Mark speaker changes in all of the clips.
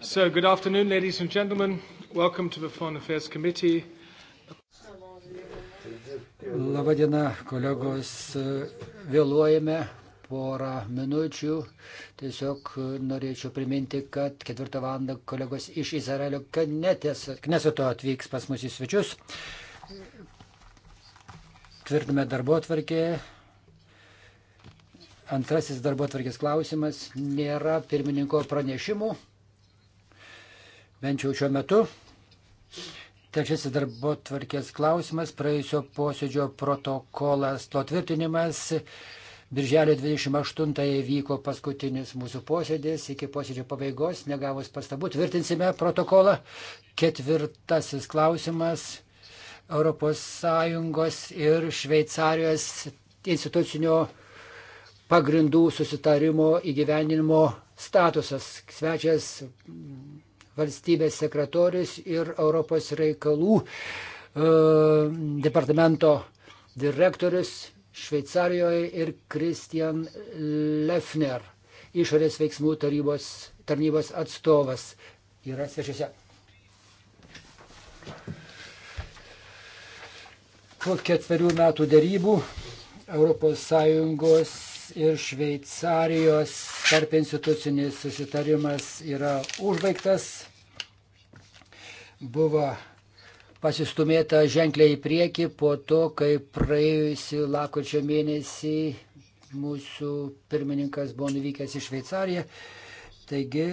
Speaker 1: So, good afternoon, ladies and gentlemen. Welcome to the Foreign Affairs Committee. Labadiena, kolegos. Vėluojame porą minučių. Tiesiog norėčiau priminti, kad ketvirtą valandą kolegos iš Izraelio Kneseto atvyks pas mus į svečius. Tvirtiname darbo atvarkėje. Antrasis darbo atvarkės klausimas nėra pirmininko pranešimų, bent jau šiuo metu. Trečiasis darbo tvarkės klausimas, praėjusio posėdžio protokolas, to tvirtinimas. Birželio 28-ąją vyko paskutinis mūsų posėdis, iki posėdžio pabaigos, negavus pastabų, tvirtinsime protokolą. Ketvirtasis klausimas - ES ir Šveicarijos institucinio pagrindų susitarimo įgyvendinimo statusas. Svečias valstybės sekretorius ir Europos reikalų e, departamento direktorius Šveicarijoje ir Kristian Lefner, išorės veiksmų tarybos, tarnybos atstovas, yra svečiuose. Po ketverių metų darybų ES ir Šveicarijos tarp institucinis susitarimas yra užbaigtas. Buvo pasistumėta ženkliai į priekį po to, kai praėjusi lakočio mėnesį mūsų pirmininkas buvo nuvykęs į Šveicariją. Taigi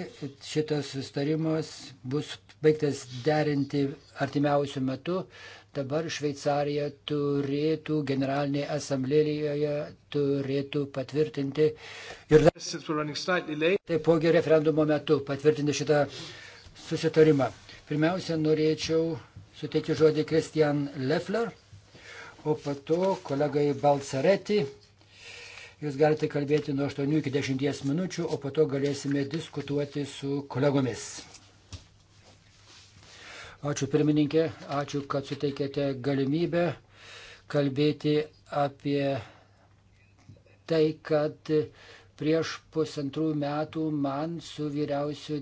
Speaker 1: šitas sustarimas bus baigtas derinti artimiausių metų dabar Šveicarija turėtų generalinėje asamblėje turėtų patvirtinti ir taipogi referendumo metu patvirtinti šitą susitarimą. Pirmiausia, norėčiau suteikti žodį Kristian Leffler, o po to kolegai Balcareti. Jūs galite kalbėti nuo 8 iki 10 minučių, o po to galėsime diskutuoti su kolegomis. Ačiū pirmininkė, ačiū, kad suteikėte galimybę kalbėti apie tai, kad prieš pusantrų metų man su vyriausiu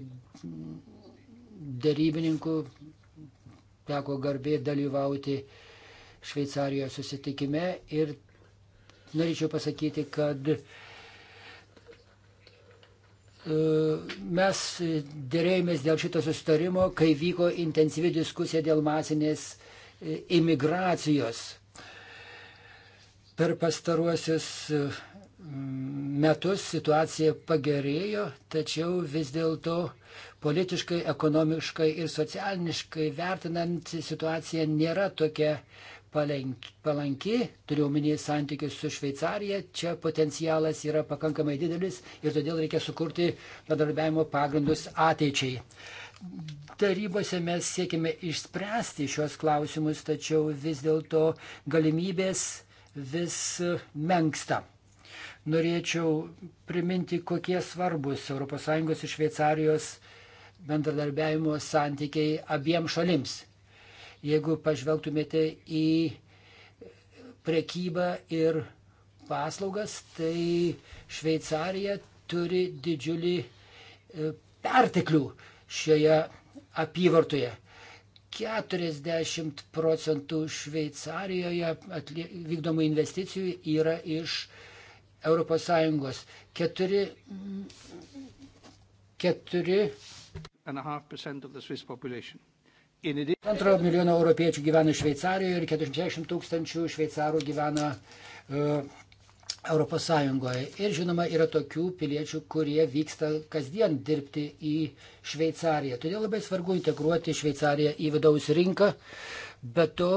Speaker 1: dėrybininku teko garbė dalyvauti Šveicarijoje susitikime ir norėčiau pasakyti, kad E, mes dėrėjomės dėl šito sustarimo, kai vyko intensyvi diskusija dėl masinės e, imigracijos. Per pastaruosius e, metus situacija pagerėjo, tačiau vis dėlto politiškai, ekonomiškai ir socialiniškai vertinant situacija nėra tokia palanki, turiuomenį santykius su Šveicarija, čia potencialas yra pakankamai didelis ir todėl reikia sukurti bendradarbiavimo pagrindus ateičiai. Tarybose mes siekime išspręsti šios klausimus, tačiau vis dėlto galimybės vis menksta. Norėčiau priminti, kokie svarbus ES ir Šveicarijos bendradarbiavimo santykiai abiem šalims Jeigu pažvelgtumėte į prekybą ir paslaugas, tai Šveicarija turi didžiulį e, perteklių šioje apyvartoje. 40 procentų Šveicarijoje atlie, vykdomų investicijų yra iš ES. 4, 4 and a half
Speaker 2: percent of the Swiss population. Antro
Speaker 1: milijono europiečių gyvena Šveicarijoje ir 460 tūkstančių šveicarų gyvena uh, Europos Sąjungoje. Ir žinoma, yra tokių piliečių, kurie vyksta kasdien dirbti į Šveicariją. Todėl labai svarbu integruoti Šveicariją į vidaus rinką. Be to,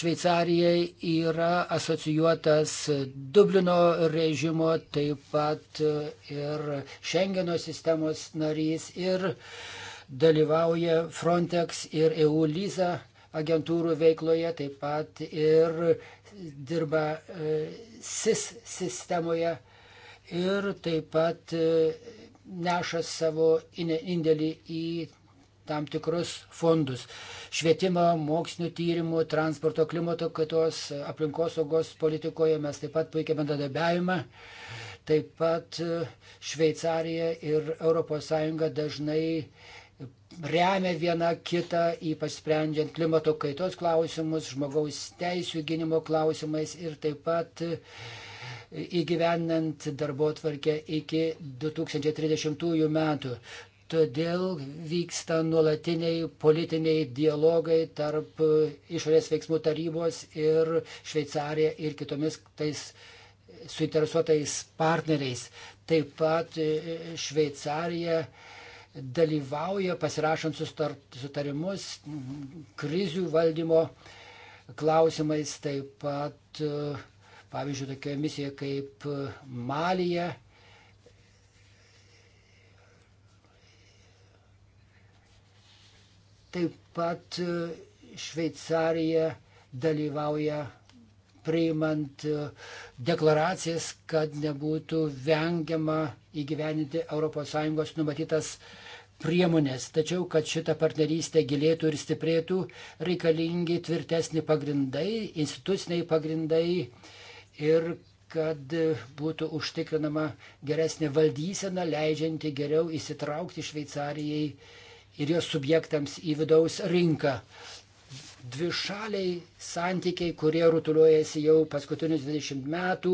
Speaker 1: Šveicarijai yra asocijuotas Dublino režimo, taip pat ir Šengeno sistemos narys ir uh, dalyvauja Frontex ir EULISA agentūrų veikloje, taip pat ir dirba e, SIS sistemoje ir taip pat e, neša savo indėlį į tam tikrus fondus. Švietimo, mokslinio tyrimų, transporto, klimato kaitos, aplinkosaugos politikoje mes taip pat puikiai bendradarbiavimą. Taip pat e, Šveicarija ir ES dažnai remia viena kitą, ypač sprendžiant klimato kaitos klausimus, žmogaus teisų gynimo klausimais ir taip pat e, įgyvendant darbo tvarkę iki 2030 metų. Todėl vyksta nuolatiniai politiniai dialogai tarp e, išorės veiksmų tarybos ir Šveicarija ir kitomis tais suinteresuotais partneriais. Taip pat e, Šveicarija uh, dalyvauja pasirašant sutarimus krizių valdymo klausimais, taip pat, pavyzdžiui, tokia misija kaip Malija. Taip pat Šveicarija dalyvauja priimant e, deklaracijas, kad nebūtų vengiama įgyveninti ES numatytas priemonės. Tačiau, kad šita partnerystė gilėtų ir stiprėtų, reikalingi tvirtesni pagrindai, instituciniai pagrindai ir kad būtų užtikrinama geresnė valdysena, leidžianti geriau įsitraukti Šveicarijai ir jos subjektams į vidaus rinką dvišaliai santykiai, kurie rutuliuojasi jau paskutinius 20 metų,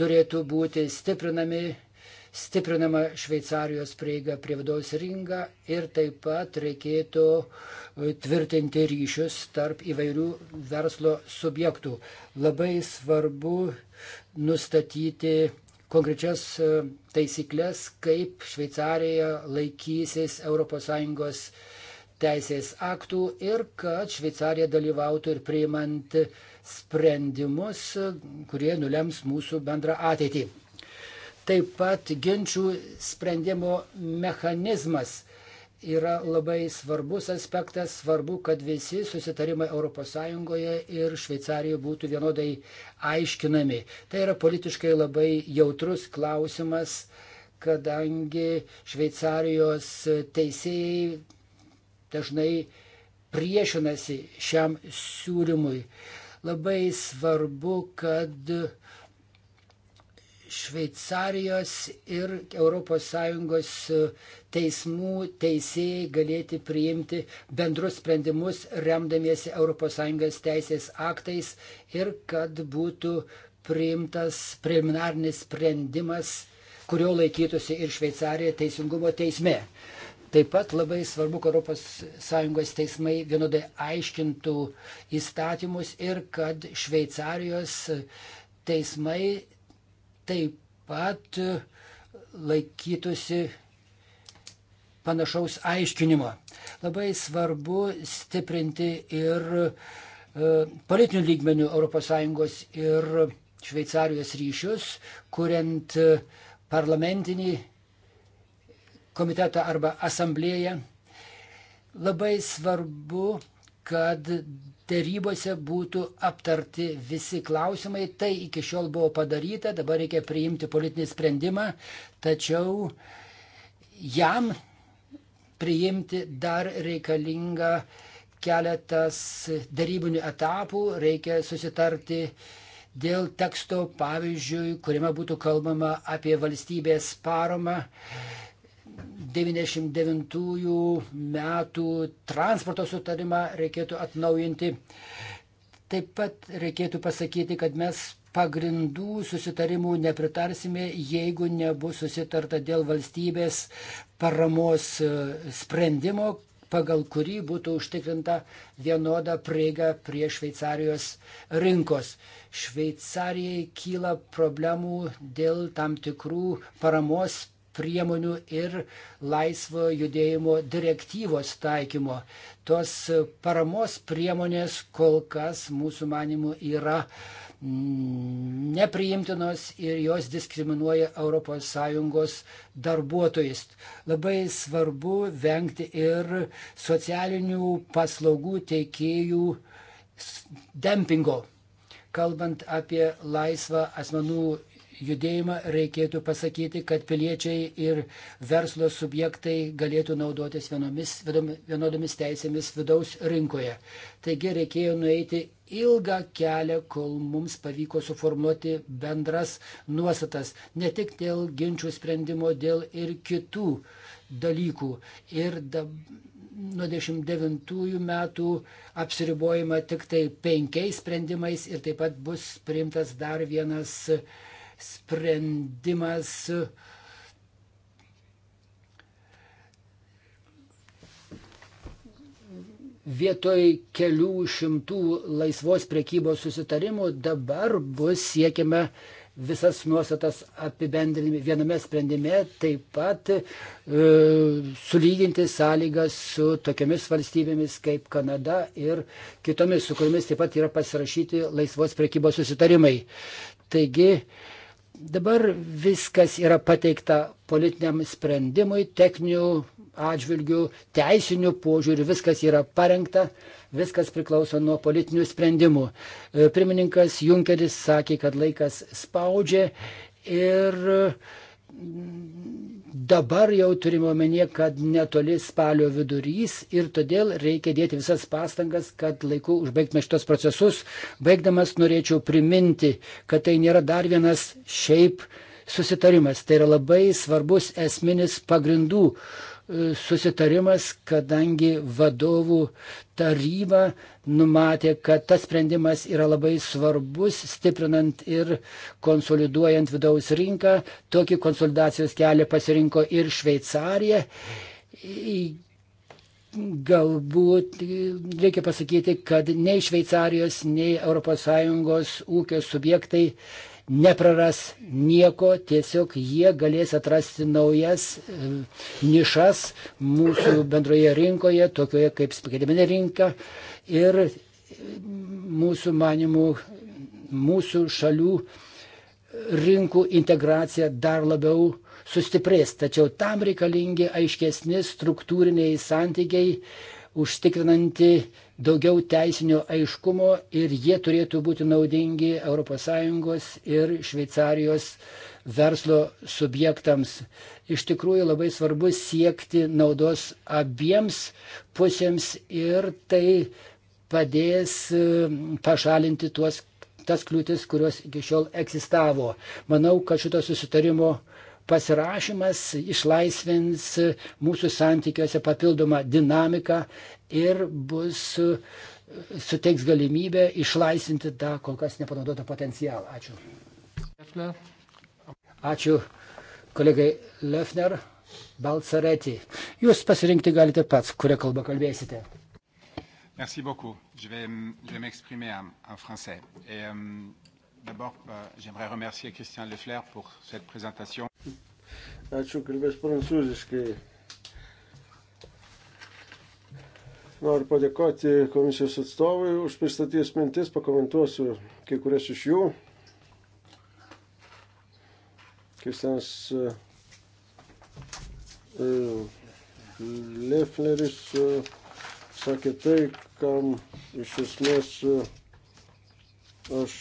Speaker 1: turėtų būti stiprinami, stiprinama Šveicarijos prieiga prie vidaus rinką ir taip pat reikėtų e, tvirtinti ryšius tarp įvairių verslo subjektų. Labai svarbu nustatyti konkrečias e, taisyklės, kaip Šveicarija laikysis ES teisės aktų ir kad Šveicarija dalyvautų ir priimant sprendimus, kurie nulems mūsų bendrą ateitį. Taip pat ginčių sprendimo mechanizmas yra labai svarbus aspektas, svarbu, kad visi susitarimai ES ir Šveicarijoje būtų vienodai aiškinami. Tai yra politiškai labai jautrus klausimas, kadangi Šveicarijos teisėjai dažnai priešinasi šiam siūlymui. Labai svarbu, kad Šveicarijos ir ES teismų teisėjai galėti priimti bendrus sprendimus remdamiesi ES teisės aktais ir kad būtų priimtas preliminarnis sprendimas, kurio laikytųsi ir Šveicarija teisingumo teisme. Taip pat labai svarbu, kad ES teismai vienodai aiškintų įstatymus ir kad Šveicarijos teismai taip pat laikytųsi panašaus aiškinimo. Labai svarbu stiprinti ir e, politinių lygmenių ES ir Šveicarijos ryšius, kuriant e, parlamentinį komitetą arba asamblėją. Labai svarbu, kad dėrybose būtų aptarti visi klausimai. Tai iki šiol buvo padaryta, dabar reikia priimti politinį sprendimą, tačiau jam priimti dar reikalinga keletas darybinių etapų, reikia susitarti dėl teksto, pavyzdžiui, kuriame būtų kalbama apie valstybės paromą, 99 metų transporto sutarimą reikėtų atnaujinti. Taip pat reikėtų pasakyti, kad mes pagrindų susitarimų nepritarsime, jeigu nebus susitarta dėl valstybės paramos e, sprendimo, pagal kurį būtų užtikrinta vienoda prieiga prie Šveicarijos rinkos. Šveicarijai kyla problemų dėl tam tikrų paramos priemonių ir laisvo judėjimo direktyvos taikymo. Tos paramos priemonės kol kas mūsų manimų yra mm, nepriimtinos ir jos diskriminuoja ES darbuotojus. Labai svarbu vengti ir socialinių paslaugų teikėjų dempingo kalbant apie laisvą asmenų judėjimą, reikėtų pasakyti, kad piliečiai ir verslo subjektai galėtų naudotis vienomis, vienodomis teisėmis vidaus rinkoje. Taigi reikėjo nueiti ilgą kelią, kol mums pavyko suformuoti bendras nuostatas, ne tik dėl ginčių sprendimo, dėl ir kitų dalykų. Ir dabar nuo 1999 metų apsiribojama tik tai penkiais sprendimais ir taip pat bus priimtas dar vienas uh, sprendimas vietoj kelių šimtų laisvos priekybos susitarimų dabar bus siekiama visas nuostatas apibendrinti viename sprendime, taip pat e, sulyginti sąlygas su tokiamis valstybėmis kaip Kanada ir kitomis, su kuriomis taip pat yra pasirašyti laisvos priekybos susitarimai. Taigi, e, Dabar viskas yra pateikta politiniam sprendimui, techninių atžvilgių, teisinių požiūrių, viskas yra parengta, viskas priklauso nuo politinių sprendimų. E, pirmininkas Junkeris sakė, kad laikas spaudžia ir Dabar jau turime omenyje, kad netoli spalio vidurys ir todėl reikia dėti visas pastangas, kad laiku užbaigtume šitos procesus. Baigdamas norėčiau priminti, kad tai nėra dar vienas šiaip susitarimas. Tai yra labai svarbus esminis pagrindų susitarimas, kadangi vadovų taryba numatė, kad tas sprendimas yra labai svarbus, stiprinant ir konsoliduojant vidaus rinką. Tokį konsolidacijos kelią pasirinko ir Šveicarija. Galbūt reikia pasakyti, kad nei Šveicarijos, nei ES ūkio subjektai nepraras nieko, tiesiog jie galės atrasti naujas e, nišas mūsų bendroje rinkoje, tokioje kaip spagėdiminė rinka. Ir e, mūsų manimų, mūsų šalių e, rinkų integracija dar labiau sustiprės. Tačiau tam reikalingi aiškesni struktūriniai santykiai užtikrinanti daugiau teisinio aiškumo ir jie turėtų būti naudingi ES ir Šveicarijos verslo subjektams. Iš tikrųjų labai svarbu siekti naudos abiems pusėms ir tai padės um, pašalinti tuos, tas kliūtis, kurios iki šiol egzistavo. Manau, kad šito susitarimo uh, pasirašymas išlaisvins mūsų santykiuose papildomą dinamiką ir bus suteiks galimybę išlaisvinti tą kol kas nepanaudotą potencialą. Ačiū. Ačiū kolegai Lefner Balcareti. Jūs pasirinkti galite pats, kurią kalbą kalbėsite. Merci beaucoup. Je vais, je vais m'exprimer en, en français. Et, um... D'abord, euh, j'aimerais remercier Christian Lefler pour cette présentation.
Speaker 2: Ačiū, kalbės prancūziškai. Noriu padėkoti komisijos atstovui už pristatys mintis, pakomentuosiu kai kurias iš jų. Kristianas e, Lefleris e, sakė tai, kam iš esmės e, aš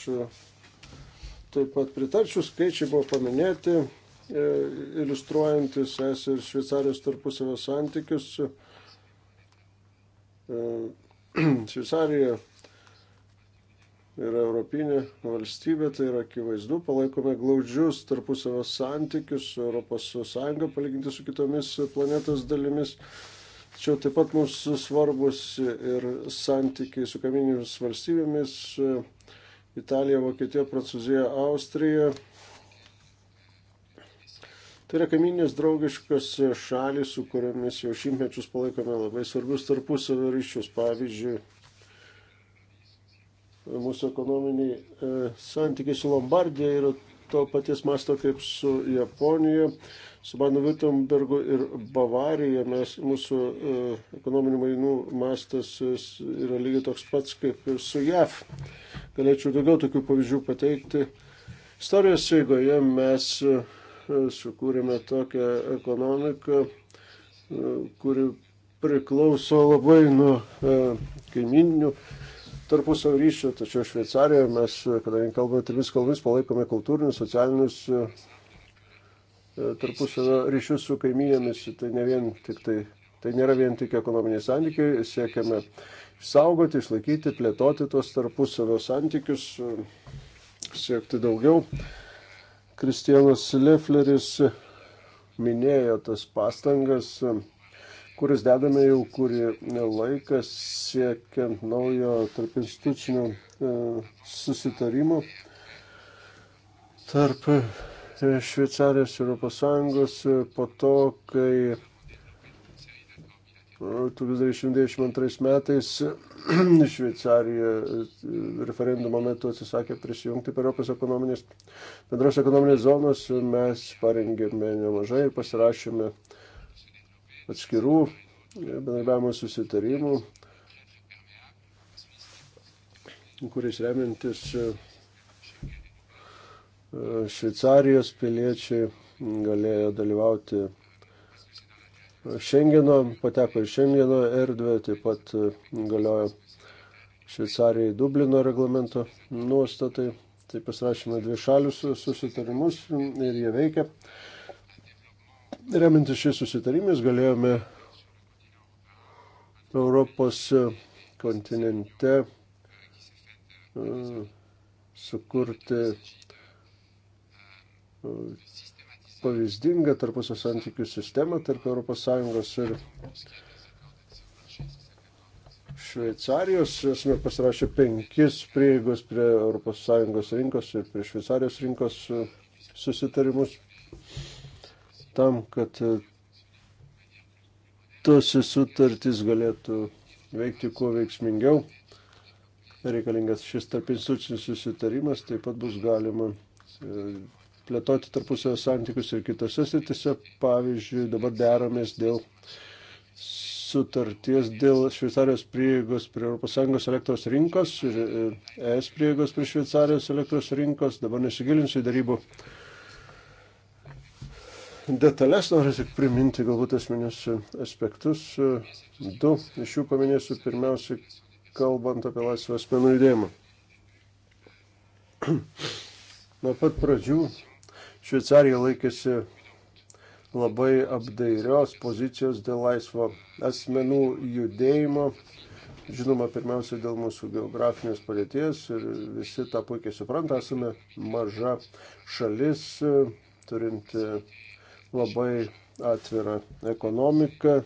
Speaker 2: taip pat pritarčiau, skaičiai buvo paminėti, e, iliustruojantis es ir Šveicarijos tarpusavio santykius. E, Šveicarija yra Europinė valstybė, tai yra akivaizdu, palaikome glaudžius tarpusavio santykius su ES palyginti su kitomis planetos dalimis. Tačiau taip pat mums svarbus ir santykiai su kaminėmis valstybėmis, Italija, Vokietija, Prancūzija, Austrija. Tai yra kaiminės draugiškos šalis, su kuriomis jau šimtmečius palaikome labai svarbius tarpusavio ryšius. Pavyzdžiui, mūsų ekonominiai e, santykiai su Lombardija yra to paties masto kaip su Japonija su Banu-Württembergu ir Bavarija mes, mūsų e, ekonominių mainų mastas e, yra lygiai toks pats kaip ir su JAV. Galėčiau daugiau tokių pavyzdžių pateikti. Istorijos eigoje mes e, e sukūrėme tokią ekonomiką, e, kuri priklauso labai nuo e, kaimininių tarpusavio ryšių, tačiau Šveicarijoje mes, kadangi kalbame trimis kalbomis, palaikome kultūrinius, socialinius e, E, tarpusavio ryšius su kaimynėmis. Tai, ne vien, tik tai, tai nėra vien tik ekonominiai santykiai, siekiame saugoti, išlaikyti, plėtoti tuos tarpusavio santykius, e, siekti daugiau. Kristijanas Lefleris minėjo tas pastangas, kuris dedame jau kurį laiką siekiant naujo tarp institucinio e, susitarimo tarp Šveicarijos Europos Sąjungos e, po to, kai 1992 e, metais e, Šveicarija referendumo metu atsisakė prisijungti prie Europos ekonominės, bendros ekonominės zonos, mes parengėme nemažai ir pasirašėme atskirų bendradarbiavimo susitarimų, kuriais remiantis Šveicarijos piliečiai galėjo dalyvauti Šengeno, pateko į Šengeno erdvę, taip pat galiojo Šveicarijai Dublino reglamento nuostatai. Tai pasirašėme dvi šalius susitarimus ir jie veikia. Remintis šiais susitarimais galėjome Europos kontinente e, sukurti pavyzdingą tarpusio santykių sistemą tarp ES ir Šveicarijos. Esame pasirašę penkis prieigos prie ES rinkos ir prie Šveicarijos rinkos susitarimus tam, kad tos sutartys galėtų veikti kuo veiksmingiau. Reikalingas šis tarp institucinis susitarimas, taip pat bus galima e, plėtoti tarpusio santykius ir kitose sritise. Pavyzdžiui, dabar deramės dėl sutarties dėl Šveicarijos prieigos prie ES elektros rinkos ir ES e prieigos prie Šveicarijos elektros rinkos. Dabar nesigilinsiu į darybų detalės, noriu tik priminti galbūt esminius aspektus. Du iš jų paminėsiu pirmiausiai, kalbant apie laisvą asmenų judėjimą. Nuo pat pradžių Šveicarija laikėsi labai apdairios pozicijos dėl laisvo asmenų judėjimo. Žinoma, pirmiausia, dėl mūsų geografinės padėties ir visi tą puikiai supranta, esame maža šalis, turinti labai atvirą ekonomiką,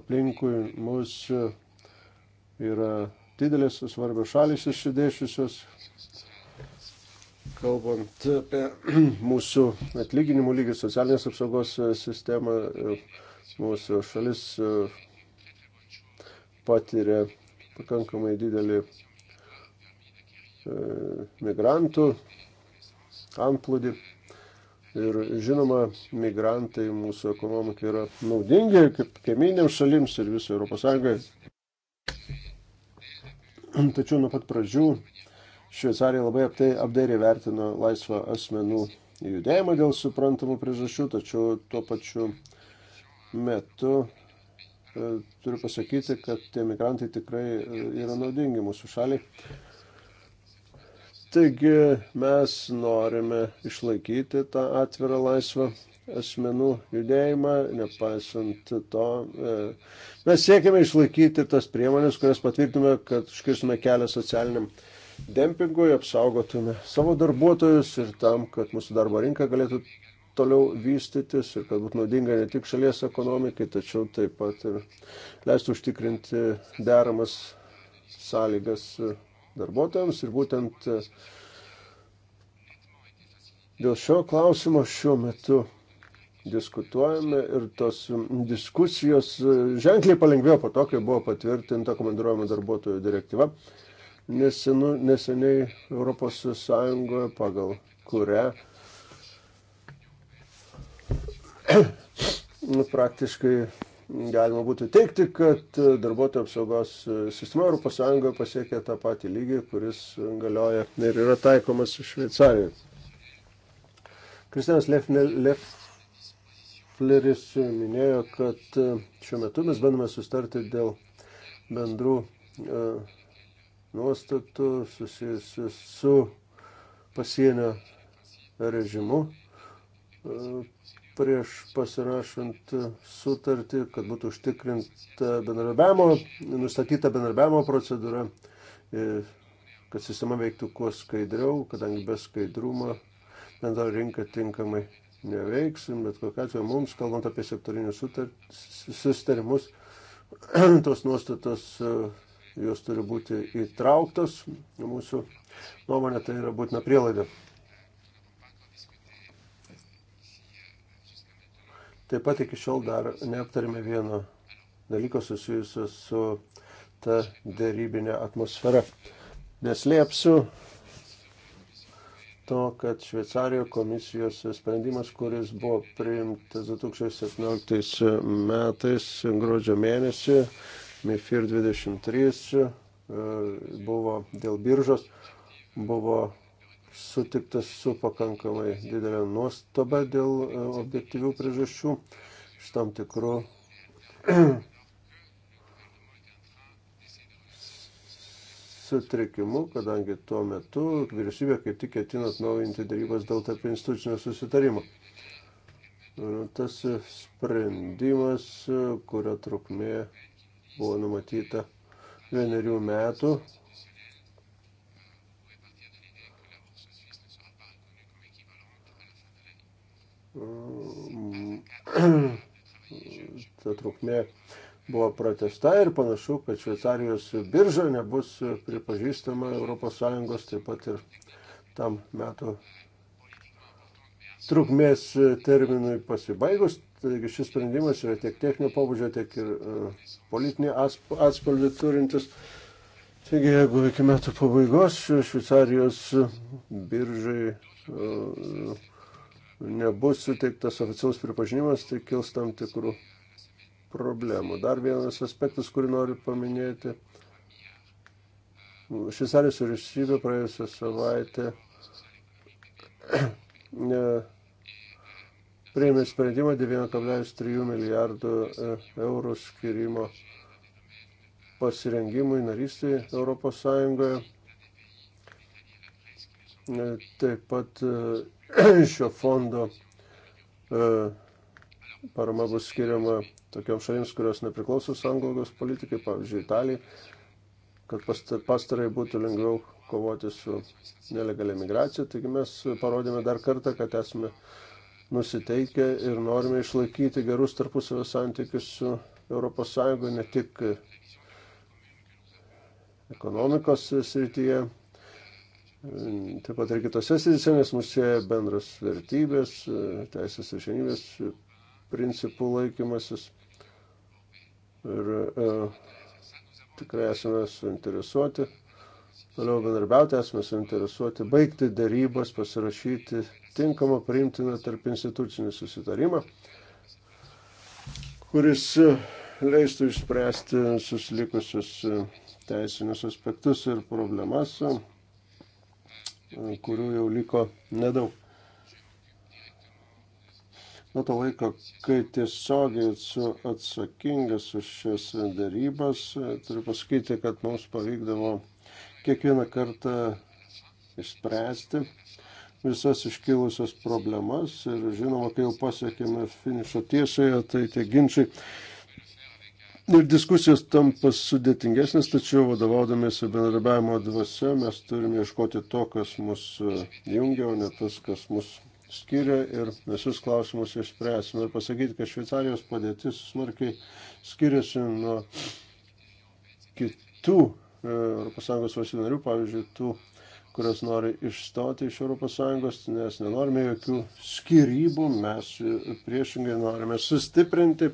Speaker 2: aplinkui mus yra didelės svarbios šalis išsidėšiusios. Kalbant apie mūsų atlyginimų lygį, socialinės apsaugos sistemą, mūsų šalis e, patiria pakankamai didelį e, migrantų antplūdį. Ir žinoma, migrantai mūsų ekonomikai yra naudingi kaip kaiminėms šalims ir visai ES. Tačiau nuo pat pradžių Šveicarija labai apdairiai vertino laisvą asmenų judėjimą dėl suprantamų priežasčių, tačiau tuo pačiu metu e, turiu pasakyti, kad tie migrantai tikrai e, yra naudingi mūsų šaliai. Taigi mes norime išlaikyti tą atvirą laisvą asmenų judėjimą, nepaisant to. E, mes siekiame išlaikyti tas priemonės, kurias patvirtume, kad užkirstume kelią socialiniam dempingui, apsaugotume savo darbuotojus ir tam, kad mūsų darbo rinka galėtų toliau vystytis ir kad būtų naudinga ne tik šalies ekonomikai, tačiau taip pat ir leistų užtikrinti deramas sąlygas darbuotojams ir būtent e, Dėl šio klausimo šiuo metu diskutuojame ir tos diskusijos e, ženkliai palengvėjo po to, kai buvo patvirtinta komandiruojama darbuotojų direktyva. Nesenu, neseniai ES pagal kurią praktiškai galima būtų teikti, kad darbuotojų apsaugos sistema ES pasiekė tą patį lygį, kuris galioja ir yra taikomas Šveicarijoje. Kristinas Lefneris Fleris minėjo, kad e, šiuo metu mes bandome sustarti dėl bendrų e, nuostatų susijusių su pasienio režimu e, prieš pasirašant sutartį, kad būtų užtikrinta bendradarbiavimo, nustatyta bendradarbiavimo procedūra, kad sistema veiktų kuo skaidriau, kadangi be skaidrumo bendra rinka tinkamai neveiksim, bet kokiu atveju mums, kalbant apie sektorinius sustarimus, tos nuostatos, e, jos turi būti įtrauktos, mūsų nuomonė tai yra būtina prielaida. Taip pat iki šiol dar neaptarėme vieno dalyko susijusio su ta dėrybinė atmosfera. Neslėpsiu, to, kad Šveicarijoje komisijos sprendimas, kuris buvo priimtas 2017 metais gruodžio mėnesį, MIFIR 23, e, buvo dėl biržos, buvo sutiktas su pakankamai didelė nuostaba dėl e, objektyvių priežasčių, iš tam tikrų sutrikimu, kadangi tuo metu vyriausybė kaip tik ketina atnaujinti darybas dėl tarp institucinio susitarimo. Nu, tas sprendimas, kurio trukmė buvo numatyta vienerių metų, mm, ta trukmė buvo protesta ir panašu, kad Šveicarijos birža nebus pripažįstama ES taip pat ir tam metų trukmės terminui pasibaigus. Taigi šis sprendimas yra tiek techninio pobūdžio, tiek ir uh, politinį atspalvį turintis. Taigi, jeigu iki metų pabaigos Šveicarijos biržai uh, nebus suteiktas oficialus pripažinimas, tai kils tam tikrų problemų. Dar vienas aspektas, kurį noriu paminėti. Šveicarijos vyriausybė praėjusią savaitę priėmė sprendimą 9,3 milijardų e, eurų skirimo pasirengimui narystėje Europos Sąjungoje. E, taip pat e, šio fondo parama bus skiriama tokioms šalims, kurios nepriklauso sanglaudos politikai, pavyzdžiui, Italijai, kad pastarai būtų lengviau kovoti su nelegalia migracija. Taigi mes parodėme dar kartą, kad esame nusiteikę ir norime išlaikyti gerus tarpusavio santykius su ES, ne tik ekonomikos srityje, taip pat ir kitose srityse, nes mūsų sieja bendras vertybės, teisės viršenybės principų laikymasis ir e, tikrai esame suinteresuoti, toliau bendarbiauti esame suinteresuoti, baigti darybas, pasirašyti tinkamą priimtiną tarp institucinį susitarimą, kuris leistų išspręsti susilikusius teisinius aspektus ir problemas, kurių jau liko nedaug nuo to laiko, kai tiesiogiai esu atsakingas už šias darybas, e, turiu pasakyti, kad mums pavykdavo kiekvieną kartą išspręsti visas iškilusias problemas ir žinoma, kai jau pasiekėme finišo tiesioje, tai tie ginčiai ir diskusijos tampa sudėtingesnės, tačiau vadovaudamėsi bendradarbiavimo dvasia mes turime ieškoti to, kas mus e, jungia, o ne tas, kas mus skiria ir visus klausimus išspręs. Noriu pasakyti, kad Šveicarijos padėtis smarkiai skiriasi nuo kitų ES valstybių narių, pavyzdžiui, tų, kurios nori išstoti iš ES, nes nenorime jokių skirybų, mes priešingai norime sustiprinti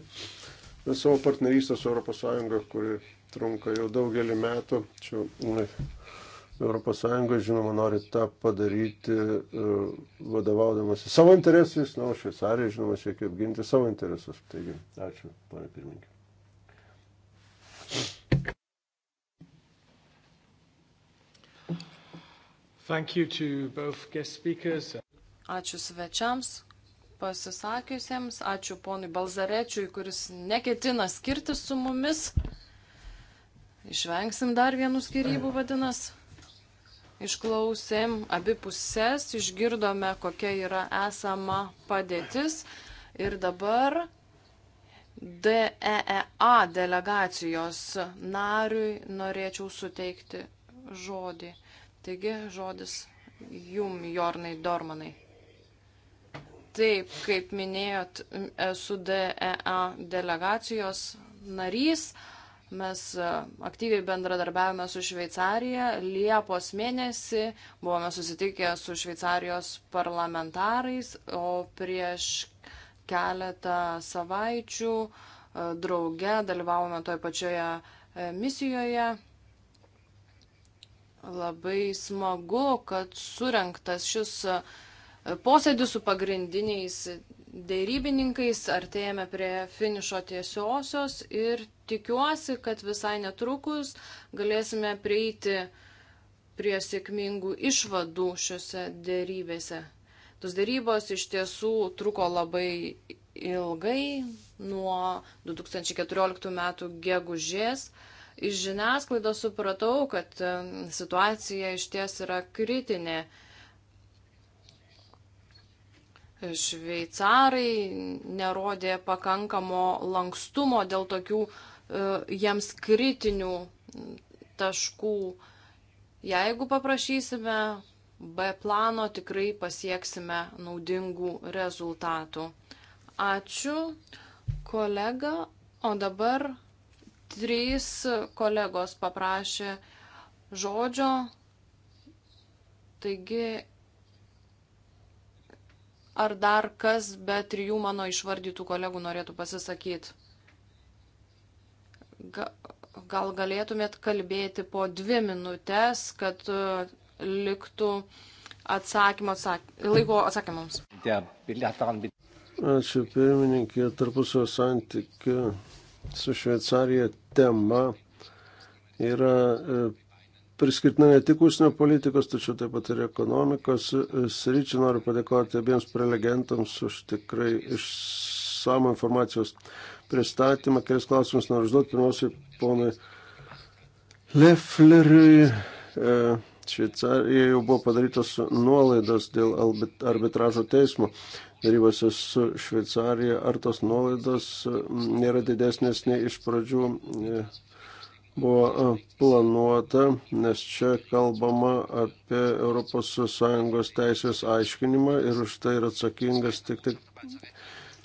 Speaker 2: savo partnerystę su ES, kuri trunka jau daugelį metų. Čia ES, žinoma, nori tą padaryti e, vadovaudamasi savo interesais, na, o Šveicarija, žinoma, siekia apginti savo interesus. Taigi, ačiū, pane
Speaker 3: pirmininkė. Ačiū svečiams pasisakiusiems, ačiū ponui Balzarečiui, kuris neketina skirtis su mumis. Išvengsim dar vienų skirybų vadinas. Išklausėm abi pusės, išgirdome, kokia yra esama padėtis ir dabar DEEA delegacijos nariui norėčiau suteikti žodį. Taigi žodis jum, Jornai Dormanai. Taip, kaip minėjot, esu DEA e delegacijos narys. Mes e, aktyviai bendradarbiavome su Šveicarija. Liepos mėnesį buvome susitikę su Šveicarijos parlamentarais, o prieš keletą savaičių e, drauge dalyvavome toje pačioje e, misijoje. Labai smagu, kad surinktas šis posėdis su pagrindiniais dėrybininkais, artėjame prie finišo tiesiosios ir tikiuosi, kad visai netrukus galėsime prieiti prie sėkmingų išvadų šiuose dėrybėse. Tos dėrybos iš tiesų truko labai ilgai nuo 2014 metų gegužės. Iš žiniasklaidos supratau, kad situacija iš ties yra kritinė. Šveicarai nerodė pakankamo lankstumo dėl tokių E, jiems kritinių taškų. Jeigu paprašysime B plano, tikrai pasieksime naudingų rezultatų. Ačiū, kolega. O dabar trys kolegos paprašė žodžio. Taigi, ar dar kas be trijų mano išvardytų kolegų norėtų pasisakyti? Gal galėtumėt kalbėti po dvi minutės, kad e, liktų atsakymo, atsak... laiko atsakymams.
Speaker 2: Ačiū pirmininkė, tarpusio santykių su Šveicarija tema yra e, priskirtina ne tik užsienio politikos, tačiau taip pat ir ekonomikos e, sričių. Noriu padėkoti abiems prelegentams už tikrai išsamą informacijos pristatymą. Kelis klausimus noriu užduoti. Pirmiausia, ponui Lefleriui. E, Šveicarijoje jau buvo padarytos nuolaidos dėl arbitražo teismo darybose su Šveicarija. Ar tos nuolaidos nėra didesnės nei iš pradžių e, buvo e, planuota, nes čia kalbama apie ES teisės aiškinimą ir už tai yra atsakingas tik, tik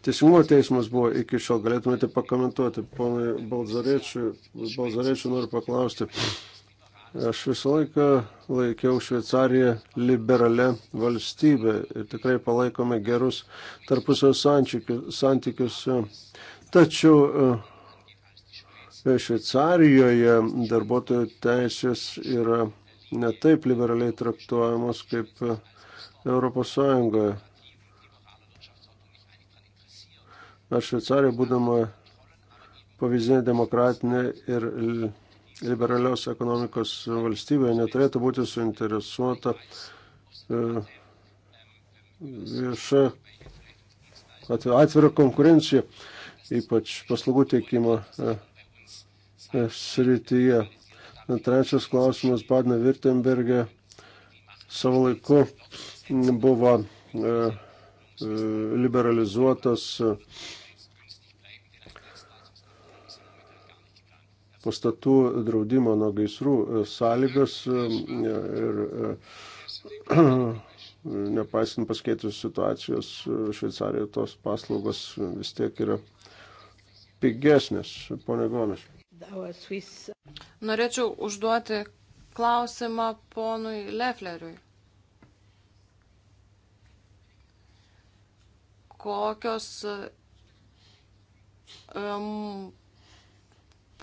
Speaker 2: teisingumo teismas buvo iki šiol. Galėtumėte pakomentuoti, ponai Balzarečiui, Balzarečiui noriu paklausti. Aš visą laiką laikiau Šveicariją liberale valstybė ir tikrai palaikome gerus tarpusio santykius. Tačiau e, Šveicarijoje darbuotojų teisės yra netaip liberaliai traktuojamos kaip e, Europos Sąjungoje. Nors Šveicarija, būdama pavyzdinė demokratinė ir liberalios ekonomikos valstybė, neturėtų būti suinteresuota e, vieša atvira konkurencija, ypač paslaugų teikimo e, e, srityje. Trečias klausimas, Badna Virtembergė savo laiku buvo liberalizuotas pastatų draudimo nuo gaisrų e, sąlygas e, ir e, nepaisant paskėtus situacijos, Šveicarijoje tos paslaugos vis tiek yra pigesnės. Pone Gomes.
Speaker 3: Norėčiau užduoti klausimą ponui Lefleriui. Kokios um,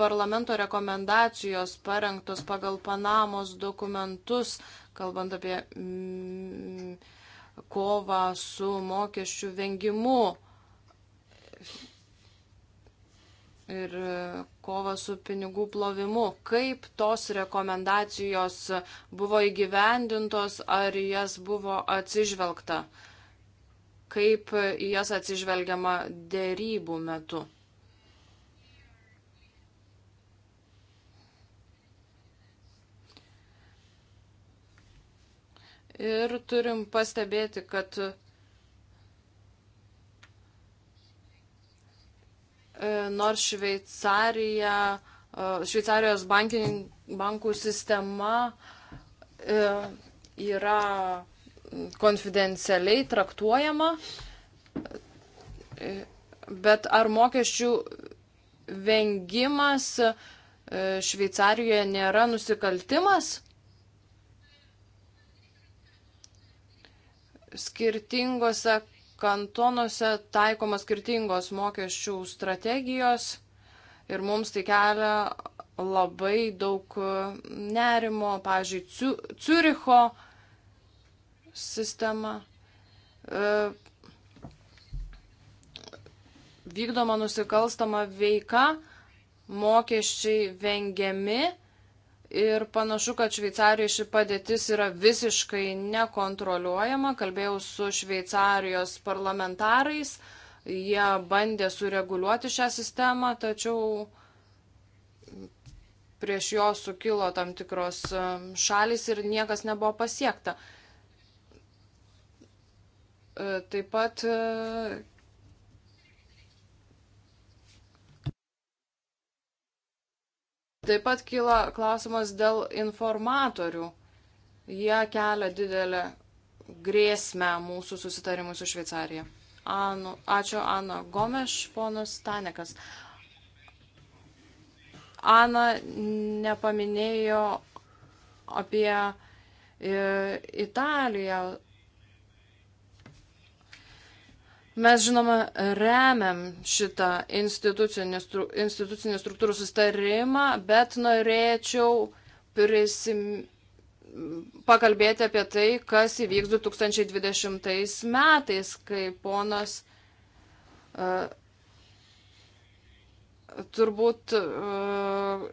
Speaker 3: parlamento rekomendacijos parengtos pagal Panamos dokumentus, kalbant apie mm, kovą su mokesčių vengimu ir kova su pinigų plovimu. Kaip tos rekomendacijos buvo įgyvendintos, ar jas buvo atsižvelgta? Kaip jas atsižvelgiama dėrybų metu? Ir turim pastebėti, kad e, nors Šveicarija, e, Šveicarijos bankin, bankų sistema e, yra konfidencialiai traktuojama, bet ar mokesčių vengimas Šveicarijoje nėra nusikaltimas? skirtingose kantonuose taikomos skirtingos mokesčių strategijos ir mums tai kelia labai daug nerimo, pavyzdžiui, Ciuricho sistema. E, vykdoma nusikalstama veika, mokesčiai vengiami Ir panašu, kad Šveicarijoje ši padėtis yra visiškai nekontroliuojama. Kalbėjau su Šveicarijos parlamentarais, jie bandė sureguliuoti šią sistemą, tačiau prieš jo sukilo tam tikros um, šalis ir niekas nebuvo pasiekta. E, taip pat e, Taip pat kyla klausimas dėl informatorių. Jie kelia didelę grėsmę mūsų susitarimui su Šveicarija. Anu, ačiū Ana Gomeš, ponas Tanekas. Ana nepaminėjo apie e, Italiją, Mes, žinoma, remiam šitą institucinį, stru, institucinį struktūrų sustarimą, bet norėčiau prisim, pakalbėti apie tai, kas įvyks 2020 metais, kai ponas uh, turbūt uh,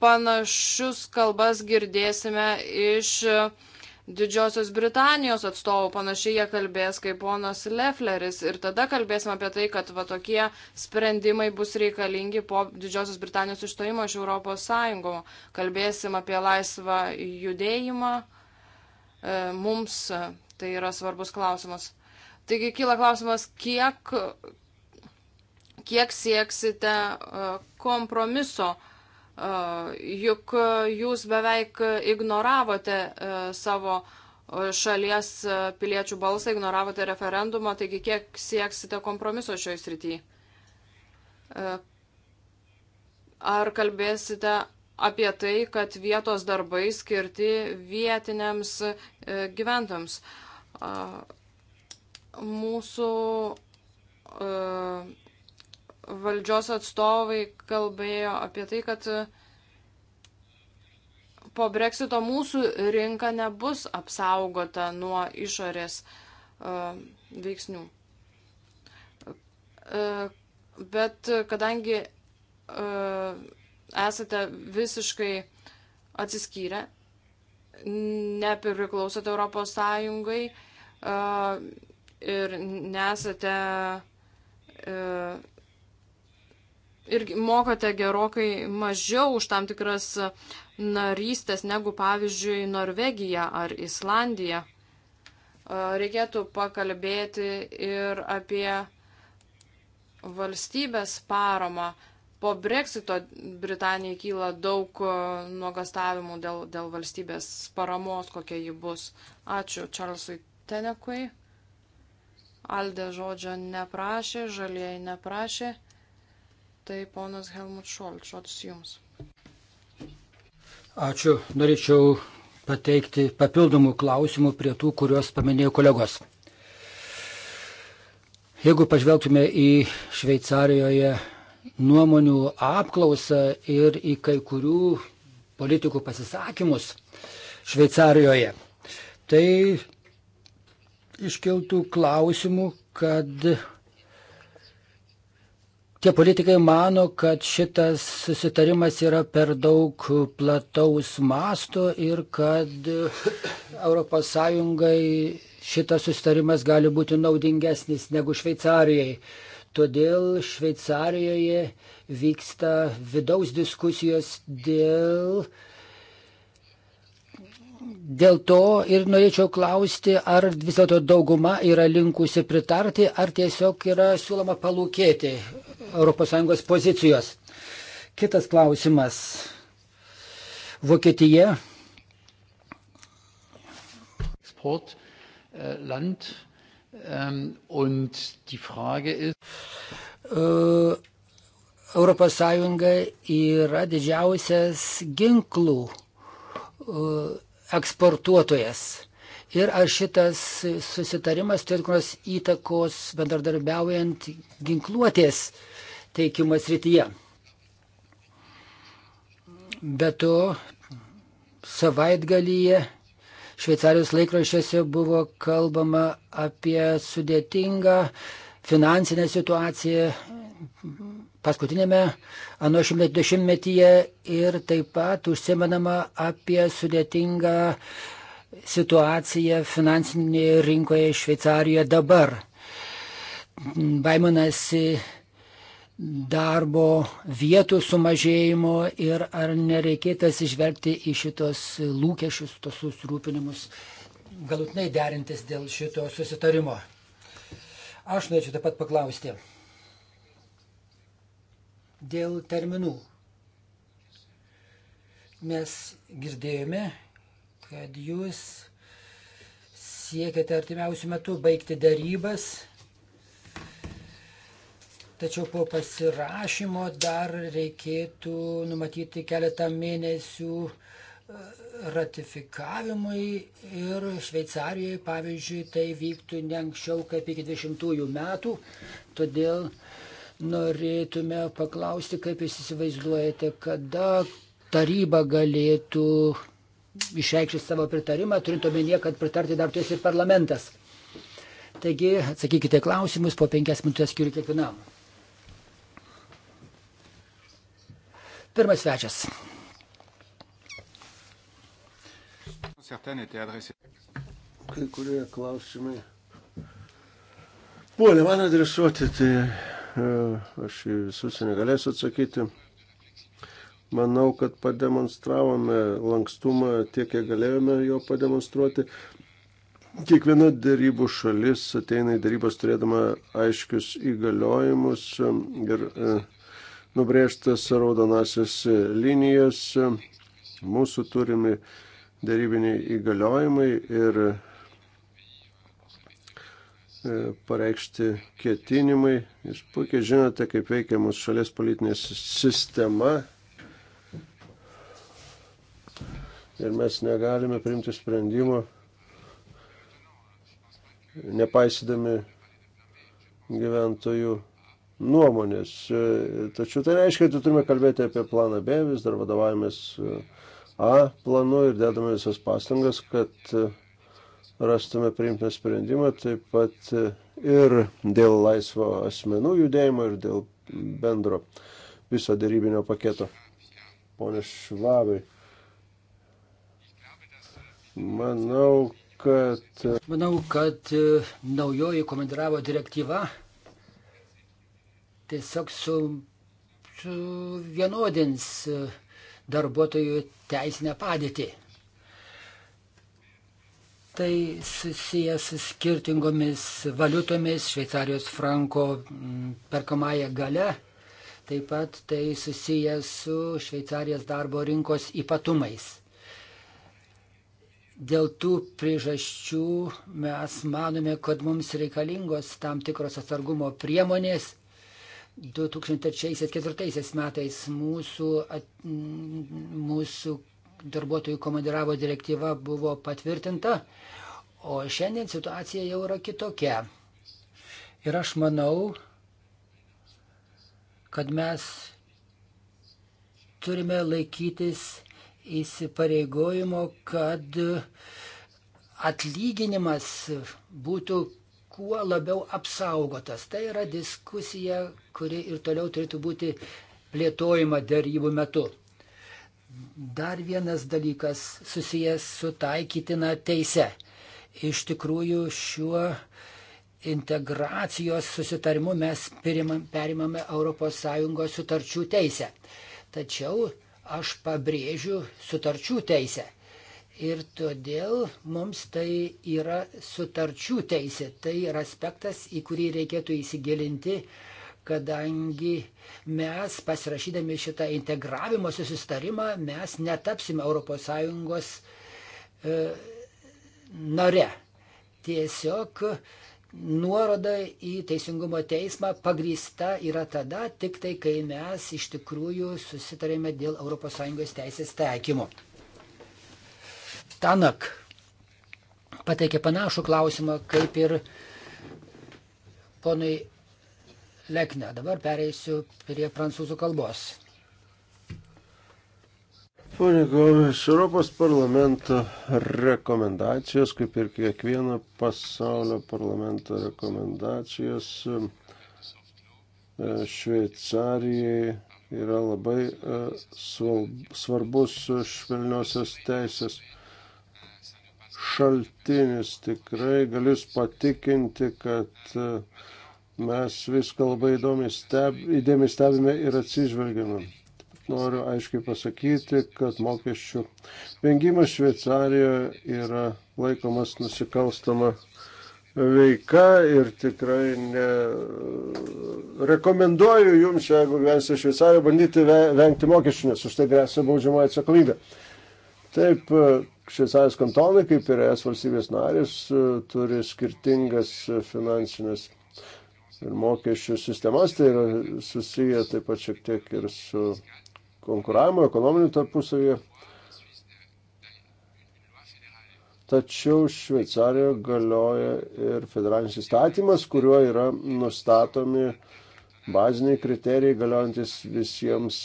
Speaker 3: panašius kalbas girdėsime iš uh, Didžiosios Britanijos atstovų panašiai jie kalbės kaip ponas Lefleris ir tada kalbėsim apie tai, kad va tokie sprendimai bus reikalingi po Didžiosios Britanijos išstojimo iš Europos Sąjungo. Kalbėsim apie laisvą judėjimą. E, mums tai yra svarbus klausimas. Taigi kyla klausimas, kiek, kiek sieksite e, kompromiso juk jūs beveik ignoravote savo šalies piliečių balsą, ignoravote referendumą, taigi kiek sieksite kompromiso šioje srityje? Ar kalbėsite apie tai, kad vietos darbai skirti vietiniams gyventams? Mūsų valdžios atstovai kalbėjo apie tai, kad po breksito mūsų rinka nebus apsaugota nuo išorės uh, veiksnių. Uh, bet kadangi uh, esate visiškai atsiskyrę, nepriklausote Europos Sąjungai ir nesate irgi mokate gerokai mažiau už tam tikras narystės negu, pavyzdžiui, Norvegija ar Islandija. Reikėtų pakalbėti ir apie valstybės paramą. Po Brexito Britanijai kyla daug nuogastavimų dėl, dėl valstybės paramos, kokia ji bus. Ačiū Čarlzui Tenekui. Aldė žodžio neprašė, žalieji neprašė tai ponas Helmut Šolč, žodis jums.
Speaker 1: Ačiū. Norėčiau pateikti papildomų klausimų prie tų, kuriuos paminėjo kolegos. Jeigu pažvelgtume į Šveicarijoje nuomonių apklausą ir į kai kurių politikų pasisakymus Šveicarijoje, tai iškiltų klausimų, kad Tie politikai mano, kad šitas susitarimas yra per daug plataus masto ir kad ES šitas susitarimas gali būti naudingesnis negu Šveicarijai. Todėl Šveicarijoje vyksta vidaus diskusijos dėl Dėl to ir norėčiau klausti, ar vis dėlto dauguma yra linkusi pritarti, ar tiesiog yra siūloma palūkėti. ES pozicijos. Kitas klausimas. Vokietija. Export, uh, land, um, und die Frage ist. Uh, äh, ES yra didžiausias ginklų äh, eksportuotojas. Ir ar šitas susitarimas turi kokios įtakos bendradarbiaujant ginkluotės uh, teikimo srityje. Be to, savaitgalyje Šveicarijos laikraščiuose buvo kalbama apie sudėtingą finansinę situaciją paskutinėme ano šimtmetyje ir taip pat užsimenama apie sudėtingą situaciją finansinėje rinkoje Šveicarijoje dabar. Baiminasi darbo vietų sumažėjimo ir ar nereikėtų atsižvelgti į šitos lūkesčius, tos susirūpinimus, galutinai derintis dėl šito susitarimo. Aš norėčiau taip pat paklausti dėl terminų. Mes girdėjome, kad jūs siekiate artimiausių metų baigti darybas Tačiau po pasirašymo dar reikėtų numatyti keletą mėnesių e, ratifikavimui ir Šveicarijoje, pavyzdžiui, tai vyktų ne anksčiau kaip iki 20 metų. Todėl norėtume paklausti, kaip jūs įsivaizduojate, kada taryba galėtų išreikšti savo pritarimą, turint omenyje, kad pritarti dar turės ir parlamentas. Taigi atsakykite klausimus, po penkias minutės skiriu kiekvienam. Pirmas svečias.
Speaker 2: Kai kurie klausimai buvo ne man adresuoti, tai e, aš į visus negalėsiu atsakyti. Manau, kad pademonstravome lankstumą tiek, kiek galėjome jo pademonstruoti. Kiekviena darybų šalis ateina į darybas turėdama aiškius įgaliojimus e, ir e, nubrėžtas raudonasis linijas, mūsų turimi darybiniai įgaliojimai ir e, pareikšti ketinimai. Jūs puikiai žinote, kaip veikia mūsų šalies politinė sistema. Ir mes negalime priimti sprendimo, nepaisydami gyventojų nuomonės. E, tačiau tai reiškia, kad turime kalbėti apie planą B, vis dar vadovavimės e, A planu ir dedame visas pastangas, kad e, rastume priimtiną sprendimą, taip pat ir dėl laisvo asmenų judėjimo, ir dėl bendro viso dėrybinio paketo. Pone Švabai, manau, kad.
Speaker 1: Manau, kad naujoji komentaravo direktyva tiesiog su, su vienodins e, darbuotojų teisinę padėtį. Tai susijęs su skirtingomis valiutomis, Šveicarijos franko perkamąją gale, taip pat tai susijęs su Šveicarijos darbo rinkos ypatumais. Dėl tų priežasčių mes manome, kad mums reikalingos tam tikros atsargumo priemonės 2003-2004 metais mūsų, at, mūsų darbuotojų komandiravo direktyva buvo patvirtinta, o šiandien situacija jau yra kitokia. Ir aš manau, kad mes turime laikytis įsipareigojimo, kad atlyginimas būtų kuo labiau apsaugotas. Tai yra diskusija, kuri ir toliau turėtų būti plėtojama dėrybų metu. Dar vienas dalykas susijęs su taikytina teise. Iš tikrųjų, šiuo integracijos susitarimu mes perimame ES sutarčių teisę. Tačiau aš pabrėžiu sutarčių teisę. Ir todėl mums tai yra sutarčių teisė, tai yra aspektas, į kurį reikėtų įsigilinti, kadangi mes pasirašydami šitą integravimo susitarimą, mes netapsime ES e, nare. Tiesiog nuoroda į Teisingumo teismą pagrįsta yra tada, tik tai kai mes iš tikrųjų susitarėme dėl ES teisės taikymo. Tanak pateikė panašų klausimą kaip ir ponui Lekne. Dabar pereisiu prie prancūzų kalbos.
Speaker 2: Pone Gomes, Europos parlamento rekomendacijos, kaip ir kiekvieno pasaulio parlamento rekomendacijos e, Šveicarijai yra labai e, svarbus švelniosios teisės šaltinis. Tikrai galiu patikinti, kad e, mes viską labai įdomiai steb, įdėmiai stebime ir atsižvelgiame. Noriu aiškiai pasakyti, kad mokesčių vengimas Šveicarijoje yra laikomas nusikalstama veika ir tikrai ne... rekomenduoju jums, jeigu gyvensite Šveicarijoje, bandyti vengti mokesčių, nes už tai grėsia baudžiamoji atsakomybė. Taip, Šveicarijos kantonai, kaip ir es valstybės narės, e, turi skirtingas finansinės ir mokesčių sistemas, tai yra susiję taip pat šiek tiek ir su konkuravimu ekonominiu tarpusavyje. Tačiau Šveicarijoje galioja ir federalinis įstatymas, kuriuo yra nustatomi uh, baziniai kriterijai galiojantis visiems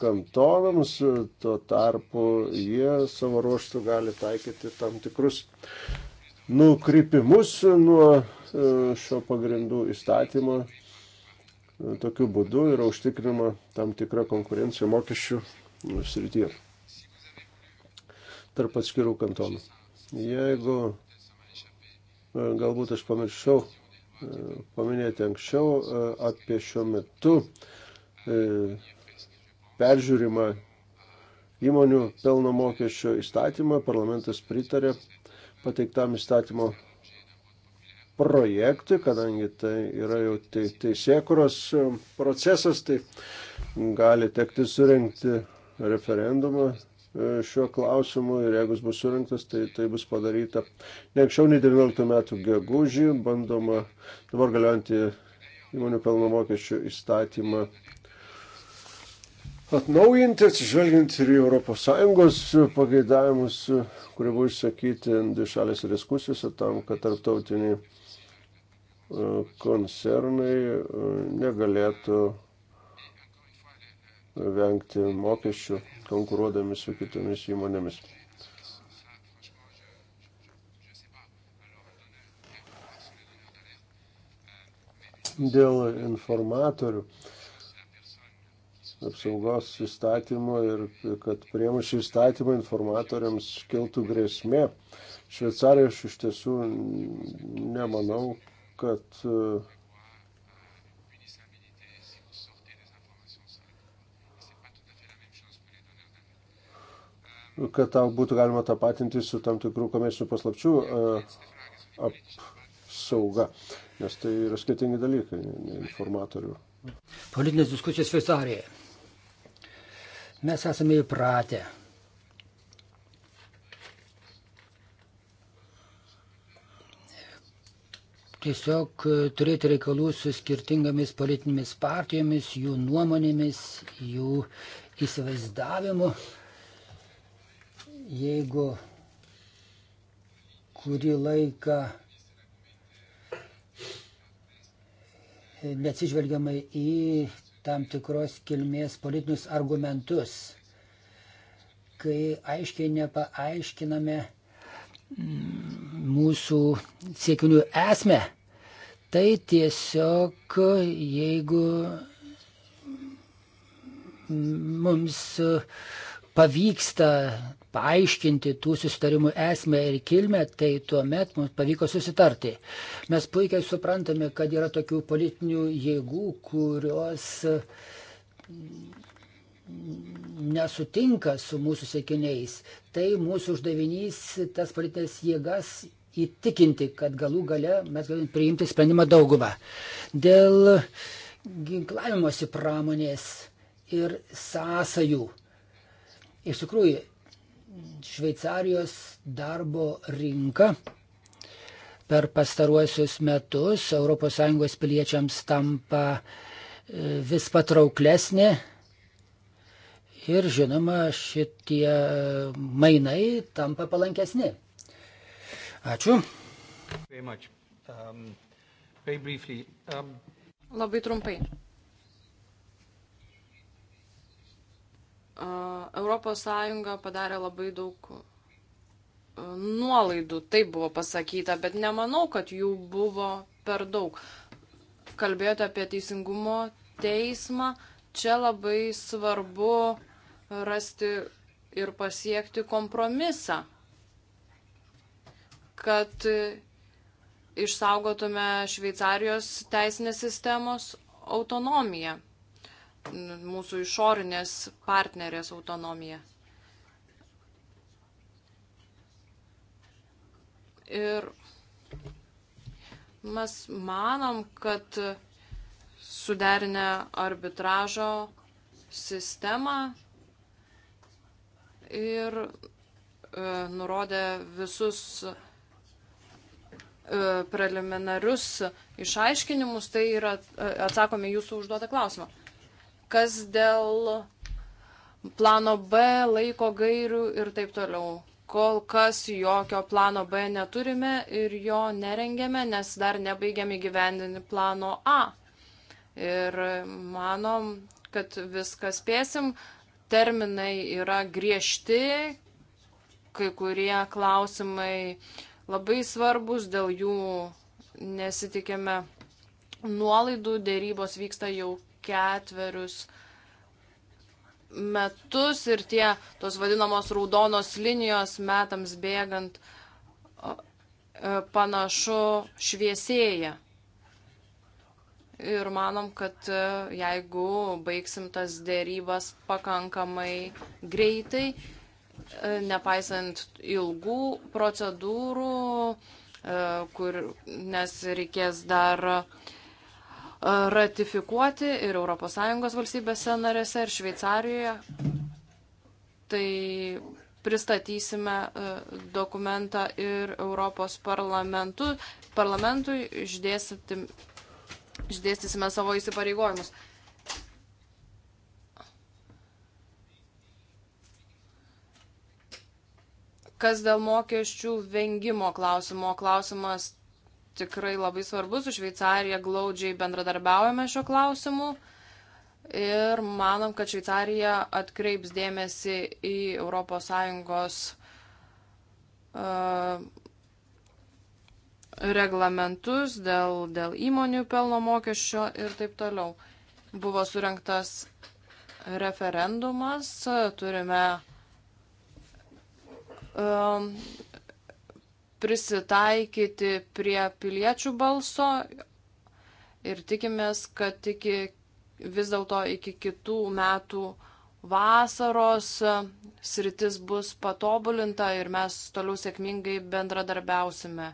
Speaker 2: kantonams, tuo tarpu jie savo ruoštų gali taikyti tam tikrus nukrypimus nuo e, šio pagrindų įstatymo. E, tokiu būdu yra užtikrinama tam tikra konkurencija mokesčių e, srityje tarp atskirų kantonų. Jeigu galbūt aš pamiršau paminėti anksčiau e, apie šiuo metu e, peržiūrimą įmonių pelno mokesčio įstatymą. Parlamentas pritarė pateiktam įstatymo projektui, kadangi tai yra jau te, teisėkuros e, procesas, tai gali tekti surinkti referendumą šiuo klausimu ir jeigu jis bus surinktas, tai tai bus padaryta ne anksčiau nei 19 metų gegužį, bandoma dabar galiojantį įmonių pelno mokesčių įstatymą atnaujinti, atsižvelgiant ir į ES pageidavimus, kurie buvo išsakyti dvišalėse diskusijose tam, kad tarptautiniai e, koncernai e, negalėtų vengti mokesčių konkuruodami su kitomis įmonėmis. Dėl informatorių apsaugos įstatymo ir kad priemušių įstatymo informatoriams kiltų grėsmė. Šveicarijoje aš iš tiesų nemanau, kad uh, kad tau būtų galima tapatinti su tam tikrų komercinių paslapčių e, apsauga, nes tai yra skirtingi dalykai, informatorių.
Speaker 1: Politinės diskusijos Šveicarijoje. Mes esame įpratę. Tiesiog e, turėti reikalų su skirtingomis politinėmis partijomis, jų nuomonėmis, jų įsivaizdavimu. Uh, jeigu kurį laiką neatsižvelgiamai į tam tikros kilmės politinius argumentus, kai aiškiai nepaaiškiname mm, mūsų siekinių esmę, tai tiesiog jeigu mums pavyksta paaiškinti tų susitarimų esmę ir kilmę, tai tuomet mums pavyko susitarti. Mes puikiai suprantame, kad yra tokių politinių jėgų, kurios nesutinka su mūsų siekiniais. Tai mūsų uždavinys tas politinės jėgas įtikinti, kad galų gale mes galime priimti sprendimą daugumą. Dėl ginklavimosi pramonės ir sąsajų. Iš tikrųjų, Šveicarijos darbo rinka per pastaruosius metus ES piliečiams tampa e, vis patrauklesnė. Ir žinoma, šitie e, mainai tampa palankesni. Ačiū. Um, um...
Speaker 3: Labai trumpai. Europos Sąjunga padarė labai daug nuolaidų, tai buvo pasakyta, bet nemanau, kad jų buvo per daug. Kalbėjote apie teisingumo teismą, čia labai svarbu rasti ir pasiekti kompromisą, kad išsaugotume Šveicarijos teisinės sistemos autonomiją mūsų išorinės partnerės autonomiją. Ir mes manom, kad suderinę arbitražo sistemą ir e, nurodė visus e, preliminarius išaiškinimus, tai yra e, atsakomi jūsų užduotą klausimą. Kas dėl plano B, laiko gairių ir taip toliau. Kol kas jokio plano B neturime ir jo nerengėme, nes dar nebaigėme įgyvendinti plano A. Ir manom, kad viską spėsim. Terminai yra griežti, kai kurie klausimai labai svarbus, dėl jų nesitikėme nuolaidų, dėrybos vyksta jau ketverius metus ir tie tos vadinamos raudonos linijos metams bėgant e, panašu šviesėja. Ir manom, kad e, jeigu baigsim tas dėrybas pakankamai greitai, e, nepaisant ilgų procedūrų, kur, nes reikės dar uh, ratifikuoti ir ES valstybėse narėse, ir Šveicarijoje. Tai pristatysime e, dokumentą ir Europos parlamentu, parlamentui, išdėstysime savo įsipareigojimus. Kas dėl mokesčių vengimo klausimo? Klausimas tikrai labai svarbus. Su Šveicarija glaudžiai bendradarbiaujame šiuo klausimu ir manom, kad Šveicarija atkreips dėmesį į ES uh, e, reglamentus dėl, dėl įmonių pelno mokesčio ir taip toliau. Buvo surinktas referendumas, turime e, prisitaikyti prie piliečių balso ir tikimės, kad iki, vis dėlto iki kitų metų vasaros sritis bus patobulinta ir mes toliau sėkmingai bendradarbiausime.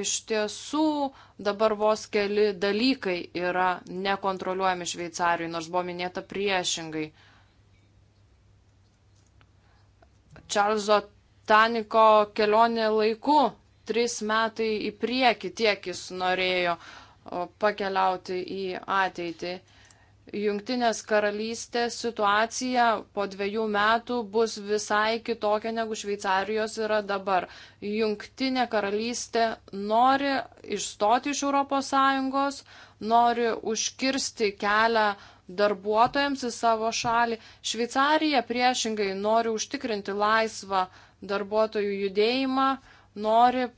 Speaker 3: Iš tiesų dabar vos keli dalykai yra nekontroliuojami Šveicarijai, nors buvo minėta priešingai. Čarlzo Taniko kelionė laiku, trys metai į priekį tiek jis norėjo pakeliauti į ateitį. Jungtinės karalystės situacija po dviejų metų bus visai kitokia negu Šveicarijos yra dabar. Jungtinė karalystė nori išstoti iš ES, nori užkirsti kelią uh, darbuotojams į savo šalį. Šveicarija priešingai nori užtikrinti laisvą darbuotojų judėjimą, nori e,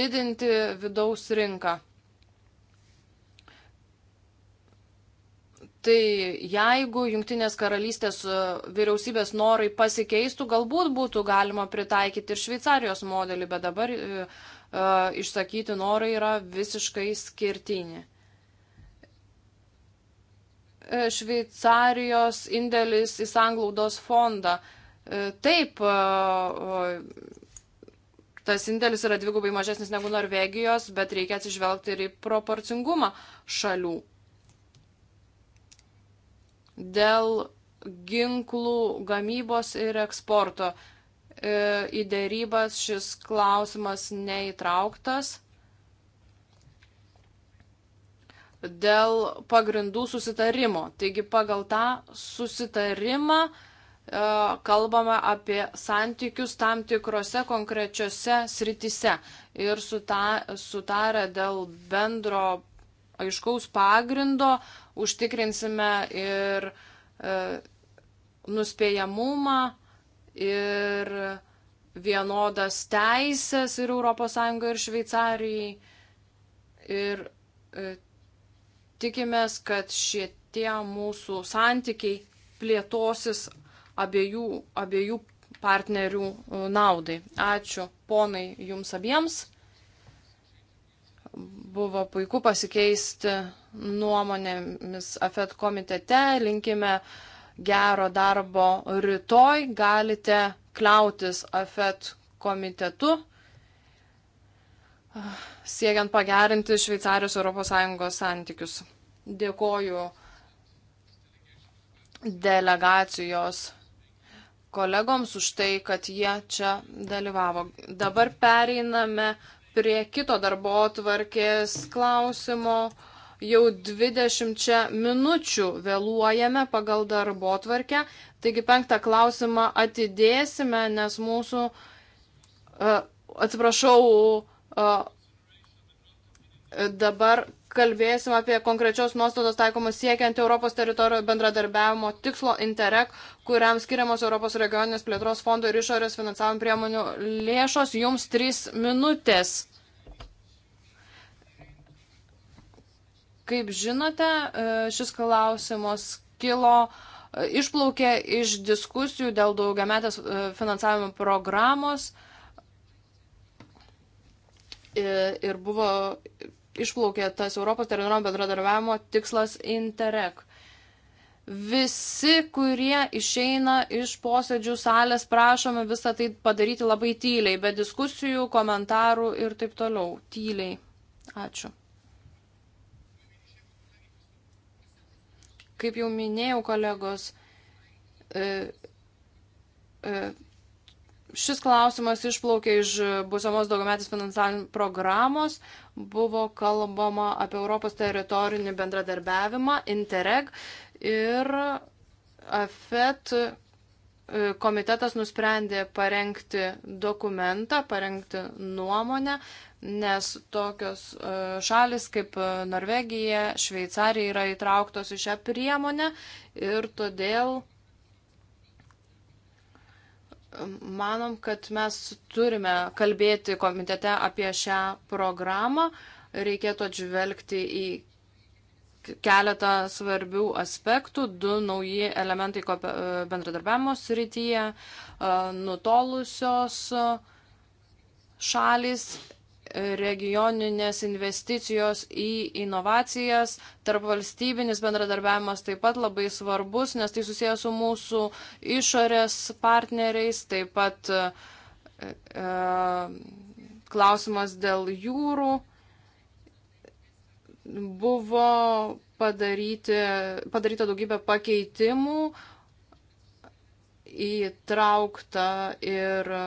Speaker 3: didinti vidaus rinką. Tai jeigu Junktinės karalystės e, vyriausybės norai pasikeistų, galbūt būtų galima pritaikyti ir Šveicarijos modelį, bet dabar e, e, išsakyti norai yra visiškai skirtini. E, Šveicarijos indėlis į sanglaudos fondą. E, taip, e, tas indėlis yra dvigubai mažesnis negu Norvegijos, bet reikia atsižvelgti ir į proporcingumą šalių. Dėl ginklų gamybos ir eksporto į dėrybas šis klausimas neįtrauktas dėl pagrindų susitarimo. Taigi pagal tą susitarimą e, kalbame apie santykius tam tikrose konkrečiose sritise ir sutarę dėl bendro aiškaus pagrindo užtikrinsime ir e, nuspėjamumą ir vienodas teisės ir ES ir Šveicarijai. Ir e, Tikimės, kad šitie mūsų santykiai plėtosis abiejų, abiejų partnerių e, naudai. Ačiū ponai jums abiems. Buvo puiku pasikeisti nuomonėmis AFET komitete. Linkime gero darbo rytoj. Galite kliautis AFET komitetu. Uh siekiant pagerinti Šveicarijos ES santykius. Dėkoju delegacijos kolegoms už tai, kad jie čia dalyvavo. Dabar pereiname prie kito darbo tvarkės klausimo. Jau 20 minučių vėluojame pagal darbo tvarkę, taigi penktą klausimą atidėsime, nes mūsų, e, atsiprašau, e, Dabar kalbėsim apie konkrečios nuostatos taikomus siekiant Europos teritorijų bendradarbiavimo tikslo Interreg, kuriam skiriamos Europos regioninės plėtros fondo ir išorės finansavimo priemonių lėšos. Jums trys minutės. Kaip žinote, e, šis klausimas kilo, e, išplaukė iš diskusijų dėl daugiametės e, finansavimo programos ir buvo išplaukė tas Europos teritorinio bendradarbiavimo tikslas Interreg. Visi, kurie išeina iš posėdžių salės, prašome visą tai padaryti labai tyliai, be diskusijų, komentarų ir taip toliau. Tyliai. Ačiū. Kaip jau minėjau, kolegos, e, e, šis klausimas išplaukė iš busamos daugiametės finansavimo programos, buvo kalbama apie Europos teritorinį bendradarbiavimą, Interreg ir AFET e, komitetas nusprendė parengti dokumentą, parengti nuomonę, nes tokios e, šalis kaip e, Norvegija, Šveicarija yra įtrauktos į šią priemonę ir todėl manom, kad mes turime kalbėti komitete apie šią programą. Reikėtų atžvelgti į keletą svarbių aspektų. Du nauji elementai e, bendradarbiavimo srityje, e, nutolusios šalis regioninės investicijos į inovacijas, tarp valstybinis bendradarbiavimas taip pat labai svarbus, nes tai susijęs su mūsų išorės partneriais, taip pat e, e, klausimas dėl jūrų buvo padaryti, padaryta daugybė pakeitimų, įtraukta ir e,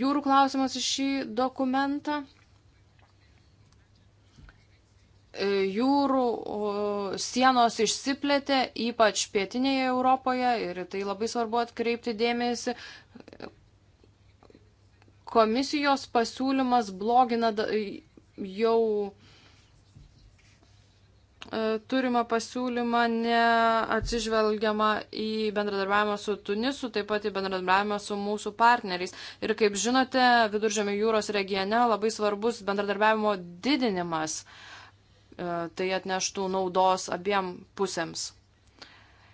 Speaker 3: jūrų klausimas į šį dokumentą. E, jūrų sienos išsiplėtė, ypač pietinėje Europoje, ir tai labai svarbu atkreipti dėmesį. Komisijos pasiūlymas blogina jau E, turimą pasiūlymą neatsižvelgiama į bendradarbiavimą su Tunisu, taip pat į bendradarbiavimą su mūsų partneriais. Ir kaip žinote, Viduržėmio jūros regione labai svarbus bendradarbiavimo didinimas. E, tai atneštų naudos abiem pusėms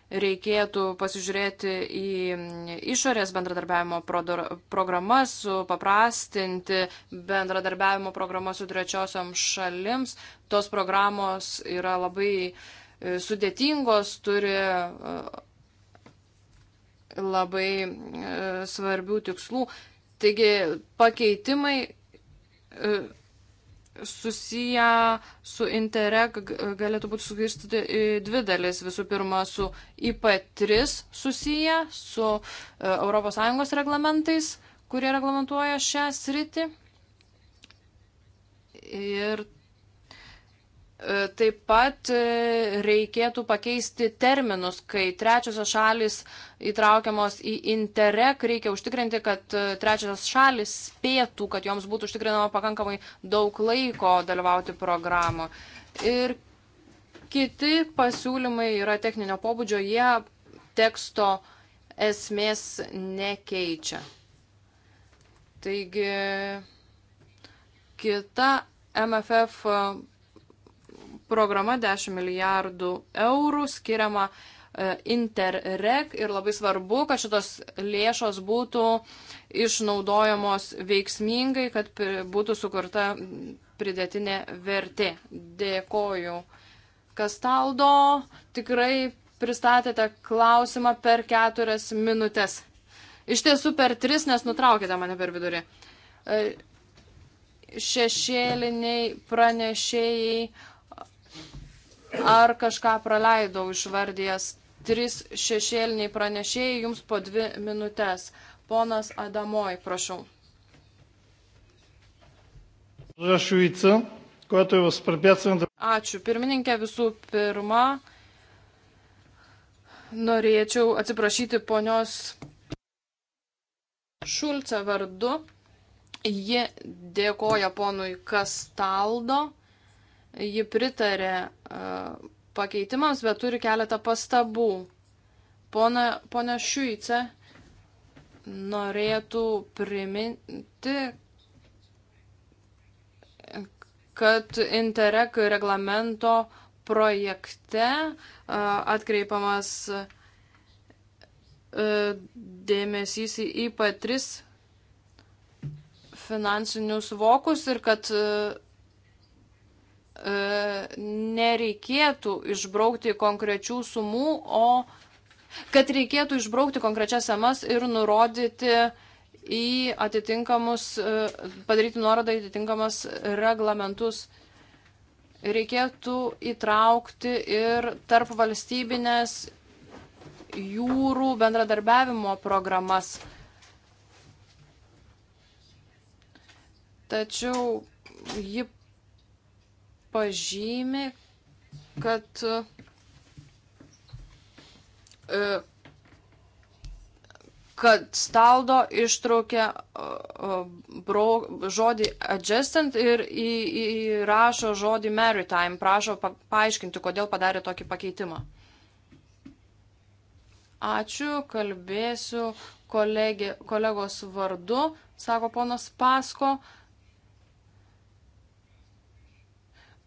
Speaker 3: reikėtų pasižiūrėti į išorės bendradarbiavimo programas, supaprastinti bendradarbiavimo programas su trečiosiom šalims. Tos programos yra labai e, sudėtingos, turi e, labai e, svarbių tikslų. Taigi pakeitimai susiję su Interreg galėtų būti sugirstyti dvi dalis. Visų pirma, su IP3 susiję, su ES reglamentais, kurie reglamentuoja šią sritį. Ir E, taip pat e, reikėtų pakeisti terminus, kai trečiosios šalis įtraukiamos į interek, reikia užtikrinti, kad e, trečiosios šalis spėtų, kad joms būtų užtikrinama pakankamai daug laiko dalyvauti programą. Ir kiti pasiūlymai yra techninio pobūdžio, jie teksto esmės nekeičia. Taigi, kita MFF programa 10 milijardų eurų skiriama e, Interreg ir labai svarbu, kad šitos lėšos būtų išnaudojamos veiksmingai, kad būtų sukurta pridėtinė vertė. Dėkoju. Kastaldo, tikrai pristatėte klausimą per keturias minutės. Iš tiesų per tris, nes nutraukėte mane per vidurį. E, šešėliniai pranešėjai ar kažką praleidau išvardyjas. Tris šešėliniai pranešėjai jums po dvi minutės. Ponas Adamoj, prašau.
Speaker 2: Ačiū.
Speaker 3: Pirmininkė, visų pirma, norėčiau atsiprašyti ponios Šulce vardu. Ji dėkoja ponui Kastaldo Ji pritarė e, pakeitimams, bet turi keletą pastabų. Pone, pone Šiuice norėtų priminti, kad Interreg reglamento projekte e, atkreipiamas e, dėmesys į IP3 finansinius vokus ir kad E, nereikėtų išbraukti konkrečių sumų, o kad reikėtų išbraukti konkrečias semas ir nurodyti į atitinkamus, e, padaryti nuorodą į atitinkamas reglamentus. Reikėtų įtraukti ir tarp valstybinės jūrų bendradarbiavimo programas. Tačiau ji pažymi, kad e, kad staldo ištraukia e, bro, žodį adjacent ir į, įrašo žodį maritime, prašo pa, paaiškinti, kodėl padarė tokį pakeitimą. Ačiū, kalbėsiu kolegė, kolegos vardu, sako ponas Pasko. Uh,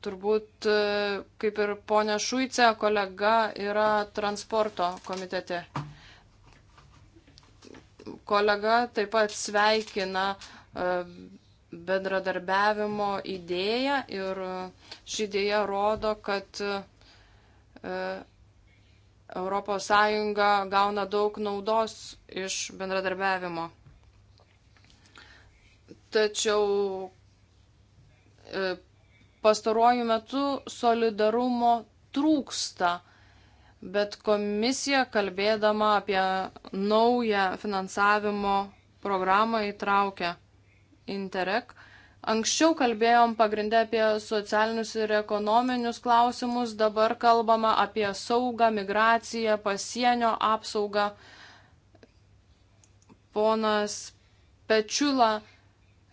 Speaker 3: turbūt, e, kaip ir ponė Šuice, kolega yra transporto komitete. Kolega taip pat sveikina e, bendradarbiavimo idėją ir e, ši idėja rodo, kad ES gauna daug naudos iš bendradarbiavimo. Tačiau pastaruoju metu solidarumo trūksta, bet komisija kalbėdama apie naują finansavimo programą įtraukia Interreg. Anksčiau kalbėjom pagrindę apie socialinius ir ekonominius klausimus, dabar kalbama apie saugą, migraciją, pasienio apsaugą. Ponas Pečiula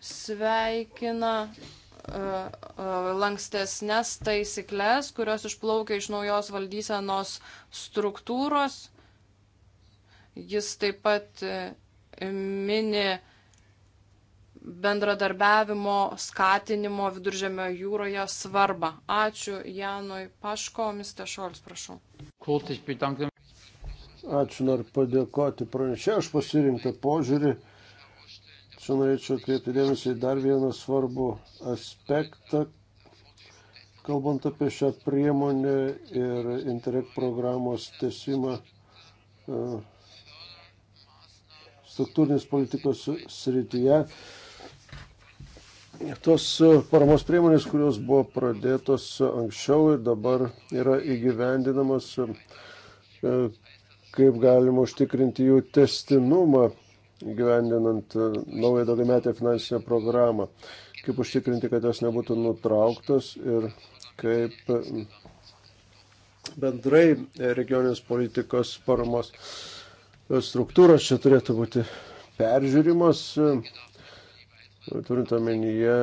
Speaker 3: sveikina E, e, lankstesnės taisyklės, kurios išplaukia iš naujos valdysenos struktūros. Jis taip pat e, mini bendradarbiavimo skatinimo viduržėmio jūroje svarbą. Ačiū Janui Paško, Mr. Šolts, prašau.
Speaker 2: Ačiū, noriu padėkoti pranešėjai už pasirinktą požiūrį Čia norėčiau atkreipti dėmesį į dar vieną svarbų aspektą, kalbant apie šią priemonę ir Interreg programos tesimą e, struktūrinės politikos srityje. Tos paramos priemonės, kurios buvo pradėtos anksčiau ir dabar yra įgyvendinamos, e, kaip galima užtikrinti jų testinumą gyvendinant naują daugiametę finansinę programą, kaip užtikrinti, kad jos nebūtų nutrauktos ir kaip bendrai regioninės politikos paramos struktūros čia turėtų būti peržiūrimos, turint omenyje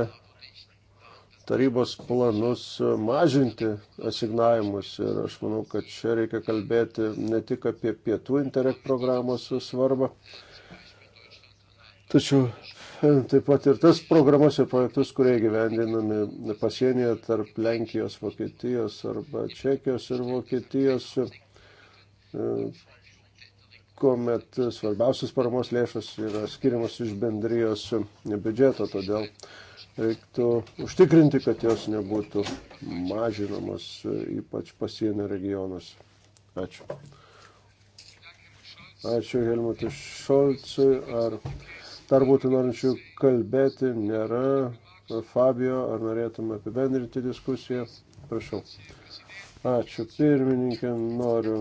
Speaker 2: tarybos planus mažinti asignavimus. Ir aš manau, kad čia reikia kalbėti ne tik apie pietų interreg programos svarbą, Tačiau e, taip pat ir tas programas ir projektus, kurie gyvendinami pasienyje tarp Lenkijos, Vokietijos arba Čekijos ir Vokietijos, e, kuomet svarbiausias paramos lėšas yra skiriamas iš bendrijos biudžeto, todėl reiktų užtikrinti, kad jos nebūtų mažinamos, e, ypač pasienio regionuose. Ačiū. Ačiū Helmutui Šolcui. Ar Dar būtų norinčių kalbėti, nėra. Fabio, ar norėtume apibendrinti diskusiją? Prašau. Ačiū pirmininkė, noriu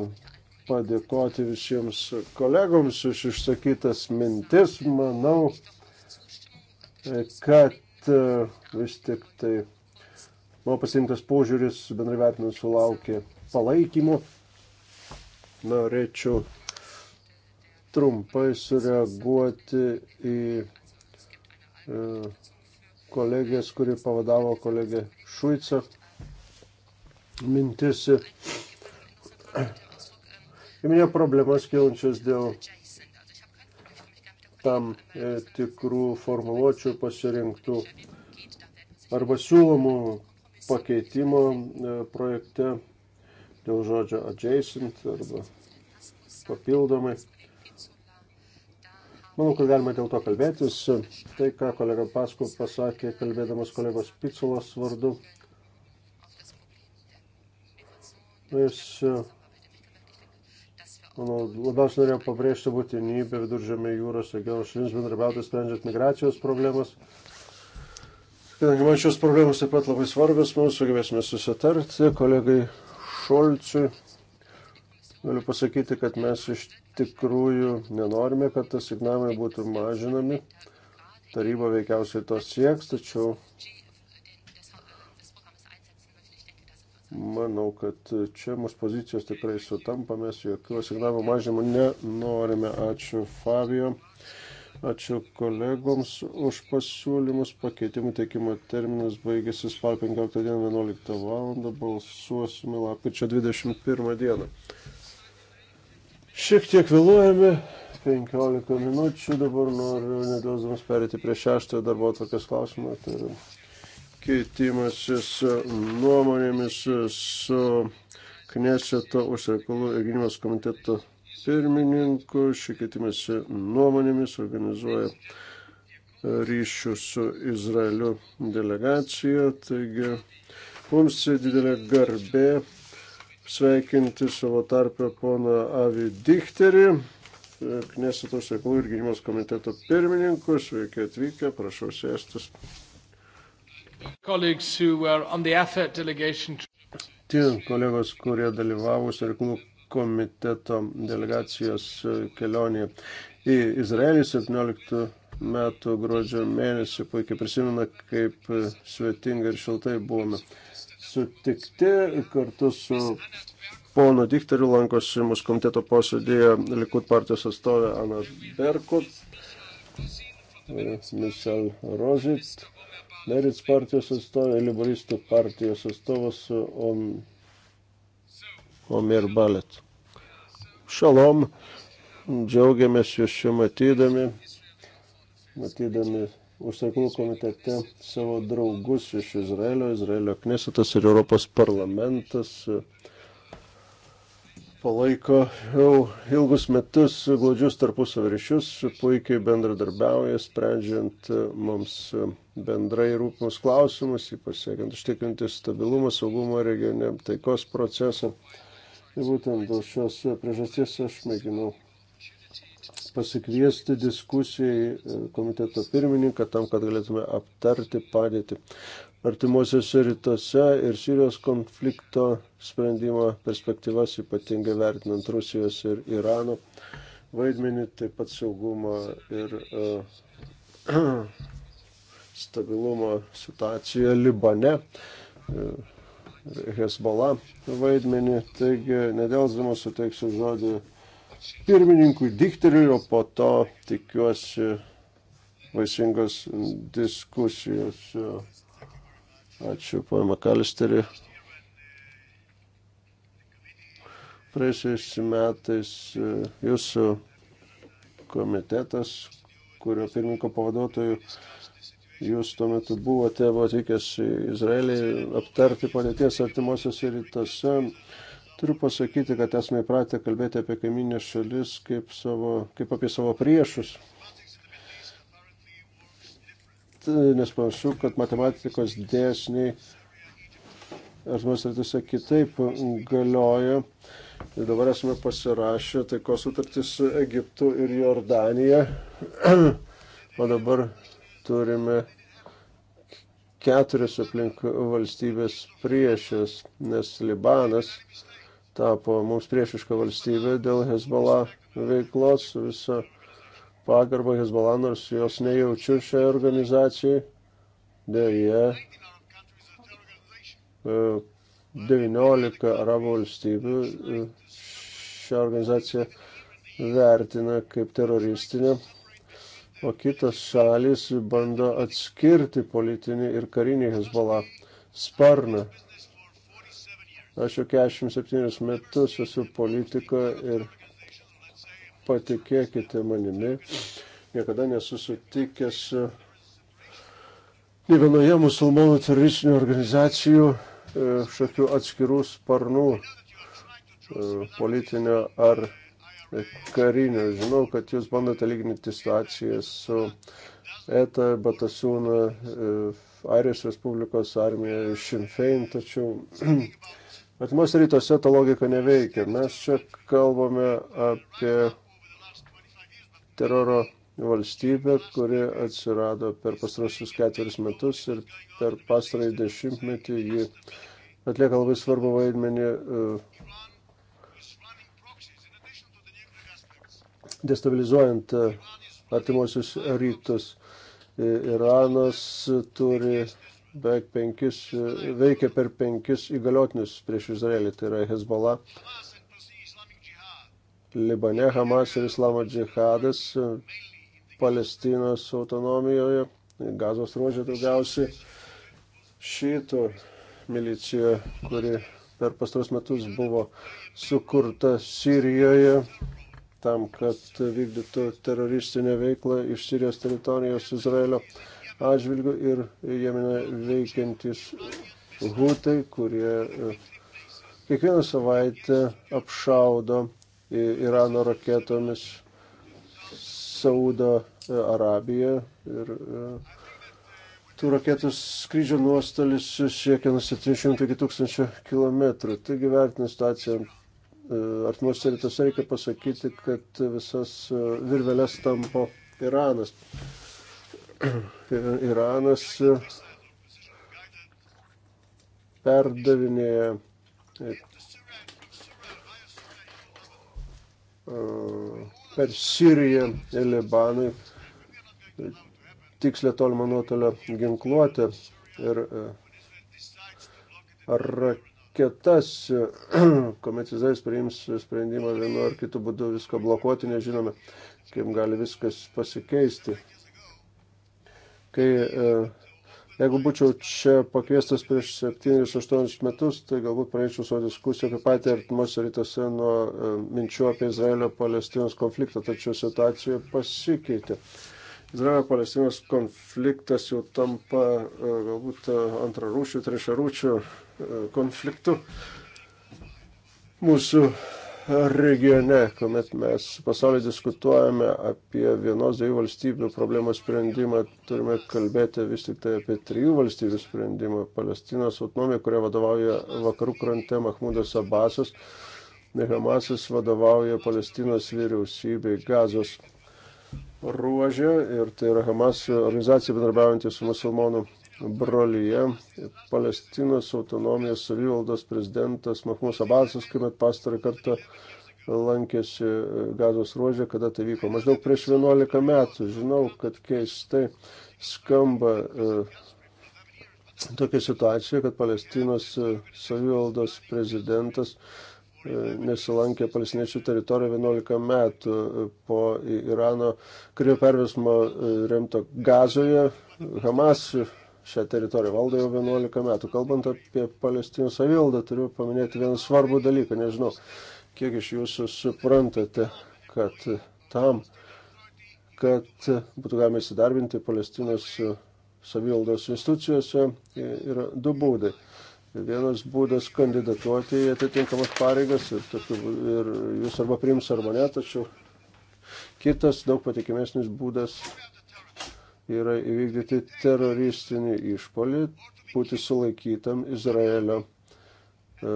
Speaker 2: padėkoti visiems kolegoms už išsakytas mintis. Manau, kad e, vis tik tai mano pasirinktas požiūris bendrai vertinant sulaukė palaikymo. Norėčiau trumpai sureaguoti į e, kolegės, kuri pavadavo kolegę Šuicą, mintis. Įminė problemas kilančias dėl tam e, tikrų formuluočių pasirinktų arba siūlomų pakeitimo e, projekte dėl žodžio adjacent arba papildomai. Manau, kad galima dėl to kalbėtis. Tai, ką kolega Paskų pasakė, kalbėdamas kolegos Piculos vardu, jis, manau, labiausiai norėjo pabrėžti būtinybę viduržėmė jūros regiono šalims bendrabiauti sprendžiant migracijos problemas. Kadangi man šios problemos taip pat labai svarbios, mums sugebėsime susitarti kolegai Šolciui Galiu pasakyti, kad mes iš tikrųjų nenorime, kad asignavimai būtų mažinami. Taryba veikiausiai to sieks, tačiau manau, kad čia mūsų pozicijos tikrai sutampa, mes jokių asignavimų mažinimų nenorime. Ačiū Fabio. Ačiū kolegoms už pasiūlymus. Pakeitimų teikimo terminas baigėsi spalio 15 dieną 11 val. Balsuosime lapkričio 21 dieną. Šiek tiek vėluojame, 15 minučių, dabar noriu nedėlzamas perėti prie šeštojo darbo atvarkės klausimą. Tai yra keitimasis nuomonėmis su Kneseto užsiekalų ir gynybos komiteto pirmininku. Šį keitimąsi nuomonėmis organizuoja ryšių su Izraeliu delegacija. Taigi mums didelė garbė sveikinti savo tarpę poną Avį Dichterį, Knesetos reikalų ir gynybos komiteto pirmininkus. Sveiki atvykę, prašau sėstis. Tie kolegos, kurie dalyvavo reikalų komiteto delegacijos kelionėje į Izraelį 17 metų gruodžio mėnesį, puikiai prisimena, kaip svetinga ir šiltai buvome sutikti kartu su pono diktoriu lankosi mūsų komiteto posėdėje Likud partijos atstovė Ana Berkut, Michel Rozit, Meritz partijos atstovė, Liberistų partijos atstovas Om, Omer Balet. Šalom, džiaugiamės jūs čia matydami, matydami užsienio komitete savo draugus iš Izraelio, Izraelio Knesetas ir Europos parlamentas e, palaiko jau ilgus metus glaudžius tarpusavio ryšius, puikiai bendradarbiauja, sprendžiant e, mums e, bendrai rūpimus klausimus, ypač siekiant užtikrinti stabilumą, saugumą regione, taikos procesą. Ir būtent dėl šios priežasties aš mėginau pasikviesti diskusijai e, komiteto pirmininką tam, kad galėtume aptarti padėtį artimuosiuose rytuose ir Sirijos konflikto sprendimo perspektyvas, ypatingai vertinant Rusijos ir Irano vaidmenį, taip pat saugumo ir uh, stabilumo situaciją Libane. Uh, Hezbollah vaidmenį. Taigi, nedėlsdamas suteiksiu žodį pirmininkui Dikteriui, o po to tikiuosi vaisingos diskusijos. Ačiū, poe Makalisteri. Praėjusiais metais e, jūsų komitetas, kurio pirmininko pavaduotojų jūs tuo metu buvote, buvo atvykęs į Izraelį aptarti padėties artimuosiuose rytuose. Turiu pasakyti, kad esame įpratę kalbėti apie kaiminės šalis kaip, savo, kaip apie savo priešus. Tai nes panašu, kad matematikos dėsniai administratise kitaip galioja. Ir dabar esame pasirašę taikos sutartį su Egiptu ir Jordanija. o dabar turime keturias aplink valstybės priešės, nes Libanas tapo mums priešiška valstybė dėl Hezbollah veiklos, visą pagarbą Hezbollah, nors jos nejaučiu šiai organizacijai. Deja, 19 e, arabų valstybių e, šią organizaciją vertina kaip teroristinę, o kitos šalis bando atskirti politinį ir karinį Hezbollah sparną Aš jau 47 metus esu politika ir patikėkite manimi, niekada nesu sutikęs ne vienoje musulmonų teroristinių organizacijų e, šakių atskirų sparnų e, politinio ar karinio. Žinau, kad jūs bandote lyginti situaciją su ETA, Batasūna, e, Airijos Respublikos armija, Šimfein, tačiau Artimuose rytuose ta logika neveikia. Mes čia kalbame apie teroro valstybę, kuri atsirado per pastarosius ketveris metus ir per pastarąjį dešimtmetį ji atlieka labai svarbu vaidmenį e, destabilizuojant e, artimuosius rytus. Iranas turi beveik penkis, veikia per penkis įgaliotinius prieš Izraelį, tai yra Hezbollah, Libane, Hamas ir Islamo džihadas, Palestinos autonomijoje, Gazos ruožė daugiausiai šito milicija, kuri per pastaros metus buvo sukurta Sirijoje tam, kad vykdytų teroristinę veiklą iš Sirijos teritorijos Izraelio atžvilgių ir Jemene veikiantis hutai, kurie e, kiekvieną savaitę apšaudo Irano raketomis Saudo e, Arabiją ir e, tų raketų skrydžio nuostolis siekia nuo 700 iki 1000 km. Taigi vertinant situaciją artimuose rytuose reikia pasakyti, kad visas virveles tampo Iranas. Iranas perdavinėja e, per Siriją ir Libanui tikslę tolimo nuotolio ginkluotę ir e, raketas, kuomet Izraelis priims sprendimą vienu ar kitu būdu viską blokuoti, nežinome, kaip gali viskas pasikeisti kai e, Jeigu būčiau čia pakviestas prieš 7-8 metus, tai galbūt praeičiau savo diskusiją apie patį artimuose rytuose nuo e, minčių apie Izraelio-Palestinos konfliktą, tačiau situacija pasikeitė. Izraelio-Palestinos konfliktas jau tampa e, galbūt antrarūšių, trešiarūšių konfliktu mūsų regione, kuomet mes pasaulyje diskutuojame apie vienos dviejų valstybių problemos sprendimą, turime kalbėti vis tik tai apie trijų valstybių sprendimą. Palestinos autonomija, kurią vadovauja vakarų krante Mahmudas Abbasas, Hamasas vadovauja Palestinos vyriausybei Gazos ruožė ir tai yra Hamas organizacija bendrabiaujanti su musulmonų brolyje Palestinos autonomijos savivaldos prezidentas Mahmus Abbasas, kuomet pastarą kartą lankėsi gazos ruožė, kada tai vyko. Maždaug prieš 11 metų. Žinau, kad keistai skamba e, tokia situacija, kad Palestinos e, savivaldos prezidentas e, nesilankė palestiniečių teritorijoje 11 metų e, po Irano karinio pervesmo remto gazoje. Hamas šią teritoriją valdo jau 11 metų. Kalbant apie Palestinų savivaldą, turiu paminėti vieną svarbų dalyką. Nežinau, kiek iš jūsų suprantate, kad tam, kad būtų galima įsidarbinti Palestinos savivaldos institucijose, yra du būdai. Vienas būdas kandidatuoti į atitinkamas pareigas ir, tokiu, ir jūs arba priims arba ne, tačiau kitas daug patikimesnis būdas yra įvykdyti teroristinį išpolį, būti sulaikytam Izraelio e,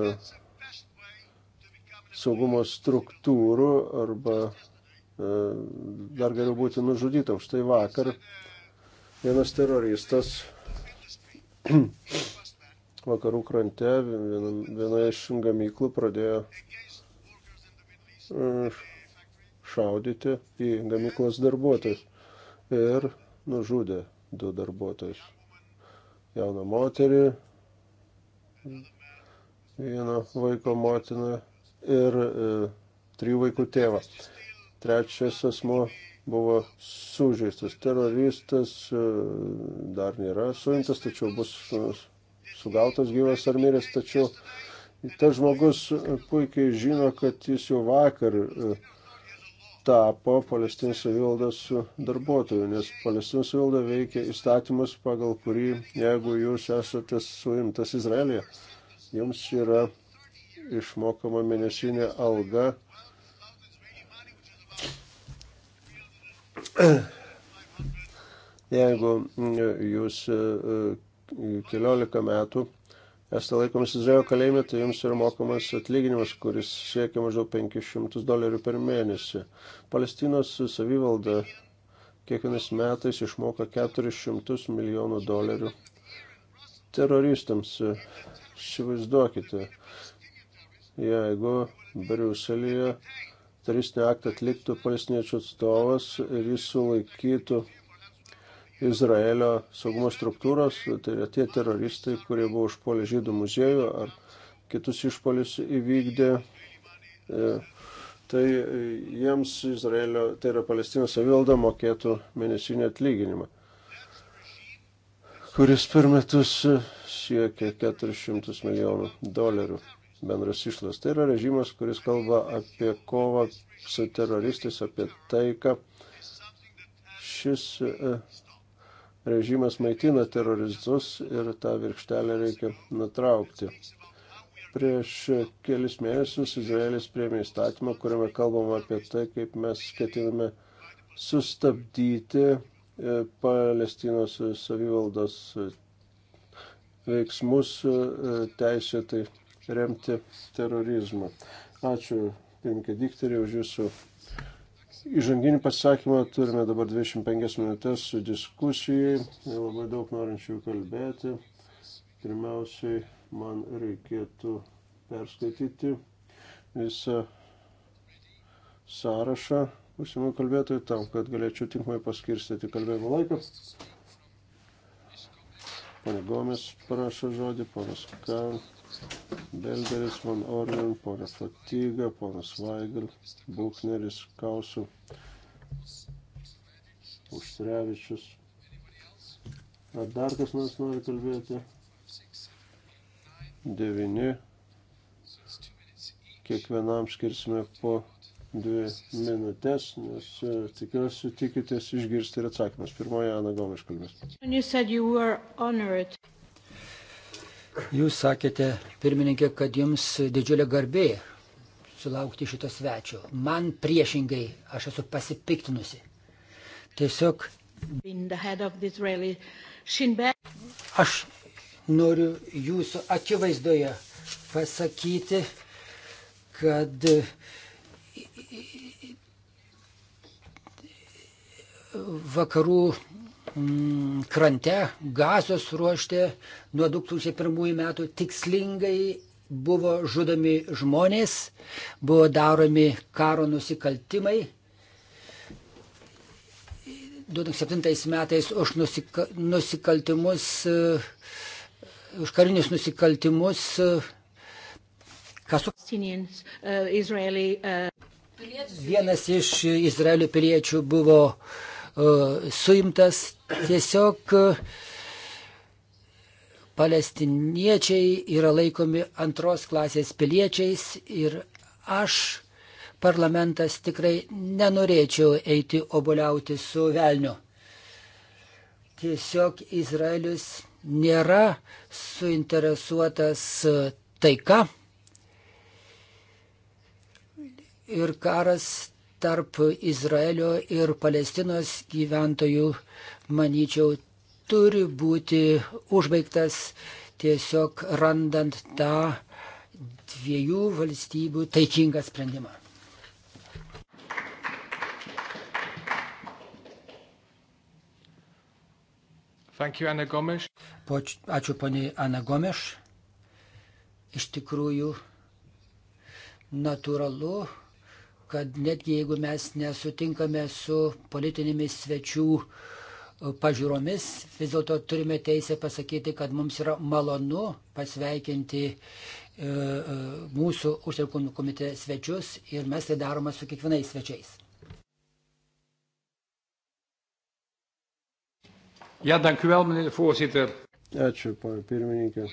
Speaker 2: saugumo struktūrų arba e, dar geriau būti nužudytam. Štai vakar vienas teroristas vakarų krante vienoje iš gamyklų pradėjo e, šaudyti į gamyklos darbuotojus. Ir nužudė du darbuotojus. Jauną moterį, vieno vaiko motiną ir e, trijų vaikų tėvą. Trečias asmo buvo sužeistas. Teroristas e, dar nėra suimtas, tačiau bus sugautas gyvas ar miręs, tačiau tas žmogus puikiai žino, kad jis jau vakar e, tapo Palestinos savivaldos darbuotojų, nes Palestinos savivalda veikia įstatymus, pagal kurį, jeigu jūs esate suimtas Izraelija, jums yra išmokama mėnesinė alga. Jeigu jūs e, e, keliolika metų esate laikomas Izraelio kalėjime, tai jums yra mokamas atlyginimas, kuris siekia maždaug 500 dolerių per mėnesį. Palestinos savivalda kiekvienais metais išmoka 400 milijonų dolerių teroristams. Įsivaizduokite, jeigu Briuselėje teroristinį aktą atliktų palestiniečių atstovas ir jis sulaikytų Izraelio saugumo struktūros, tai yra tie teroristai, kurie buvo užpuolę žydų muziejų ar kitus išpolius įvykdė. E, tai jiems Izraelio, tai yra Palestinos savivalda, mokėtų mėnesinį atlyginimą, kuris per metus siekia 400 milijonų dolerių bendras išlas. Tai yra režimas, kuris kalba apie kovą su teroristais, apie taiką. Šis e, režimas maitina teroristus ir tą virkštelę reikia nutraukti. Prieš kelis mėnesius Izraelis priemė įstatymą, kuriame kalbama apie tai, kaip mes ketiname sustabdyti e, Palestinos savivaldos veiksmus e, teisėtai remti terorizmą. Ačiū, pirmininkė Dikterė, už jūsų įžanginį pasisakymą. Turime dabar 25 minutės su diskusijai. Labai daug norinčių kalbėti. Pirmiausiai man reikėtų perskaityti visą sąrašą užsienio kalbėtojų tam, kad galėčiau tinkamai paskirstyti kalbėjimo laiką. Pane Gomes parašo žodį, panas Kan, Belderis, Van Orlen, ponas Laptyga, ponas Vaigel, Bukneris, Kausų, Užtrevičius. Ar dar kas nors nori kalbėti? Devini. Kiekvienam skirsime po dvi minutės, nes e, tikiuosi
Speaker 1: tikitės išgirsti ir atsakymus. Pirmoje Ana Gomiš kalbės. Jūs sakėte, pirmininkė, kad jums didžiulė garbė sulaukti šito svečio. Man priešingai, aš esu pasipiktinusi. Tiesiog. Aš noriu jūsų akivaizdoje pasakyti, kad vakarų mm, krante, gazos ruošte nuo 2001 metų tikslingai buvo žudomi žmonės, buvo daromi karo nusikaltimai. 2007 metais už nusika, nusikaltimus, e, už karinius nusikaltimus, e, kas su... E, Vienas iš Izraelio piliečių buvo uh, E, suimtas tiesiog e, palestiniečiai yra laikomi antros klasės piliečiais ir aš parlamentas tikrai nenorėčiau eiti oboliauti su velniu. Tiesiog Izraelis nėra suinteresuotas e, taika ir karas tarp Izraelio ir Palestinos gyventojų, manyčiau, turi būti užbaigtas tiesiog randant tą dviejų valstybių taikingą sprendimą.
Speaker 3: Thank you, Ana Gomes.
Speaker 1: Po, ačiū poniai Ana Gomes. Iš tikrųjų, natūralu, kad netgi jeigu mes nesutinkame su politinėmis svečių e, pažiūromis, vis dėlto turime teisę pasakyti, kad mums yra malonu pasveikinti e, e, mūsų užsienio komitete svečius ir mes tai darome su kiekvienais svečiais.
Speaker 2: Ja, dank u wel, meneer de voorzitter. Ačiū, pana pirmininkė.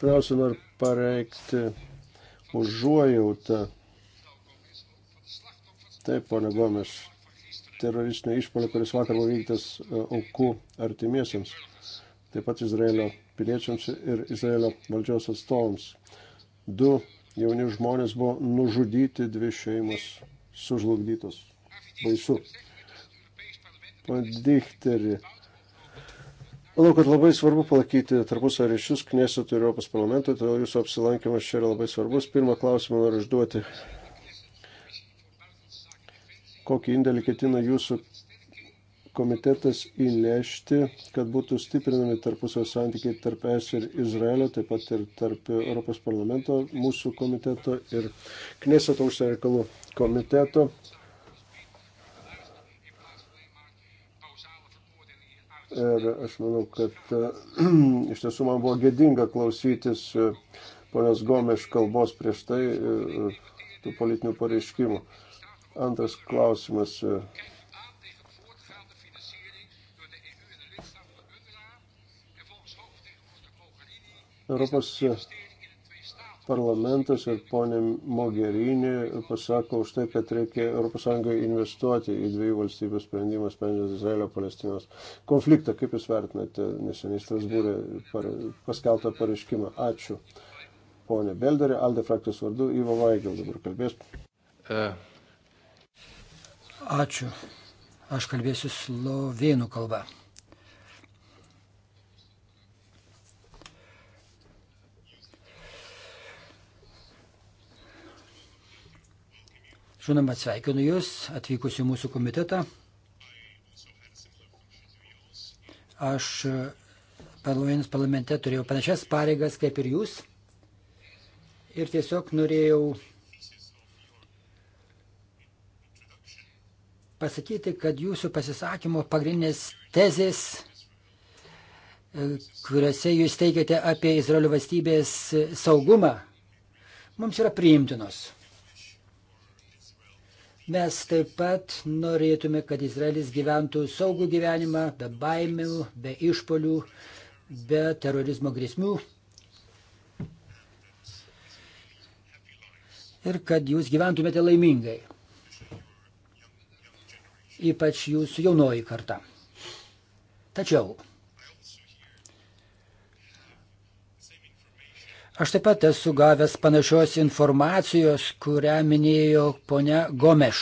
Speaker 2: Pirmiausia, noriu pareikšti užuojautą. Taip, ponė Gomes, teroristinio išpolio, kuris vakar buvo vykdytas e, aukų artimiesiams, taip pat Izraelio piliečiams ir Izraelio valdžios atstovams. Du jauni žmonės buvo nužudyti, dvi šeimos sužlugdytos. Baisu. Padikteri. Manau, kad labai svarbu palaikyti tarpusą ryšius Knesetų ir Europos parlamento, todėl jūsų apsilankimas čia yra labai svarbus. Pirmą klausimą noriu užduoti. Kokį indėlį ketina jūsų komitetas įnešti, kad būtų stiprinami tarpusio santykiai tarp es ir Izraelio, taip pat ir tarp Europos parlamento, mūsų komiteto ir Kneseto užsienio reikalų komiteto. Ir aš manau, kad iš tiesų man buvo gėdinga klausytis e, ponios Gomeš kalbos prieš tai e, e, tų politinių pareiškimų. Antras klausimas. Europos parlamentas ir ponė Mogherini pasako už tai, kad reikia ES investuoti į dviejų valstybių sprendimą, sprendžiant Izraelio-Palestinos konfliktą. Kaip Jūs vertinate neseniai Strasbūrė paskeltą pareiškimą? Ačiū. Pone Belderė, Alde frakcijos vardu, Ivo Vaigel dabar kalbės.
Speaker 1: Ačiū. Aš kalbėsiu slovėnų kalbą. Žinoma, sveikinu Jūs atvykus į mūsų komitetą. Aš e, parlamente turėjau panašias pareigas kaip ir Jūs. Ir tiesiog norėjau pasakyti, kad Jūsų pasisakymo pagrindinės tezės e, kuriuose jūs teigiate apie Izraelio valstybės saugumą, mums yra priimtinos. Mes taip pat norėtume, kad Izraelis gyventų saugų gyvenimą, be baimių, be išpolių, be terorizmo grėsmių. Ir kad jūs gyventumėte laimingai. Ypač jūsų jaunoji karta. Tačiau Aš taip pat esu gavęs panašios informacijos, kurią minėjo ponia Gomeš.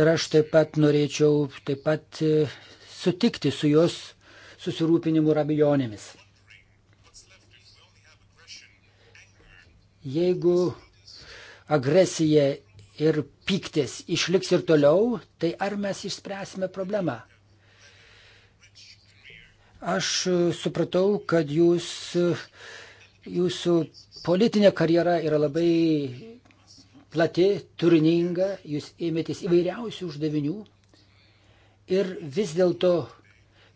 Speaker 1: Ir aš taip pat norėčiau taip pat e, sutikti su jos susirūpinimu rabijonėmis. Jeigu agresija ir pyktis išliks ir toliau, tai ar mes išspręsime problemą? Aš supratau, kad jūs uh, Jūsų politinė karjera yra labai plati, turininga, jūs ėmėtės įvairiausių uždavinių. Ir vis dėlto,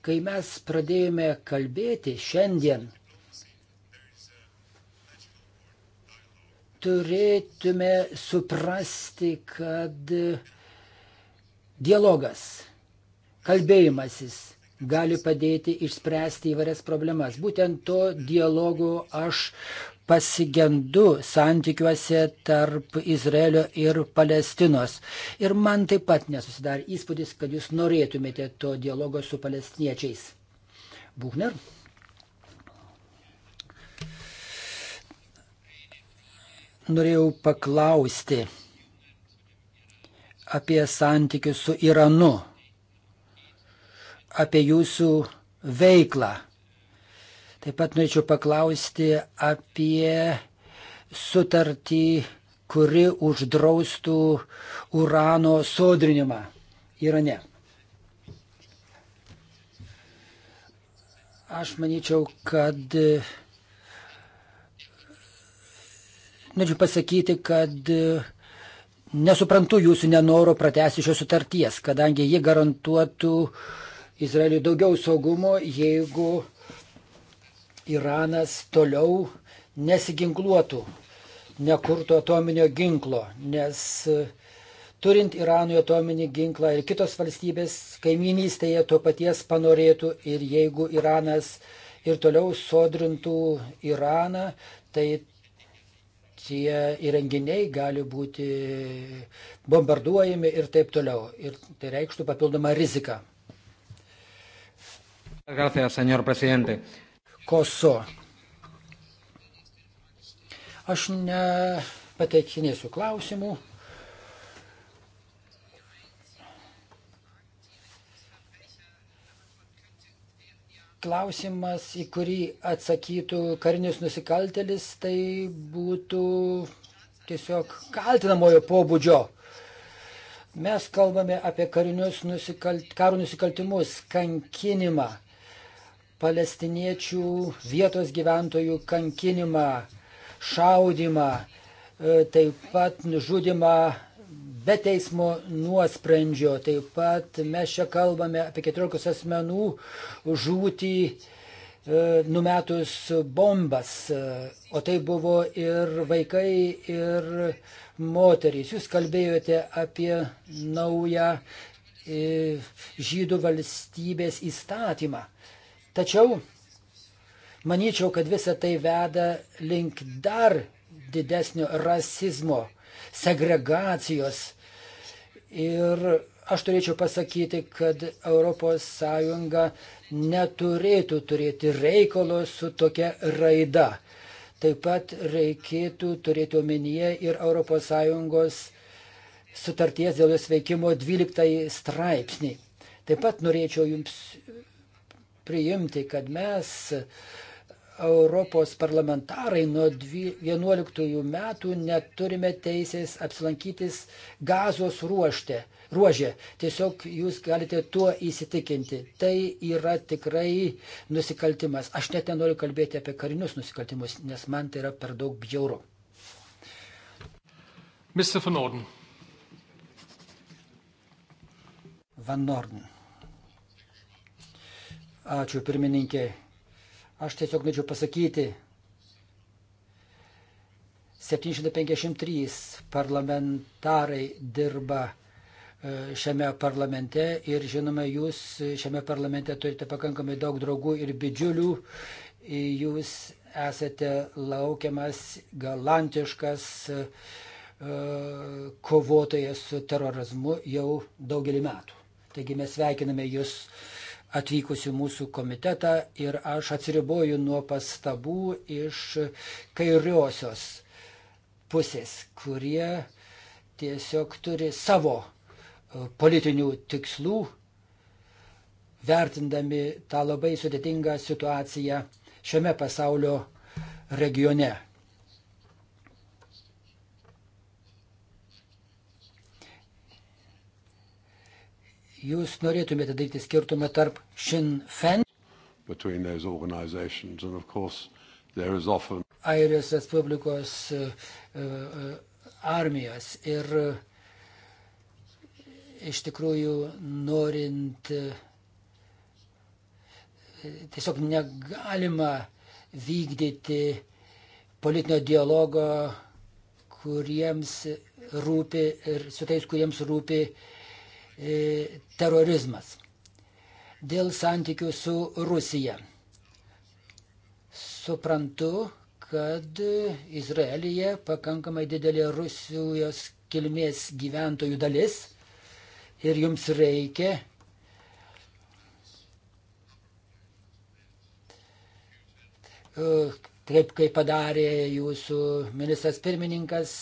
Speaker 1: kai mes pradėjome kalbėti šiandien, turėtume suprasti, kad dialogas, kalbėjimasis gali padėti išspręsti įvairias problemas. Būtent to dialogo aš pasigendu santykiuose tarp Izraelio ir Palestinos. Ir man taip pat nesusidarė įspūdis, kad jūs norėtumėte to dialogo su palestiniečiais. Buchner? Norėjau paklausti apie santykius su Iranu apie jūsų veiklą. Taip pat norėčiau paklausti apie sutartį, kuri uždraustų urano sodrinimą Irane. Aš manyčiau, kad norėčiau pasakyti, kad nesuprantu jūsų nenoro pratesti šios sutarties, kadangi ji garantuotų uh, Izraeliui daugiau saugumo, jeigu Iranas toliau nesiginkluotų, nekurtų atominio ginklo, nes e, turint Iranui atominį ginklą ir kitos valstybės kaiminystėje to paties panorėtų ir jeigu Iranas ir toliau sodrintų Iraną, tai tie įrenginiai gali būti bombarduojami ir taip toliau. Ir tai reikštų papildomą riziką. Gracias, señor presidente. Koso. Aš nepateikinėsiu klausimų. Klausimas, į kurį atsakytų karinis nusikaltelis, tai būtų tiesiog kaltinamojo pobūdžio. Mes kalbame apie karinius nusikalt, karų nusikaltimus, kankinimą palestiniečių vietos gyventojų kankinimą, šaudimą, e, taip pat nužudimą be teismo nuosprendžio. Taip pat mes čia kalbame apie 14 asmenų žūtį e, numetus bombas, e, o tai buvo ir vaikai, ir moterys. Jūs kalbėjote apie naują žydų valstybės įstatymą. Tačiau manyčiau, kad visa tai veda link dar didesnio rasizmo, segregacijos. Ir aš turėčiau pasakyti, kad ES neturėtų turėti reikalo su tokia raida. Taip pat reikėtų turėti omenyje ir ES sutarties dėl jos veikimo 12 straipsnį. Taip pat norėčiau Jums priimti, kad mes, Europos parlamentarai, nuo 2011 metų neturime teisės apsilankytis gazos ruošte, ruožė. Tiesiog jūs galite tuo įsitikinti. Tai yra tikrai nusikaltimas. Aš net nenoriu kalbėti apie karinius nusikaltimus, nes man tai yra per daug bjauru.
Speaker 3: Mr. Van Orden.
Speaker 1: Van Norden. Ačiū pirmininkė. Aš tiesiog norėčiau pasakyti, 753 parlamentarai dirba e, šiame parlamente ir žinoma, jūs šiame parlamente turite pakankamai daug draugų ir bičiulių. E, jūs esate laukiamas, galantiškas e, kovotojas su terorizmu jau daugelį metų. Taigi mes sveikiname jūs atvykusių mūsų komitetą ir aš atsiriboju nuo pastabų iš kairiosios pusės, kurie tiesiog turi savo e, politinių tikslų, vertindami tą labai sudėtingą situaciją šiame pasaulio regione. Jūs norėtumėte daryti skirtumą tarp Sinn Féin. Often... Airijos Respublikos e, e, e, armijos ir iš tikrųjų norint tiesiog negalima vykdyti politinio dialogo, kuriems rūpi ir su tais, kuriems rūpi uh, E, terorizmas. Dėl santykių su Rusija. Suprantu, kad Izraelyje pakankamai didelė Rusijos kilmės gyventojų dalis ir jums reikia taip kaip padarė jūsų ministras pirmininkas,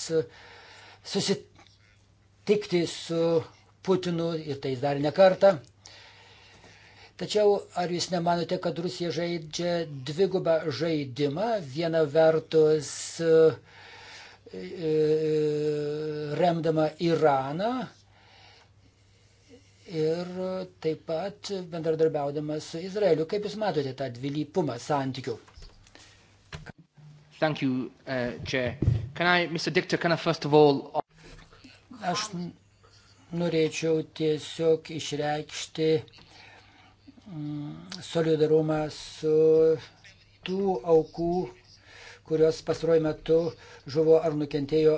Speaker 1: susitikti su Putinu ir tai dar ne kartą. Tačiau ar jūs nemanote, kad Rusija žaidžia dvigubą žaidimą? Viena vertus e, e, remdama Iraną ir taip pat bendradarbiaudama su Izraeliu. Kaip Jūs matote tą dvilypumą santykių? Thank you, uh, Chair. Can I,
Speaker 3: Mr. Dictor, can I first of all...
Speaker 1: Aš norėčiau tiesiog išreikšti mm, solidarumą su tų aukų, kurios pastaruoju metu žuvo ar nukentėjo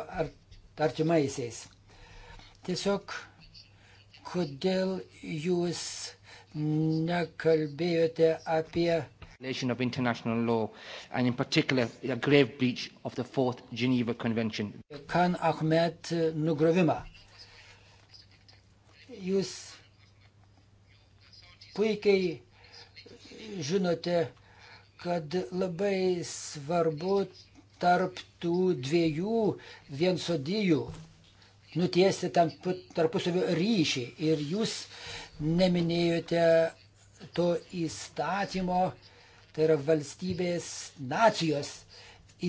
Speaker 1: artimaisiais. Tiesiog, kodėl jūs nekalbėjote apie violation of international law, and in particular, a grave breach of the Fourth Geneva Convention. Khan Ahmed nugrovimą. Jūs puikiai žinote, kad labai svarbu tarp tų dviejų viensodijų nutiesti tam tarpusavio ryšį. Ir jūs neminėjote to įstatymo, tai yra valstybės nacijos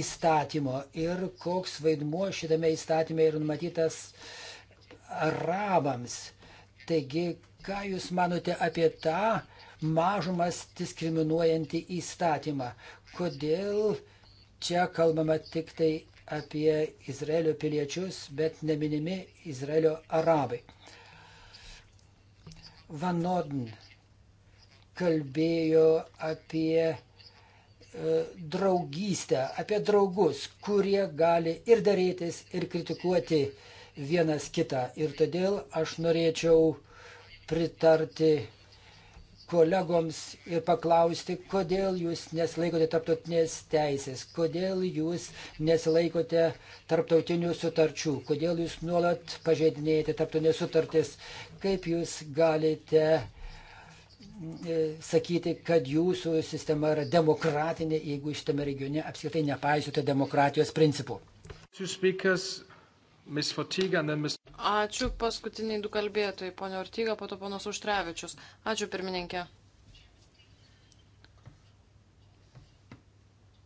Speaker 1: įstatymo ir koks vaidmuo šitame įstatyme yra numatytas arabams. Taigi, ką Jūs manote apie tą mažumas diskriminuojantį įstatymą? Kodėl čia kalbama tik tai apie Izraelio piliečius, bet neminimi Izraelio arabai? Van Norden kalbėjo apie e, draugystę, apie draugus, kurie gali ir darytis, ir kritikuoti vienas kitą. Ir todėl aš norėčiau pritarti kolegoms ir paklausti, kodėl jūs nesilaikote tarptautinės teisės, kodėl jūs nesilaikote tarptautinių sutarčių, kodėl jūs nuolat pažeidinėjate tarptautinės sutartis, kaip jūs galite e, sakyti, kad jūsų sistema yra demokratinė, jeigu šitame regione apskritai nepaisote demokratijos principų.
Speaker 2: Speakers, Ms. Fortiga, and then Ms.
Speaker 3: Ačiū paskutiniai du kalbėtojai, ponio Ortyga, po to ponas Užtrevičius. Ačiū pirmininkė.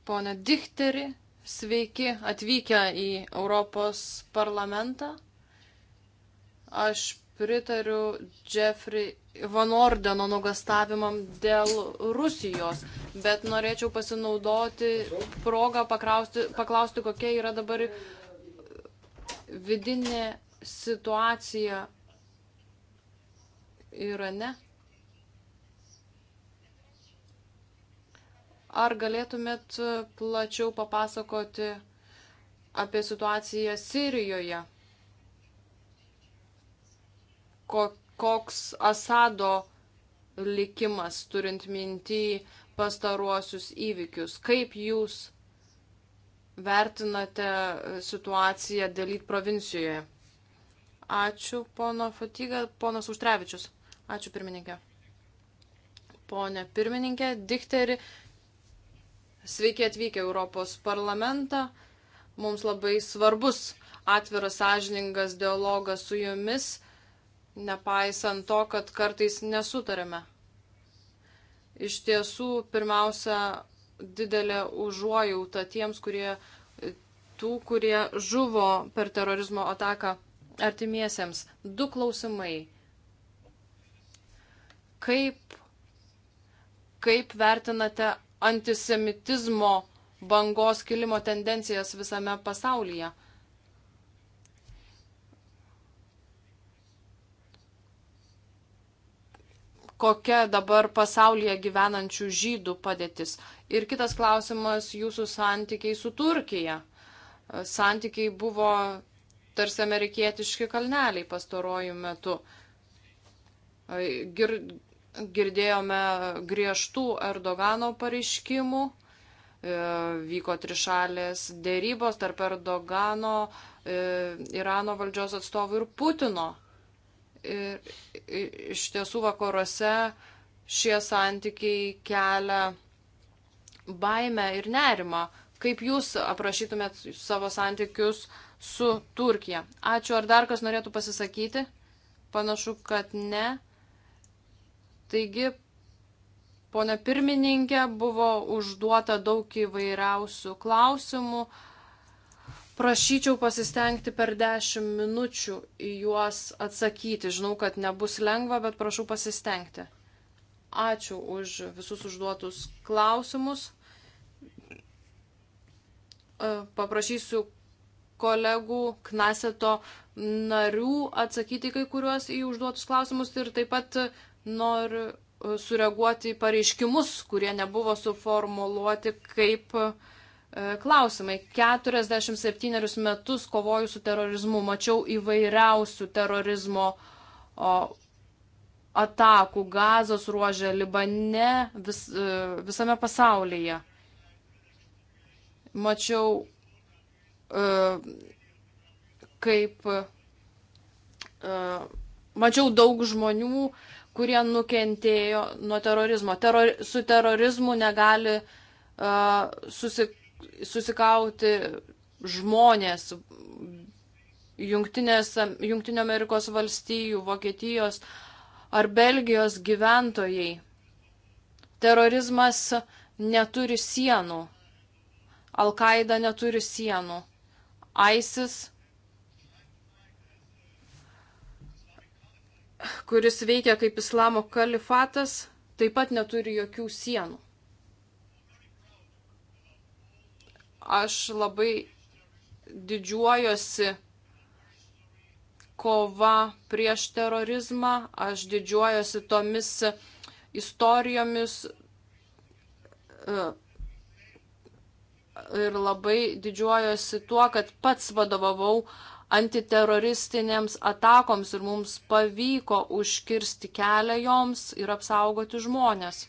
Speaker 3: Pone Dichteri, sveiki atvykę į Europos parlamentą. Aš pritariu Jeffrey Van Ordeno nugastavimam dėl Rusijos, bet norėčiau pasinaudoti progą paklausti, paklausti kokia yra dabar vidinė situacija Irane. Ar galėtumėt plačiau papasakoti apie situaciją Sirijoje? Koks Asado likimas turint mintį pastaruosius įvykius? Kaip jūs vertinate e, situaciją Delyt provincijoje? Ačiū, pono Fatiga, ponas Užtrevičius. Ačiū, pirmininkė. Pone pirmininkė, Dichteri, sveiki atvykę Europos parlamentą. Mums labai svarbus atviras, sąžiningas dialogas su jumis, nepaisant to, kad kartais nesutarėme. Iš tiesų, pirmiausia, didelė užuojauta tiems, kurie tų, kurie žuvo per terorizmo ataką artimiesiems. Du klausimai. Kaip, kaip vertinate antisemitizmo bangos kilimo tendencijas visame pasaulyje? kokia dabar pasaulyje gyvenančių žydų padėtis. Ir kitas klausimas - jūsų santykiai su Turkija. Santykiai buvo tarsi amerikietiški kalneliai pastarojų metų. Gir, girdėjome griežtų Erdogano pareiškimų, e, vyko trišalės dėrybos tarp Erdogano, e, Irano valdžios atstovų ir Putino Ir iš tiesų vakaruose šie santykiai kelia baimę ir nerimą. Kaip jūs aprašytumėt savo santykius su Turkija? Ačiū, ar dar kas norėtų pasisakyti? Panašu, kad ne. Taigi, ponia pirmininkė, buvo užduota daug įvairiausių klausimų prašyčiau pasistengti per 10 minučių į juos atsakyti. Žinau, kad nebus lengva, bet prašau pasistengti. Ačiū už visus užduotus klausimus. E, paprašysiu kolegų Knaseto narių atsakyti kai kuriuos į užduotus klausimus ir taip pat noriu e, sureaguoti į pareiškimus, kurie nebuvo suformuoluoti kaip uh, E, klausimai. 47 metus kovoju su terorizmu, mačiau įvairiausių terorizmo atakų gazos ruožė, Libane, vis, e, visame pasaulyje. Mačiau, e, kaip. Mačiau daug žmonių, kurie nukentėjo nuo terorizmo. Teror, su terorizmu negali uh, susikalbėti susikauti žmonės Jungtinės, Jungtinio Amerikos valstijų, Vokietijos ar Belgijos gyventojai. Terorizmas neturi sienų. Al-Qaeda neturi sienų. ISIS, kuris veikia kaip islamo kalifatas, taip pat neturi jokių sienų. Aš labai didžiuojosi kova prieš terorizmą, aš didžiuojosi tomis istorijomis e, ir labai didžiuojosi tuo, kad pats vadovavau antiteroristinėms atakoms ir mums pavyko užkirsti kelią joms ir apsaugoti žmonės.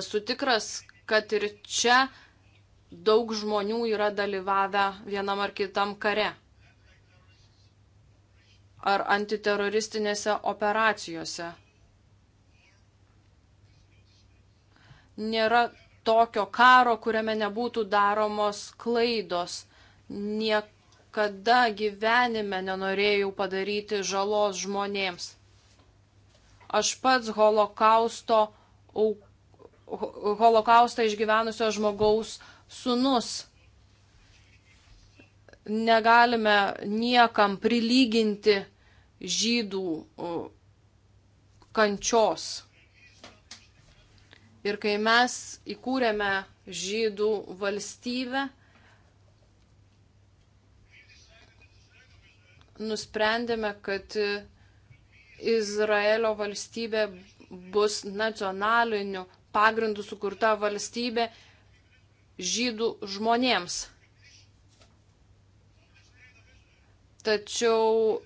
Speaker 3: Esu tikras, kad ir čia daug žmonių yra dalyvavę vienam ar kitam kare ar antiteroristinėse operacijose. Nėra tokio karo, kuriame nebūtų daromos klaidos. Niekada gyvenime nenorėjau padaryti žalos žmonėms. Aš pats holokausto auka holokaustą išgyvenusio žmogaus sunus. Negalime niekam prilyginti žydų kančios. Ir kai mes įkūrėme žydų valstybę, nusprendėme, kad Izraelio valstybė bus nacionaliniu pagrindų sukurta valstybė žydų žmonėms. Tačiau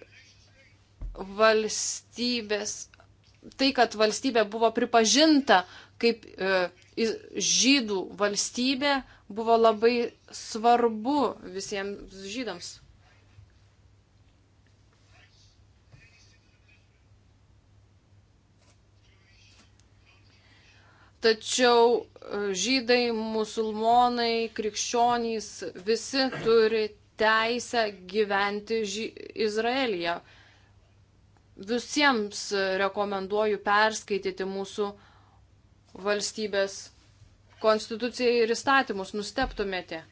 Speaker 3: valstybės, tai, kad valstybė buvo pripažinta kaip e, žydų valstybė, buvo labai svarbu visiems žydams. Tačiau e, žydai, musulmonai, krikščionys visi turi teisę gyventi ži... Izraelyje. Visiems rekomenduoju perskaityti mūsų valstybės konstituciją ir įstatymus, nusteptumėte.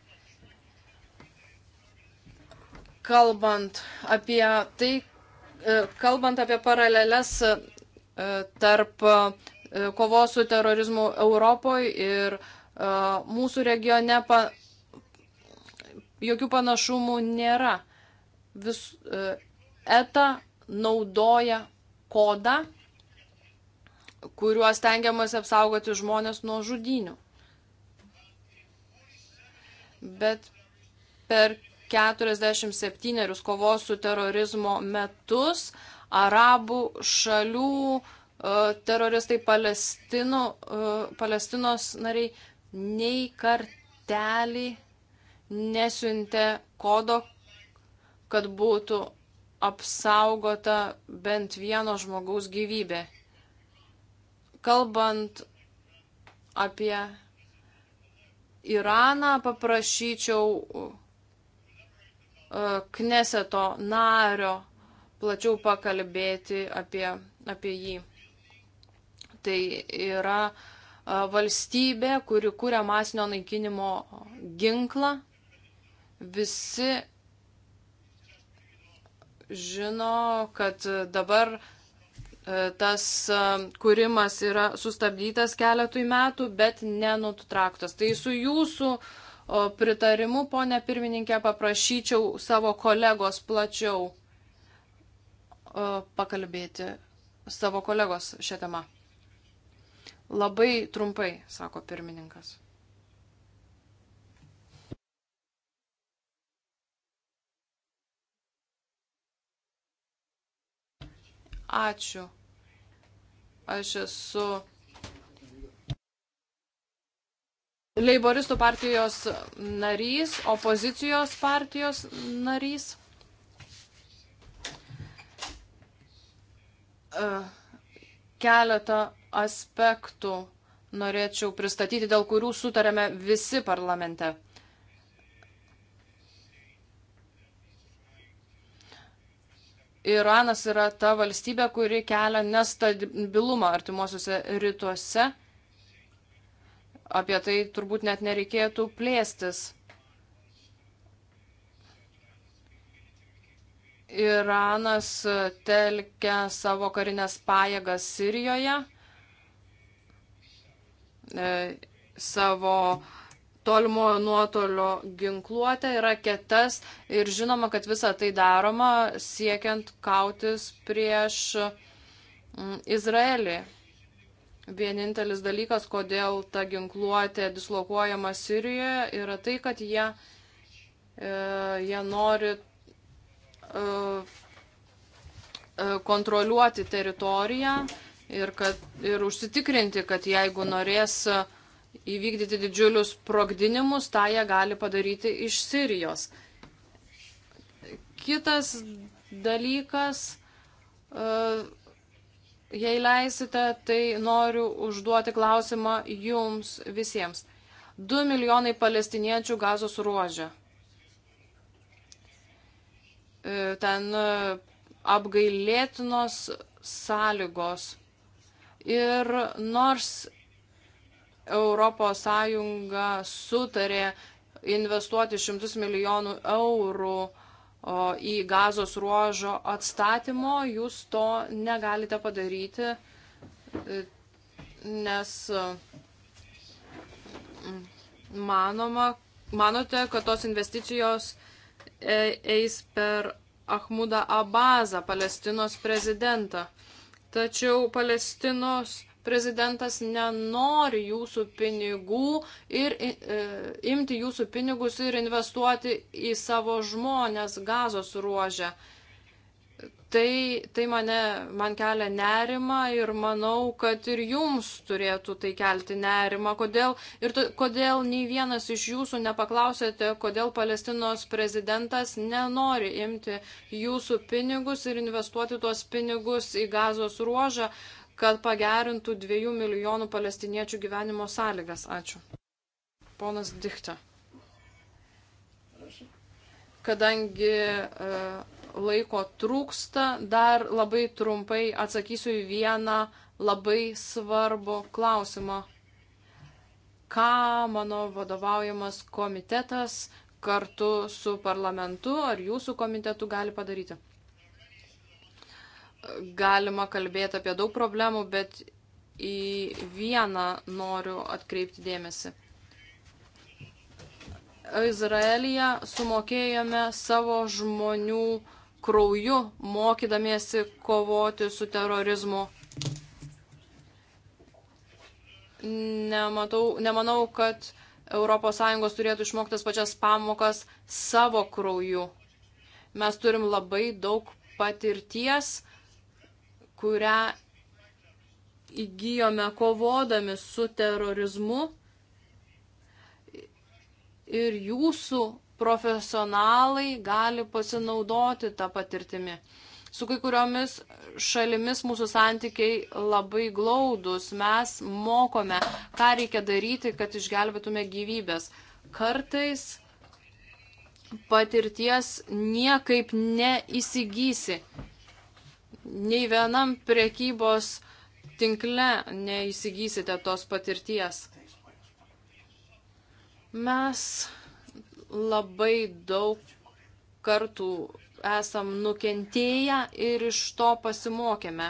Speaker 3: Kalbant apie tai, e, kalbant apie paraleles e, tarp E, kovos su terorizmu Europoje ir e, mūsų regione pa, jokių panašumų nėra. Vis, e, ETA naudoja kodą, kuriuos tengiamasi apsaugoti žmonės nuo žudinių. Bet per 47 kovos su terorizmo metus arabų šalių uh, E, teroristai, Palestino, e, Palestinos nariai nei kartelį nesiuntė kodo, kad būtų apsaugota bent vieno žmogaus gyvybė. Kalbant apie Iraną, paprašyčiau e, Kneseto nario plačiau pakalbėti apie, apie jį. Tai yra valstybė, kuri kūrė masinio naikinimo ginklą. Visi žino, kad dabar tas kūrimas yra sustabdytas keletui metų, bet nenutraktas. Tai su jūsų pritarimu, ponė pirmininkė, paprašyčiau savo kolegos plačiau pakalbėti, savo kolegos šią temą. Labai trumpai, sako pirmininkas. Ačiū. Aš esu Leiboristų partijos narys, opozicijos partijos narys. Keletą aspektų norėčiau pristatyti, dėl kurių sutarėme visi parlamente. Iranas yra ta valstybė, kuri kelia nestabilumą artimuosiuose rytuose. Apie tai turbūt net nereikėtų plėstis. Iranas telkia savo karinės pajėgas Sirijoje E, savo tolimo nuotolio ginkluotę ir raketas ir žinoma, kad visa tai daroma siekiant kautis prieš mm, Izraelį. Vienintelis dalykas, kodėl ta ginkluotė dislokuojama Sirijoje, yra tai, kad jie, e, jie nori e, kontroliuoti teritoriją ir, kad, ir užsitikrinti, kad jeigu norės įvykdyti didžiulius sprogdinimus, tą jie gali padaryti iš Sirijos. Kitas dalykas, e, jei leisite, tai noriu užduoti klausimą jums visiems. 2 milijonai palestiniečių gazos ruožė. E, ten e, apgailėtinos sąlygos Ir nors ES sutarė investuoti šimtus milijonų eurų į gazos ruožo atstatymo, jūs to negalite padaryti, nes mm, manoma, manote, kad tos investicijos e, eis per Ahmudą Abazą, Palestinos prezidentą. Tačiau Palestinos prezidentas nenori jūsų pinigų ir e, imti jūsų pinigus ir investuoti į savo žmonės gazos ruožę tai, tai mane, man kelia nerima ir manau, kad ir jums turėtų tai kelti nerima. Kodėl, ir to, kodėl nei vienas iš jūsų nepaklausėte, kodėl Palestinos prezidentas nenori imti jūsų pinigus ir investuoti tuos pinigus į gazos ruožą, kad pagerintų dviejų milijonų palestiniečių gyvenimo sąlygas. Ačiū. Ponas Dikta. Kadangi uh, laiko trūksta, dar labai trumpai atsakysiu į vieną labai svarbų klausimą. Ką mano vadovaujamas komitetas kartu su parlamentu ar jūsų komitetu gali padaryti? Galima kalbėti apie daug problemų, bet į vieną noriu atkreipti dėmesį. Izraelija sumokėjome savo žmonių uh, krauju, mokydamiesi kovoti su terorizmu. Nematau, nemanau, kad ES turėtų išmoktas pačias pamokas savo krauju. Mes turim labai daug patirties, kurią įgyjome kovodami su terorizmu. Ir jūsų profesionalai gali pasinaudoti tą patirtimį. Su kai kuriomis šalimis mūsų santykiai labai glaudus. Mes mokome, ką reikia daryti, kad išgelbėtume gyvybės. Kartais patirties niekaip neįsigysi. Nei vienam prekybos tinkle neįsigysite tos patirties. Mes labai daug kartų esam nukentėję ir iš to pasimokėme.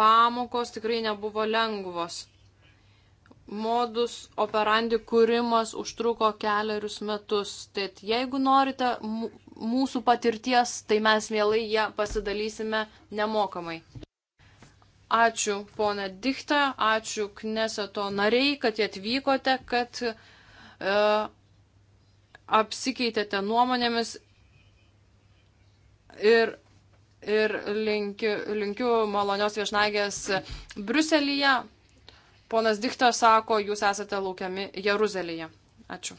Speaker 3: Pamokos tikrai nebuvo lengvos. Modus operandi kūrimas užtruko keliarius metus. Tad jeigu norite mūsų patirties, tai mes mielai ją pasidalysime nemokamai. Ačiū ponė Dikta, ačiū Kneseto nariai, kad jie atvykote, kad uh, e, apsikeitėte nuomonėmis ir, ir linkiu, linkiu malonios viešnagės Bruselėje. Ponas Dikta sako, jūs esate laukiami Jeruzalėje. Ačiū.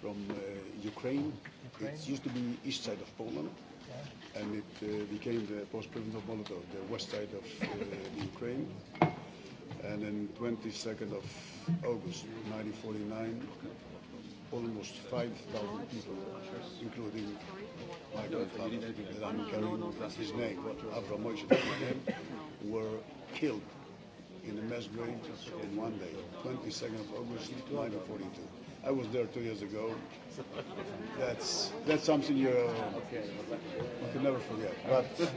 Speaker 2: From, uh, Ukraine. Ukraine. It used to be east side of Poland,
Speaker 1: yeah.
Speaker 2: and it uh, became the post-president of Molotov, the west side of uh, Ukraine. And then 22nd of August 1949, almost 5,000 people, including my grandfather, that I'm carrying his name, Avram Moshe name, were killed in a mass grave in one day, 22nd of August, 1942. I was there two years ago. That's that's something you you can never forget. But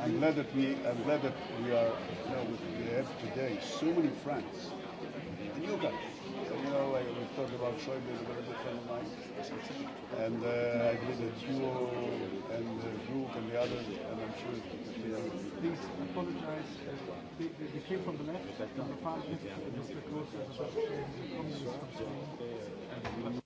Speaker 2: I'm glad that we I'm glad that we are you know, we have today so many friends. And you guys talk about Schäuble is a very good friend of mine. And uh, I did a duo and uh, Brook and the others, and I'm sure Please apologize. They, they, they came from the left,
Speaker 1: from the far left, and Mr. Gross is a communist from Sweden.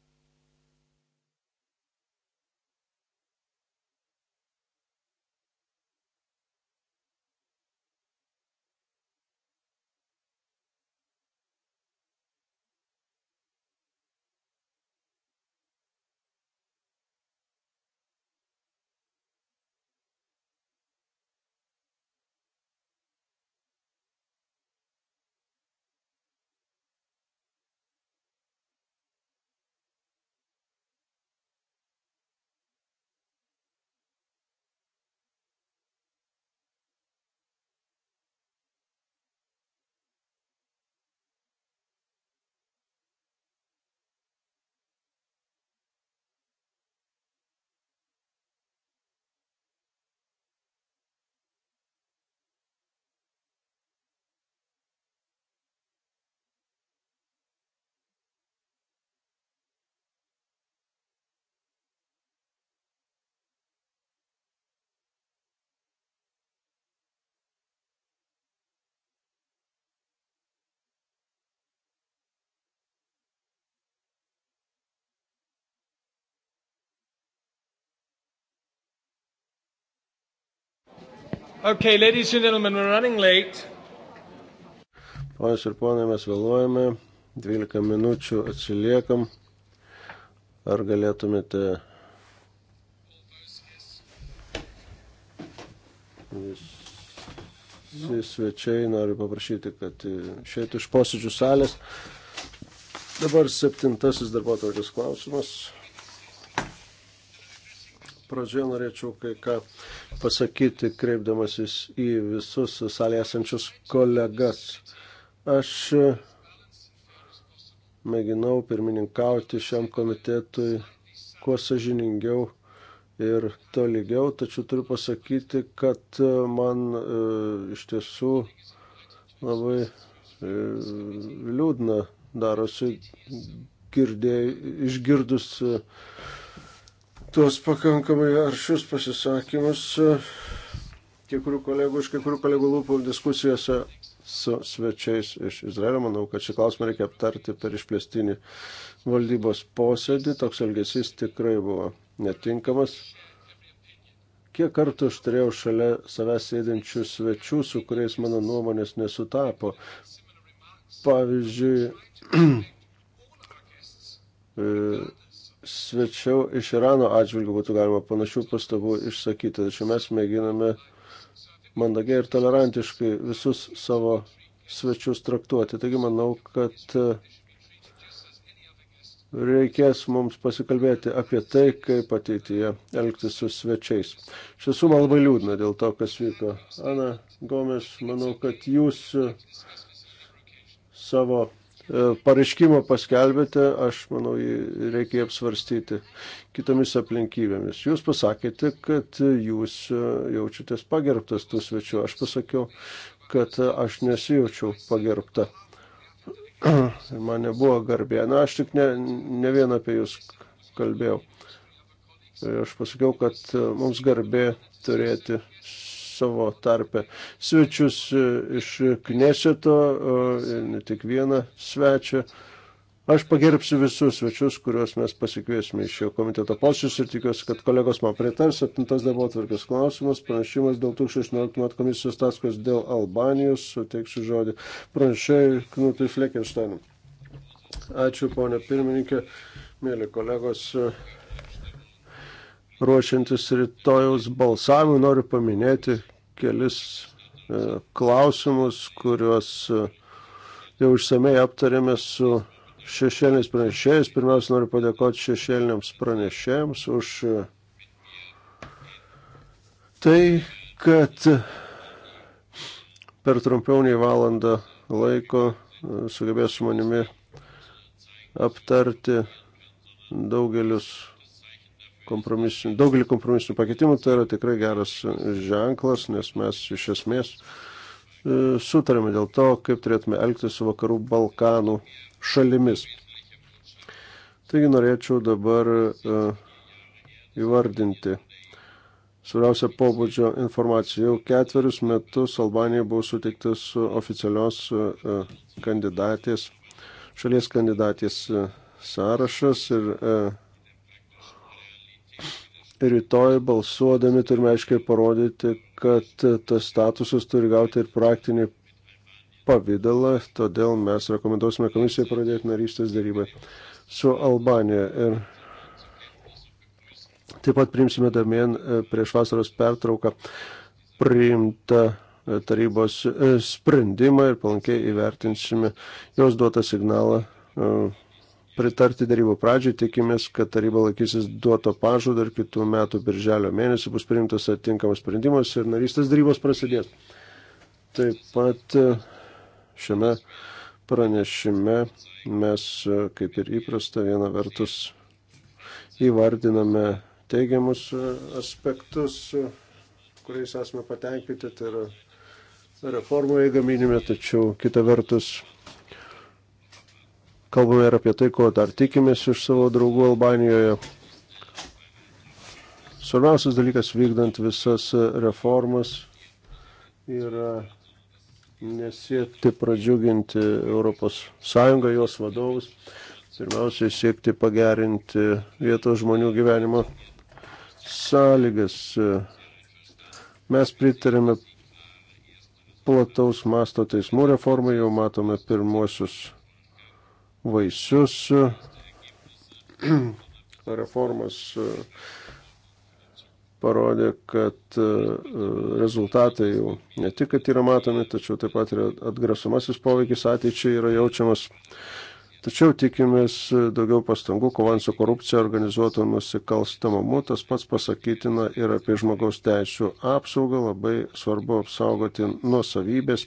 Speaker 3: Okay, ladies and gentlemen, we're running late.
Speaker 2: Ponas ir ponai, mes vėluojame, 12 minučių atsiliekam. Ar galėtumėte visi svečiai, noriu paprašyti, kad išėtų iš posėdžių salės. Dabar septintasis darbo tvarkės klausimas pradžioje norėčiau kai ką pasakyti, kreipdamasis į visus salėje esančius kolegas. Aš e, mėginau pirmininkauti šiam komitetui kuo sažiningiau ir tolygiau, tačiau turiu pasakyti, kad e, man e, iš tiesų labai e, liūdna darosi girdė, išgirdus e, tuos pakankamai aršius pasisakymus kai kurių kolegų, iš kai kurių kolegų lūpų diskusijose su svečiais iš Izraelio. Manau, kad šį klausimą reikia aptarti per išplėstinį valdybos posėdį. Toks elgesys tikrai buvo netinkamas. Kiek kartų aš turėjau šalia savęs sėdinčių svečių, su kuriais mano nuomonės nesutapo. Pavyzdžiui, e, svečiau iš Irano atžvilgių būtų galima panašių pastabų išsakyti, tačiau mes mėginame mandagiai ir tolerantiškai visus savo svečius traktuoti. Taigi manau, kad e, reikės mums pasikalbėti apie tai, kaip ateityje elgtis su svečiais. Iš tiesų man labai liūdna dėl to, kas vyko. Ana Gomes, manau, kad jūs e, savo E, pareiškimą paskelbėte, aš manau, jį reikia apsvarstyti kitomis aplinkybėmis. Jūs pasakėte, kad jūs e, jaučiatės pagerbtas tų svečių. Aš pasakiau, kad aš nesijaučiau pagerbta. Ir man nebuvo garbė. Na, aš tik ne, ne vieną apie jūs kalbėjau. E, aš pasakiau, kad mums garbė turėti savo tarpę svečius e, iš Kneseto, e, ne tik vieną svečią. Aš pagerbsiu visus svečius, kuriuos mes pasikviesime iš šio komiteto posėdžius ir tikiuosi, kad kolegos man pritars. Septintas darbo atvarkės klausimas, pranešimas dėl 2016 metų komisijos taskos dėl Albanijos, suteiksiu žodį pranešėjui Knutui Fleckensteinui. Ačiū, ponė pirmininkė, mėly kolegos ruošiantis rytojaus balsavimui, noriu paminėti kelis e, klausimus, kuriuos e, jau išsamei aptarėme su šešėliniais pranešėjais. Pirmiausia, noriu padėkoti šešėliniams pranešėjams už e, tai, kad per trumpiau nei valandą laiko sugebės su manimi aptarti daugelius kompromisinių, daugelį kompromisinių pakeitimų, tai yra tikrai geras ženklas, nes mes iš esmės e, sutarėme dėl to, kaip turėtume elgtis su vakarų Balkanų šalimis. Taigi norėčiau dabar e, įvardinti svarbiausia pobūdžio informacija. Jau ketverius metus Albanija buvo suteiktas oficialios e, kandidatės, šalies kandidatės sąrašas ir rytoj balsuodami turime aiškiai parodyti, kad tas statusas turi gauti ir praktinį pavydalą, todėl mes rekomenduosime komisijai pradėti narystės darybą su Albanija. Ir taip pat priimsime damien e, prieš vasaros pertrauką priimtą e, tarybos e, sprendimą ir palankiai įvertinsime jos duotą signalą pritarti darybų pradžiai. Tikimės, kad taryba laikysis duoto pažado ir kitų metų birželio mėnesį bus priimtas atitinkamas sprendimas ir narystės darybos prasidės. Taip pat e, šiame pranešime mes, e, kaip ir įprasta, viena vertus įvardiname teigiamus e, aspektus, kuriais esame patenkinti, tai yra reformų eiga minime, tačiau kita vertus Kalbame ir apie tai, ko dar tikimės iš savo draugų Albanijoje. Svarbiausias dalykas vykdant visas reformas yra nesiekti pradžiuginti ES, jos vadovus, pirmiausiai siekti pagerinti vietos žmonių gyvenimo sąlygas. Mes pritarėme plataus masto teismų reformai, jau matome pirmosius vaisius reformas parodė, kad e, rezultatai jau ne tik, kad yra matomi, tačiau taip pat ir atgrasomasis poveikis ateičiai yra jaučiamas. Tačiau tikimės e, daugiau pastangų kovant su korupcija organizuotų nusikalstamumu. Tas pats pasakytina ir apie žmogaus teisų apsaugą. Labai svarbu apsaugoti nuosavybės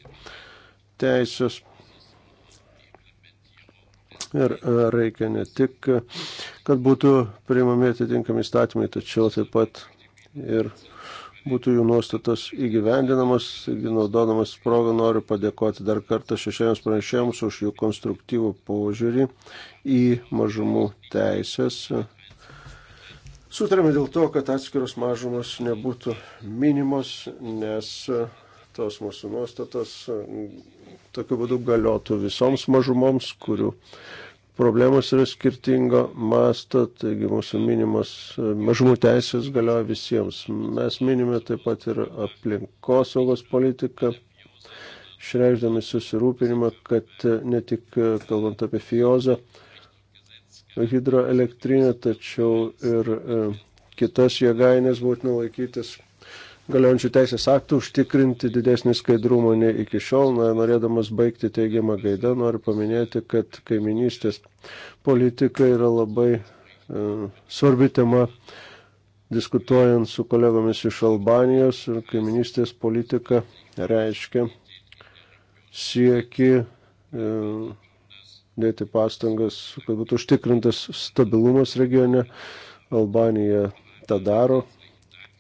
Speaker 2: teisės. Ir e, reikia ne tik, e, kad būtų priimami atitinkami įstatymai, tačiau taip pat ir būtų jų nuostatos įgyvendinamos. Taigi, naudodamas progą, noriu padėkoti dar kartą šešiems pranešėjams už jų konstruktyvų požiūrį į mažumų teisės. Sutarėme dėl to, kad atskiros mažumos nebūtų minimos, nes tos mūsų nuostatos tokiu būdu galiotų visoms mažumoms, kurių problemos yra skirtingo masto, taigi mūsų minimas e, mažumų teisės galioja visiems. Mes minime taip pat ir aplinkosaugos politiką, išreikšdami susirūpinimą, kad e, ne tik e, kalbant apie Fiozą hidroelektrinę, tačiau ir kitas jėgainės būtina laikytis galiojančių teisės aktų užtikrinti didesnį skaidrumą nei iki šiol. Na, norėdamas baigti teigiamą gaidą, noriu paminėti, kad kaiminystės politika yra labai e, svarbi tema, diskutuojant su kolegomis iš Albanijos ir kaiminystės politika reiškia sieki. E, dėti pastangas, kad būtų užtikrintas stabilumas regione. Albanija tą daro,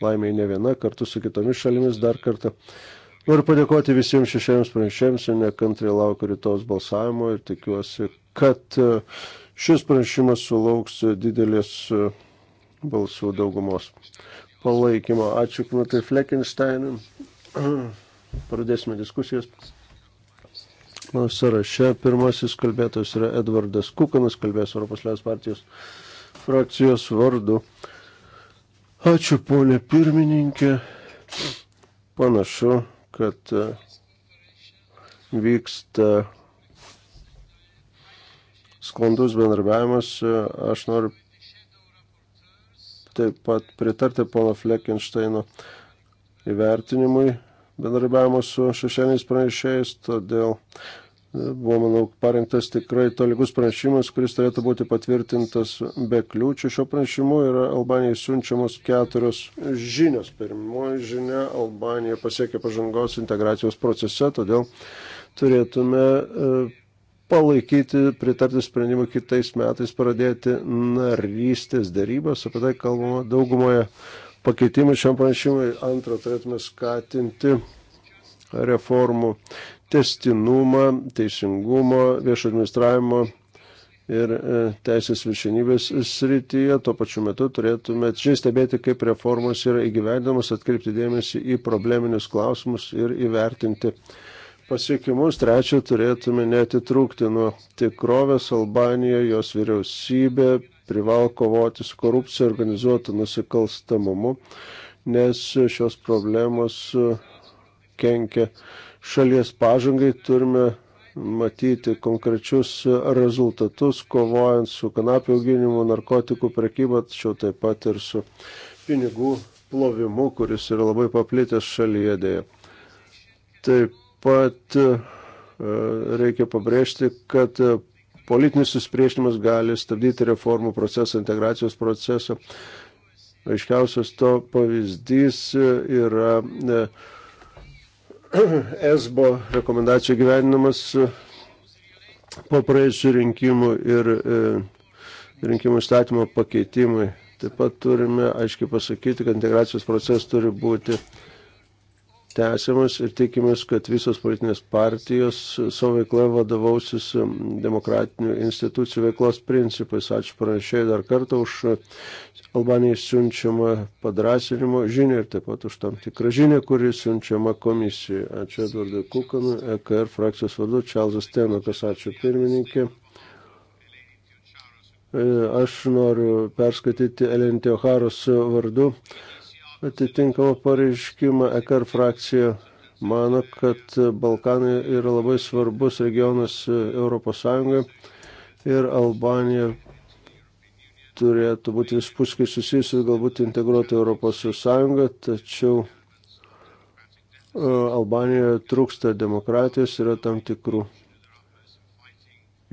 Speaker 2: laimiai ne viena, kartu su kitomis šalimis dar kartą. Noriu padėkoti visiems šešiems pranešėjams ir nekantriai laukiu rytos balsavimo ir tikiuosi, kad e, šis pranešimas sulauks didelės e, balsų daugumos palaikymo. Ačiū Knutai Fleckensteinui. Pradėsime diskusijas. Mano sąraše pirmasis kalbėtojas yra Edvardas Kukanas, kalbės Europos Liaus partijos frakcijos vardu. Ačiū, ponė pirmininkė. Panašu, kad e, vyksta sklandus bendarbiavimas. E, aš noriu taip pat pritarti pono Fleckensteino įvertinimui bendarbiavimo su šešėliniais pranešėjais, todėl Buvo, manau, parengtas tikrai tolygus pranešimas, kuris turėtų būti patvirtintas be kliūčių. Šio pranešimu yra Albanijai siunčiamos keturios žinios. Pirmoji žinia - Albanija pasiekė pažangos integracijos procese, todėl turėtume e, palaikyti, pritarti sprendimui kitais metais pradėti narystės darybas. Apie tai kalbama daugumoje pakeitimų šiam pranešimui. Antra, turėtume skatinti reformų testinumą, teisingumo, viešo administravimo ir e, teisės viršinybės srityje. Tuo pačiu metu turėtume čia stebėti, kaip reformos yra įgyvendamos, atkreipti dėmesį į probleminius klausimus ir įvertinti pasiekimus. Trečia, turėtume netitrūkti nuo tikrovės Albanija, jos vyriausybė privalo kovoti su korupcija organizuotu nusikalstamumu, nes šios problemos e, kenkia šalies pažangai turime matyti konkrečius rezultatus, kovojant su kanapių auginimu, narkotikų prekyba, tačiau taip pat ir su pinigų plovimu, kuris yra labai paplitęs šalyje dėja. Taip pat e, reikia pabrėžti, kad politinis suspriešinimas gali stabdyti reformų procesą, integracijos procesą. Aiškiausias to pavyzdys e, yra e, ESBO rekomendacijų gyvenimas e, po praėjusių rinkimų ir e, rinkimų įstatymo pakeitimai. Taip pat turime aiškiai pasakyti, kad integracijos procesas turi būti tęsiamas ir tikimės, kad visos politinės partijos savo veikloje vadovausis um, demokratinių institucijų veiklos principais. Ačiū pranešėjai dar kartą už uh, Albanijai siunčiamą padrasinimo žinią ir taip pat už tam tikrą žinią, kuri siunčiama komisijai. Ačiū Edvardui Kukanui, EKR frakcijos vadu Čelzas Tenukas, ačiū pirmininkė. E, aš noriu perskaityti Elentio Haros vardu atitinkamą pareiškimą. EKR frakcija mano, kad Balkanai yra labai svarbus regionas Europos Sąjungoje ir Albanija turėtų būti vispuskai susijusi ir galbūt integruoti Europos Sąjungą, tačiau e, Albanijoje trūksta demokratijos, yra tam tikrų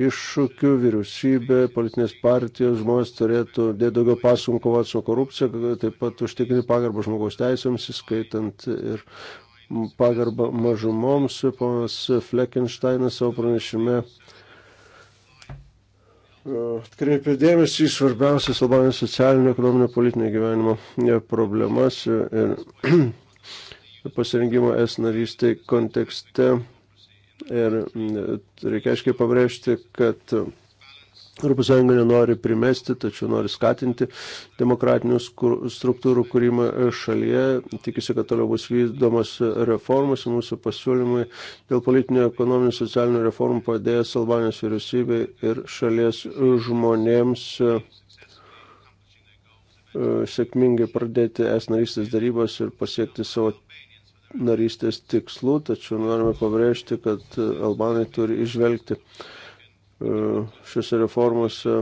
Speaker 2: iššūkių, vyriausybė, politinės partijos, žmonės turėtų dėti daugiau pasumų kovoti su korupcija, taip pat užtikrinti pagarbą žmogaus teisėms, įskaitant ir pagarbą mažumoms. Ponas Fleckensteinas savo pranešime e, atkreipė dėmesį į svarbiausias Albanijos socialinio, ekonominio, politinio gyvenimo e, problemas ir e, pasirinkimo es narystė kontekste Ir mm, reikia aiškiai pabrėžti, kad ES nenori primesti, tačiau nori skatinti demokratinių struktūrų kūrimą šalyje. Tikisi, kad toliau bus vykdomas reformas. Mūsų pasiūlymai dėl politinio, ekonominio, socialinio reformų padės Albanijos vyriausybei ir šalies žmonėms e, sėkmingai pradėti es narystės darybas ir pasiekti savo narystės tikslų, tačiau norime pabrėžti, kad e, Albanai turi išvelgti e, šiuose reformuose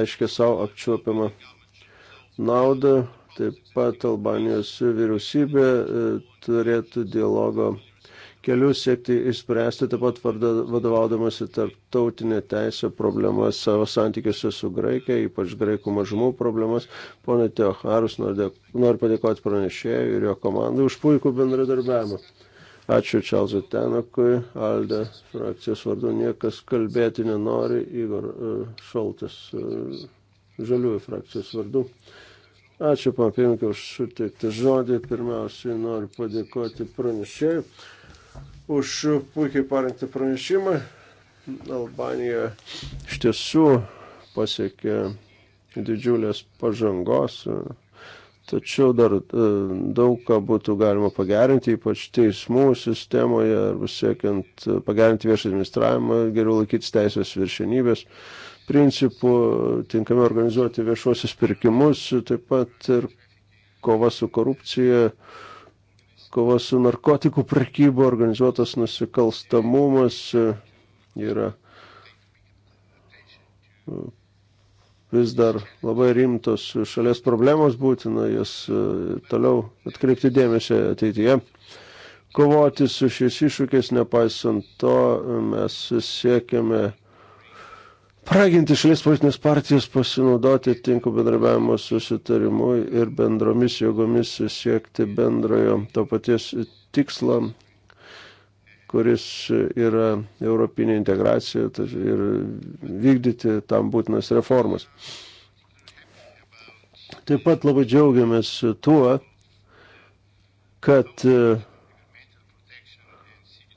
Speaker 2: aiškia savo apčiuopiamą naudą. Taip pat Albanijos vyriausybė e, turėtų dialogo kelius siekti išspręsti, taip pat vadovaudamasi tarptautinė teisė problemas savo santykiuose su Graikija, ypač graikų mažumų problemas. Pone Teoharus, noriu padėkoti pranešėjui ir jo komandai už puikų bendradarbiavimą. Ačiū Čelzui Tenakui, Alde frakcijos vardu niekas kalbėti nenori, Igor e, Šaltas, e, Žaliųjų frakcijos vardu. Ačiū papinkai už suteiktą žodį. Pirmiausiai noriu padėkoti pranešėjui už puikiai parengtą pranešimą. Albanija iš tiesų pasiekė didžiulės pažangos, tačiau dar e, daug ką būtų galima pagerinti, ypač teismų sistemoje, arba siekiant pagerinti viešą administravimą, geriau laikytis teisės viršenybės principų, tinkamai organizuoti viešuosius pirkimus, taip pat ir kova su korupcija kova su narkotikų prekyba, organizuotas nusikalstamumas yra vis dar labai rimtos šalies problemos būtina, jas e, toliau atkreipti dėmesį ateityje. Kovoti su šiais iššūkiais, nepaisant to, mes siekiame praginti šalies politinės partijas pasinaudoti tinku bendrabiavimo susitarimu ir bendromis jėgomis siekti bendrojo to paties tikslo, kuris yra europinė integracija tai ir vykdyti tam būtinas reformas. Taip pat labai džiaugiamės tuo, kad e,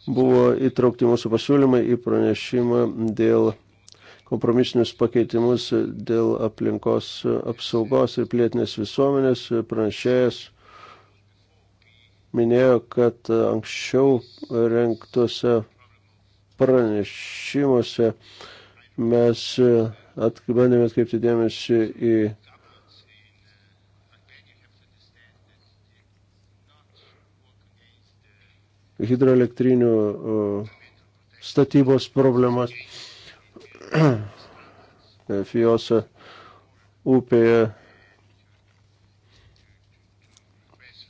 Speaker 2: buvo įtraukti mūsų pasiūlymai į pranešimą dėl kompromisinius pakeitimus dėl aplinkos apsaugos ir plėtinės visuomenės. Pranešėjas minėjo, kad anksčiau renktuose pranešimuose mes at, bandėme atkreipti dėmesį į hidroelektrinių statybos problemas. Fijose upėje. Mes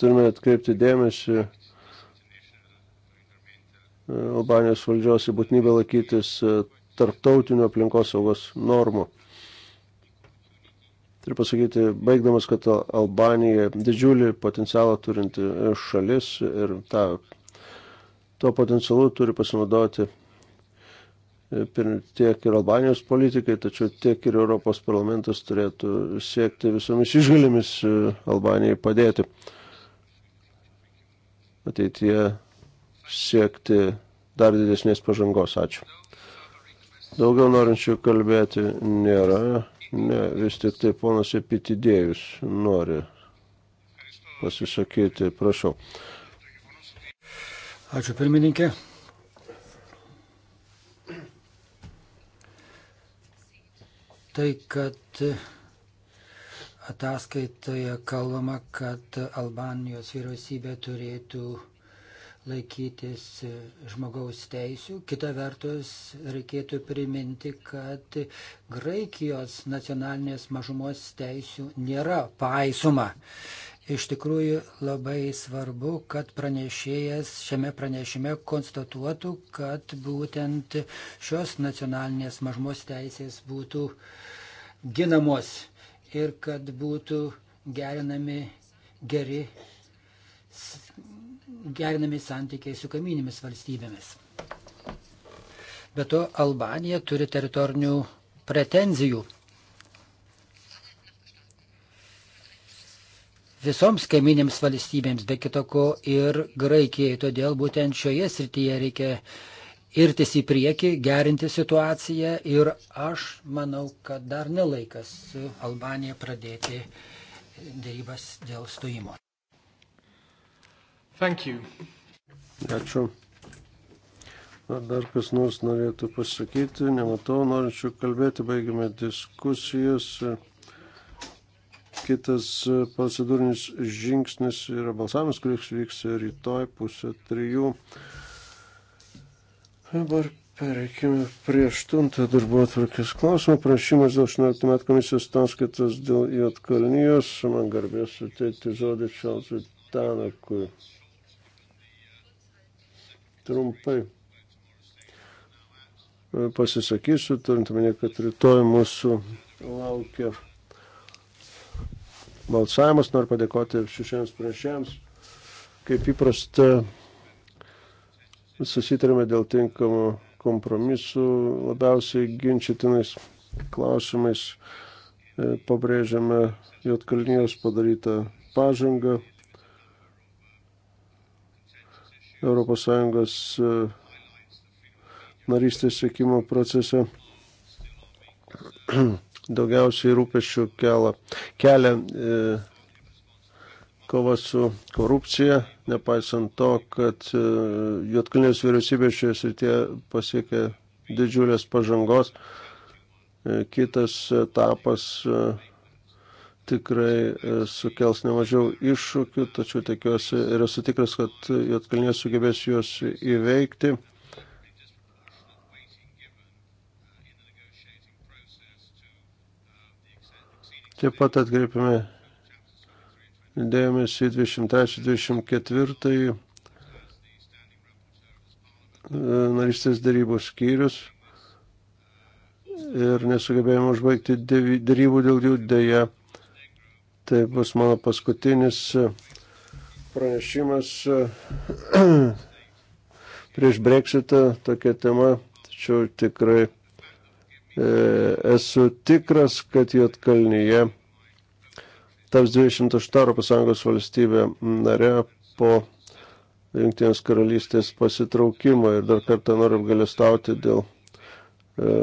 Speaker 2: turime atkreipti dėmesį uh, Albanijos valdžios į būtinybę laikytis uh, tarptautinių aplinkosaugos normų. Turiu pasakyti, baigdamas, kad Albanija didžiulį potencialą turinti šalis ir tą, tuo potencialu turi pasinaudoti E, tiek ir Albanijos politikai, tačiau tiek ir Europos parlamentas turėtų siekti visomis išgalėmis e, Albanijai padėti. Ateityje siekti dar didesnės pažangos. Ačiū. Daugiau norinčių kalbėti nėra. Ne, vis tik tai ponas Epitidėjus nori pasisakyti. Prašau.
Speaker 1: Ačiū pirmininkė. tai, kad ataskaitoje kalbama, kad Albanijos vyriausybė turėtų laikytis žmogaus teisių. Kita vertus, reikėtų priminti, kad Graikijos nacionalinės mažumos teisių nėra paisoma. Iš tikrųjų labai svarbu, kad pranešėjas šiame pranešime konstatuotų, kad būtent šios nacionalinės mažmos teisės būtų ginamos ir kad būtų gerinami geri, gerinami santykiai su kaiminimis valstybėmis. Be to, Albanija turi teritorinių pretenzijų visoms kaiminėms valstybėms, be kitoko ir Graikijai. Todėl būtent šioje srityje reikia irtis į priekį, gerinti situaciją ir aš manau, kad dar nelaikas su Albanija pradėti dėrybas dėl stojimo.
Speaker 3: Ačiū.
Speaker 2: Ar dar kas nors norėtų pasakyti, nematau norinčių kalbėti, baigiame diskusijas. Ir... Kitas e, procedūrinis žingsnis yra balsavimas, kuris vyks rytoj pusę trijų. Dabar pereikime prie aštuntą darbo atvarkės klausimą. Prašymas dėl 18 metų komisijos ataskaitos dėl Jotkalnijos. Man garbės suteikti žodį Čelzui Tanakui. Trumpai e, pasisakysiu, turint minėti, kad rytoj mūsų laukia balsavimas. Noriu padėkoti šešiems pranešėjams. Kaip įprasta, susitarėme dėl tinkamų kompromisų labiausiai ginčytinais klausimais. E, pabrėžiame Jotkalnijos padarytą pažangą. ES e, narystės sėkimo procese. daugiausiai rūpešių kelia, kelia e, kova su korupcija, nepaisant to, kad e, Jotkalnės vyriausybė šioje srityje pasiekė didžiulės pažangos. E, kitas etapas e, tikrai e, sukels nemažiau iššūkių, tačiau tikiuosi ir esu tikras, kad Jotkalnės sugebės juos įveikti. Taip pat atkreipiame dėmesį 23-24 e, narystės darybų skyrius ir nesugebėjome užbaigti darybų dėl jų dėja. Tai bus mano paskutinis e, pranešimas e, prieš breksitą tokia tema, tačiau tikrai E, esu tikras, kad Jotkalnyje taps 28 Europos Sąjungos valstybė nare po Junktinės karalystės pasitraukimo ir dar kartą noriu apgalėstauti dėl e,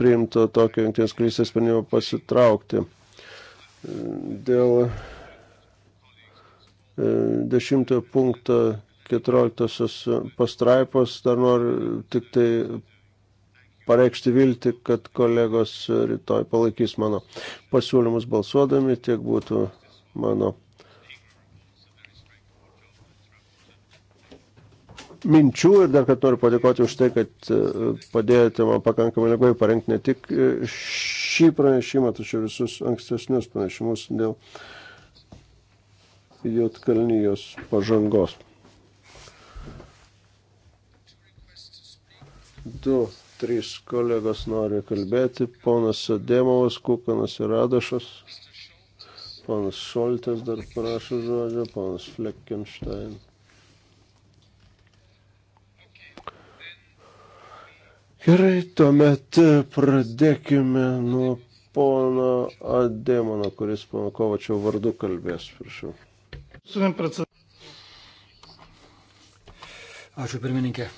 Speaker 2: priimto tokio Junktinės karalystės sprendimo pasitraukti. Dėl e, dešimtojo punkto 14 pastraipos dar noriu tik tai pareikšti vilti, kad kolegos rytoj palaikys mano pasiūlymus balsuodami, tiek būtų mano minčių ir dar kad noriu padėkoti už tai, kad e, padėjote man pakankamai lengvai parengti ne tik e, šį pranešimą, tačiau visus ankstesnius pranešimus dėl Jotkalnyjos pažangos. Du Trys kolegos nori kalbėti. Ponas Sadėmovas, Kukanas ir Radašas. Ponas Šoltas dar prašo žodžio. Ponas Fleckenstein. Gerai, tuomet pradėkime nuo pono Ademono, kuris pono Kovačio vardu kalbės,
Speaker 1: prašau. Ačiū pirmininkė.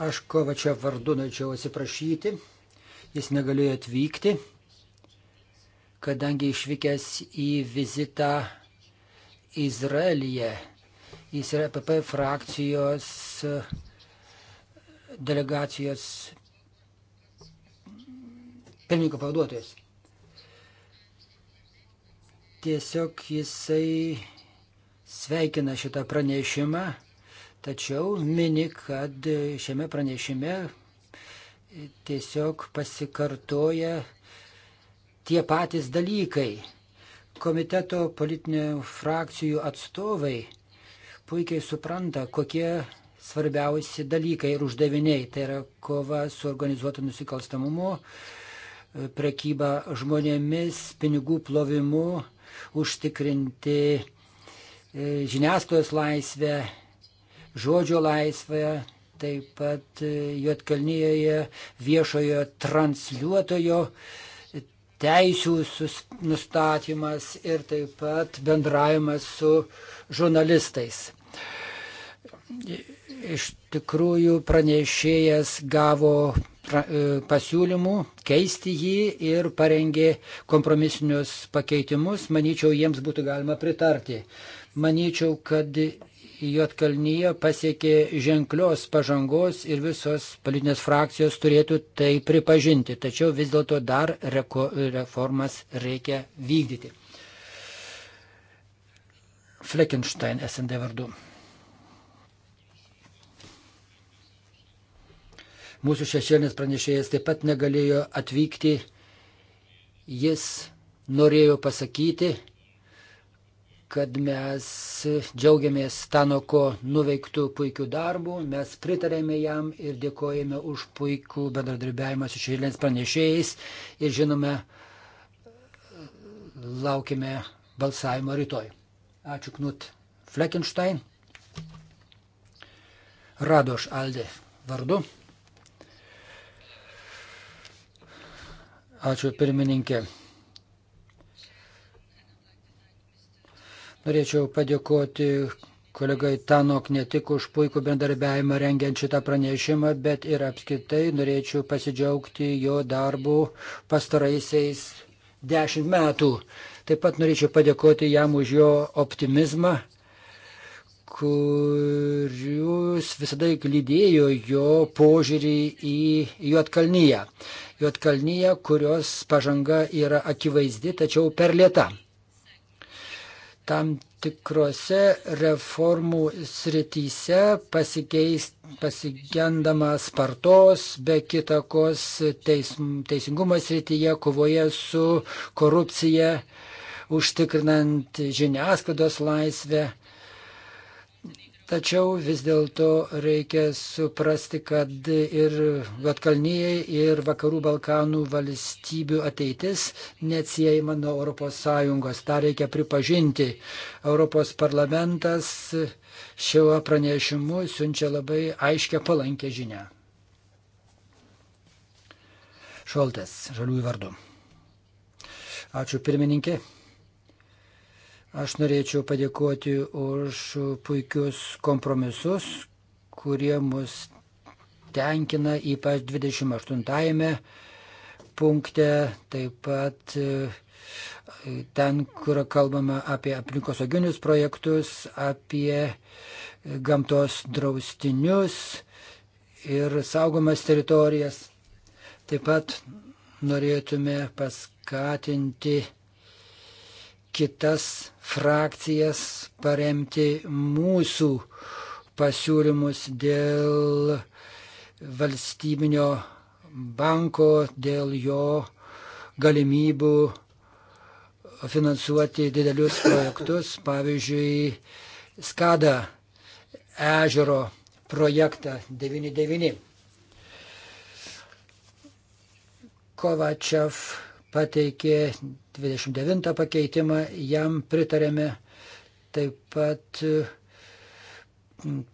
Speaker 1: Aš Kovačio vardu norėčiau atsiprašyti, jis negalėjo atvykti, kadangi išvykęs į vizitą Izraelyje. Jis yra PP e frakcijos e, delegacijos pirmininko pavaduotojas. Tiesiog jisai sveikina šitą pranešimą tačiau mini, kad šiame pranešime tiesiog pasikartoja tie patys dalykai. Komiteto politinių frakcijų atstovai puikiai supranta, kokie svarbiausi dalykai ir uždaviniai. Tai yra kova su organizuotu nusikalstamumu, prekyba žmonėmis, pinigų plovimu, užtikrinti e, žiniasklaidos laisvę, žodžio laisvę, taip pat e, Juotkalnyje viešojo transliuotojo teisių nustatymas ir taip pat bendravimas su žurnalistais. Iš tikrųjų pranešėjas gavo e, pasiūlymų keisti jį ir parengė kompromisinius pakeitimus. Manyčiau, jiems būtų galima pritarti. Manyčiau, kad Juotkalnyje pasiekė ženklios pažangos ir visos politinės frakcijos turėtų tai pripažinti, tačiau vis dėlto dar reko, reformas reikia vykdyti. Fleckenstein SND vardu. Mūsų šešėlinis pranešėjas taip pat negalėjo atvykti. Jis norėjo pasakyti, kad mes džiaugiamės Stanoko nuveiktų puikių darbų, mes pritarėme jam ir dėkojame už puikų bendradarbiavimą su šešėlėms pranešėjais ir žinome, laukime balsavimo rytoj. Ačiū Knut Fleckenstein. Radoš Aldė vardu. Ačiū pirmininkė. Norėčiau padėkoti kolegai Tanok ne tik už puikų bendarbiavimą rengiant šitą pranešimą, bet ir apskritai norėčiau pasidžiaugti jo darbu pastaraisiais dešimt metų. Taip pat norėčiau padėkoti jam už jo optimizmą, kurius visada lydėjo jo požiūrį į Juotkalnyje. Juotkalnyje, kurios pažanga yra akivaizdi, tačiau per lieta tam tikrose reformų srityse pasikeis, pasigendama spartos, be kitakos teism, teisingumo srityje, kovoje su korupcija, užtikrinant žiniasklaidos laisvę Tačiau vis dėlto reikia suprasti, kad ir Vatkalnyje, ir Vakarų Balkanų valstybių ateitis neatsiejama nuo ES. Ta reikia pripažinti. Europos parlamentas šiuo pranešimu siunčia labai aiškę palankę žinę. Šoltas, žaliųjų vardu. Ačiū pirmininkė. Aš norėčiau padėkoti už puikius kompromisus, kurie mus tenkina, ypač 28 punkte, taip pat e, ten, kur kalbama apie aplinkosauginius projektus, apie gamtos draustinius ir saugomas teritorijas. Taip pat norėtume paskatinti kitas frakcijas paremti mūsų pasiūlymus dėl valstybinio banko, dėl jo galimybių finansuoti didelius projektus, pavyzdžiui, Skada ežero projektą 99. Kovačev pateikė 29 pakeitimą, jam pritarėme taip pat e,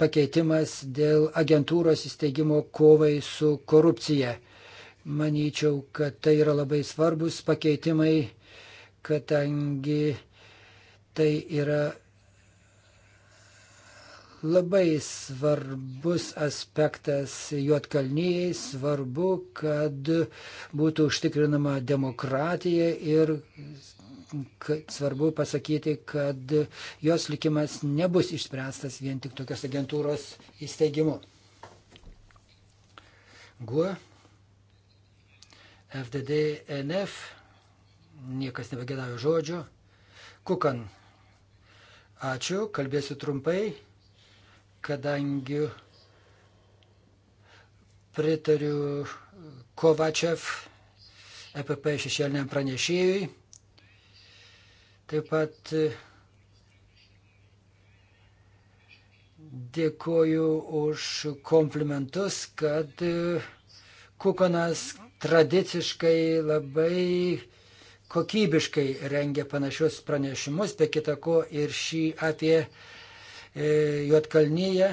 Speaker 1: pakeitimas dėl agentūros įsteigimo kovai su korupcija. Manyčiau, kad tai yra labai svarbus pakeitimai, kadangi tai yra labai svarbus aspektas Juotkalnyjai, svarbu, kad būtų užtikrinama demokratija ir svarbu pasakyti, kad jos likimas nebus išspręstas vien tik tokios agentūros įsteigimu. GUO, FDD, NF, niekas nebegėdavo žodžio. Kukan, ačiū, kalbėsiu trumpai kadangi pritariu Kovačev, EPP šešėliniam pranešėjui. Taip pat e, dėkoju už komplimentus, kad e, Kukonas tradiciškai labai kokybiškai rengia panašius pranešimus, be kitako ir šį apie E, Juotkalnyje.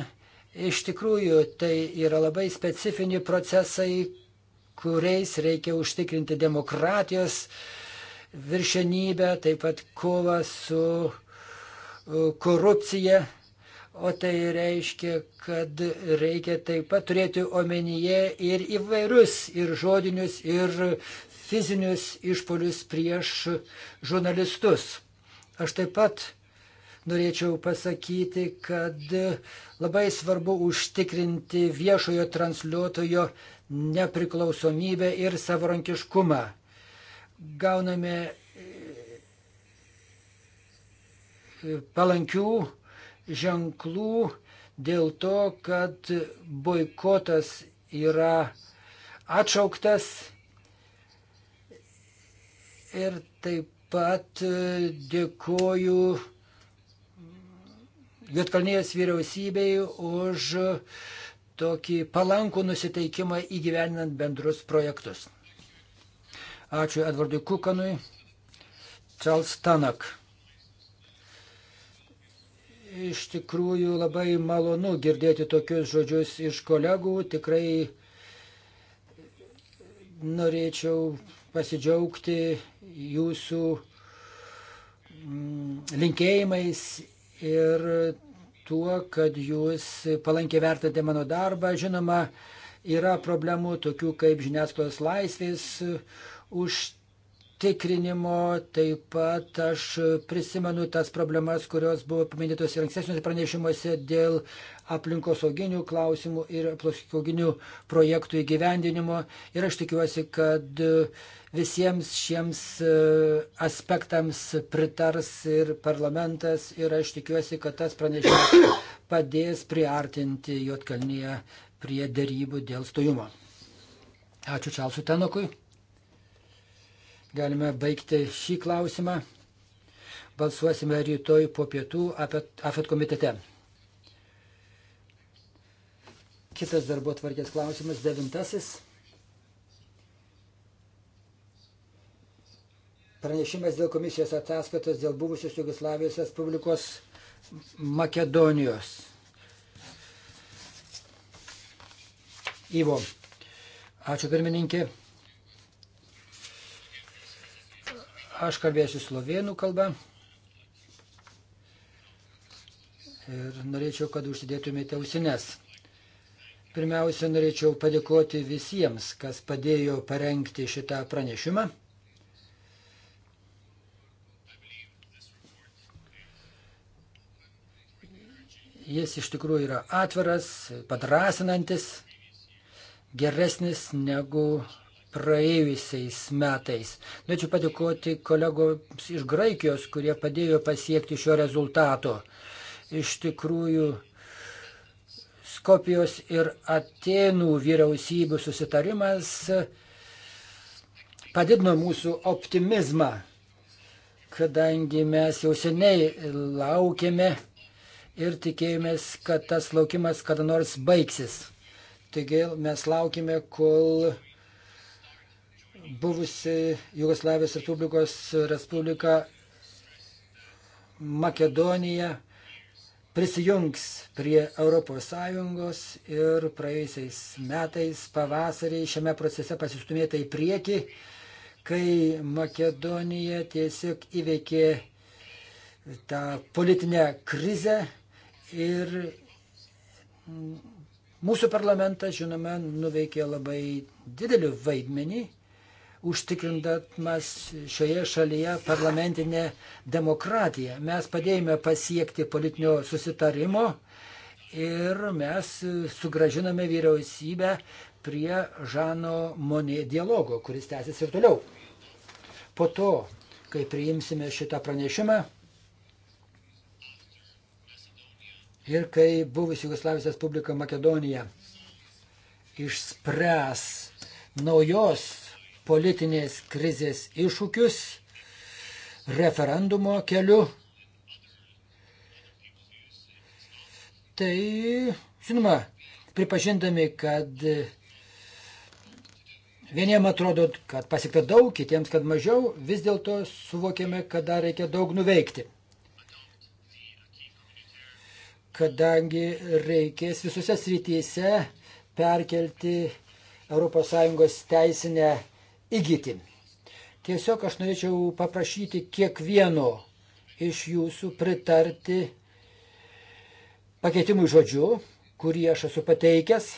Speaker 1: Iš tikrųjų, tai yra labai specifiniai procesai, kuriais reikia užtikrinti demokratijos viršenybę, taip pat kovą su e, korupcija. O tai reiškia, kad reikia taip pat turėti omenyje ir įvairius, ir žodinius, ir fizinius išpolius prieš žurnalistus. Aš taip pat norėčiau pasakyti, kad labai svarbu užtikrinti viešojo transliuotojo nepriklausomybę ir savarankiškumą. Gauname e, palankių ženklų dėl to, kad boikotas yra atšauktas ir taip pat e, dėkoju Vietkalnijos vyriausybei už tokį palankų nusiteikimą įgyveninant bendrus projektus. Ačiū Edvardui Kukanui. Charles Tanak. Iš tikrųjų labai malonu girdėti tokius žodžius iš kolegų. Tikrai norėčiau pasidžiaugti jūsų mm, linkėjimais ir tuo, kad jūs palankiai vertate mano darbą. Žinoma, yra problemų tokių kaip žiniasklaidos laisvės užtikrinimas tikrinimo, taip pat aš prisimenu tas problemas, kurios buvo paminėtos ir ankstesniuose pranešimuose dėl aplinkosauginių klausimų ir aplinkosauginių projektų įgyvendinimo. Ir aš tikiuosi, kad visiems šiems e, aspektams pritars ir parlamentas ir aš tikiuosi, kad tas pranešimas padės priartinti Jotkalnyje prie dėrybų dėl stojimo. Ačiū Čalsui Tenokui. Galime baigti šį klausimą. Balsuosime rytoj po pietų AFET komitete. Kitas darbo tvarkės klausimas, devintasis. Pranešimas dėl komisijos ataskaitos dėl buvusios Jugoslavijos Respublikos Makedonijos. Ivo. Ačiū pirmininkė. Aš kalbėsiu slovėnų kalbą. Ir norėčiau, kad užsidėtumėte ausines. Pirmiausia, norėčiau padėkoti visiems, kas padėjo parengti šitą pranešimą. Jis iš tikrųjų yra atviras, padrasinantis, geresnis negu praėjusiais metais. Norėčiau padėkoti kolegoms iš Graikijos, kurie padėjo pasiekti šio rezultato. Iš tikrųjų, Skopijos ir Atenų vyriausybių susitarimas padidino mūsų optimizmą, kadangi mes jau seniai laukėme ir tikėjomės, kad tas laukimas kada nors baigsis. Taigi mes laukime, kol buvusi Jugoslavijos Respublikos Respublika Makedonija prisijungs prie ES ir praėjusiais metais pavasarį šiame procese pasistumėta į priekį, kai Makedonija tiesiog įveikė tą politinę krizę ir mūsų parlamentas, žinoma, nuveikė labai didelį vaidmenį užtikrindamas šioje šalyje parlamentinę demokratiją. Mes padėjome pasiekti politinio susitarimo ir mes sugražiname vyriausybę prie Žano Monė dialogo, kuris tęsis ir toliau. Po to, kai priimsime šitą pranešimą ir kai buvusi Jugoslavijos Respublika Makedonija išspręs naujos politinės krizės iššūkius referendumo keliu. Tai, žinoma, pripažindami, kad vieniems atrodo, kad pasiekta daug, kitiems, kad mažiau, vis dėlto suvokėme, kad dar reikia daug nuveikti. Kadangi reikės visose srityse perkelti ES teisinę įgyti. Tiesiog aš norėčiau paprašyti kiekvieno iš jūsų pritarti pakeitimui žodžiu, kurį aš esu pateikęs.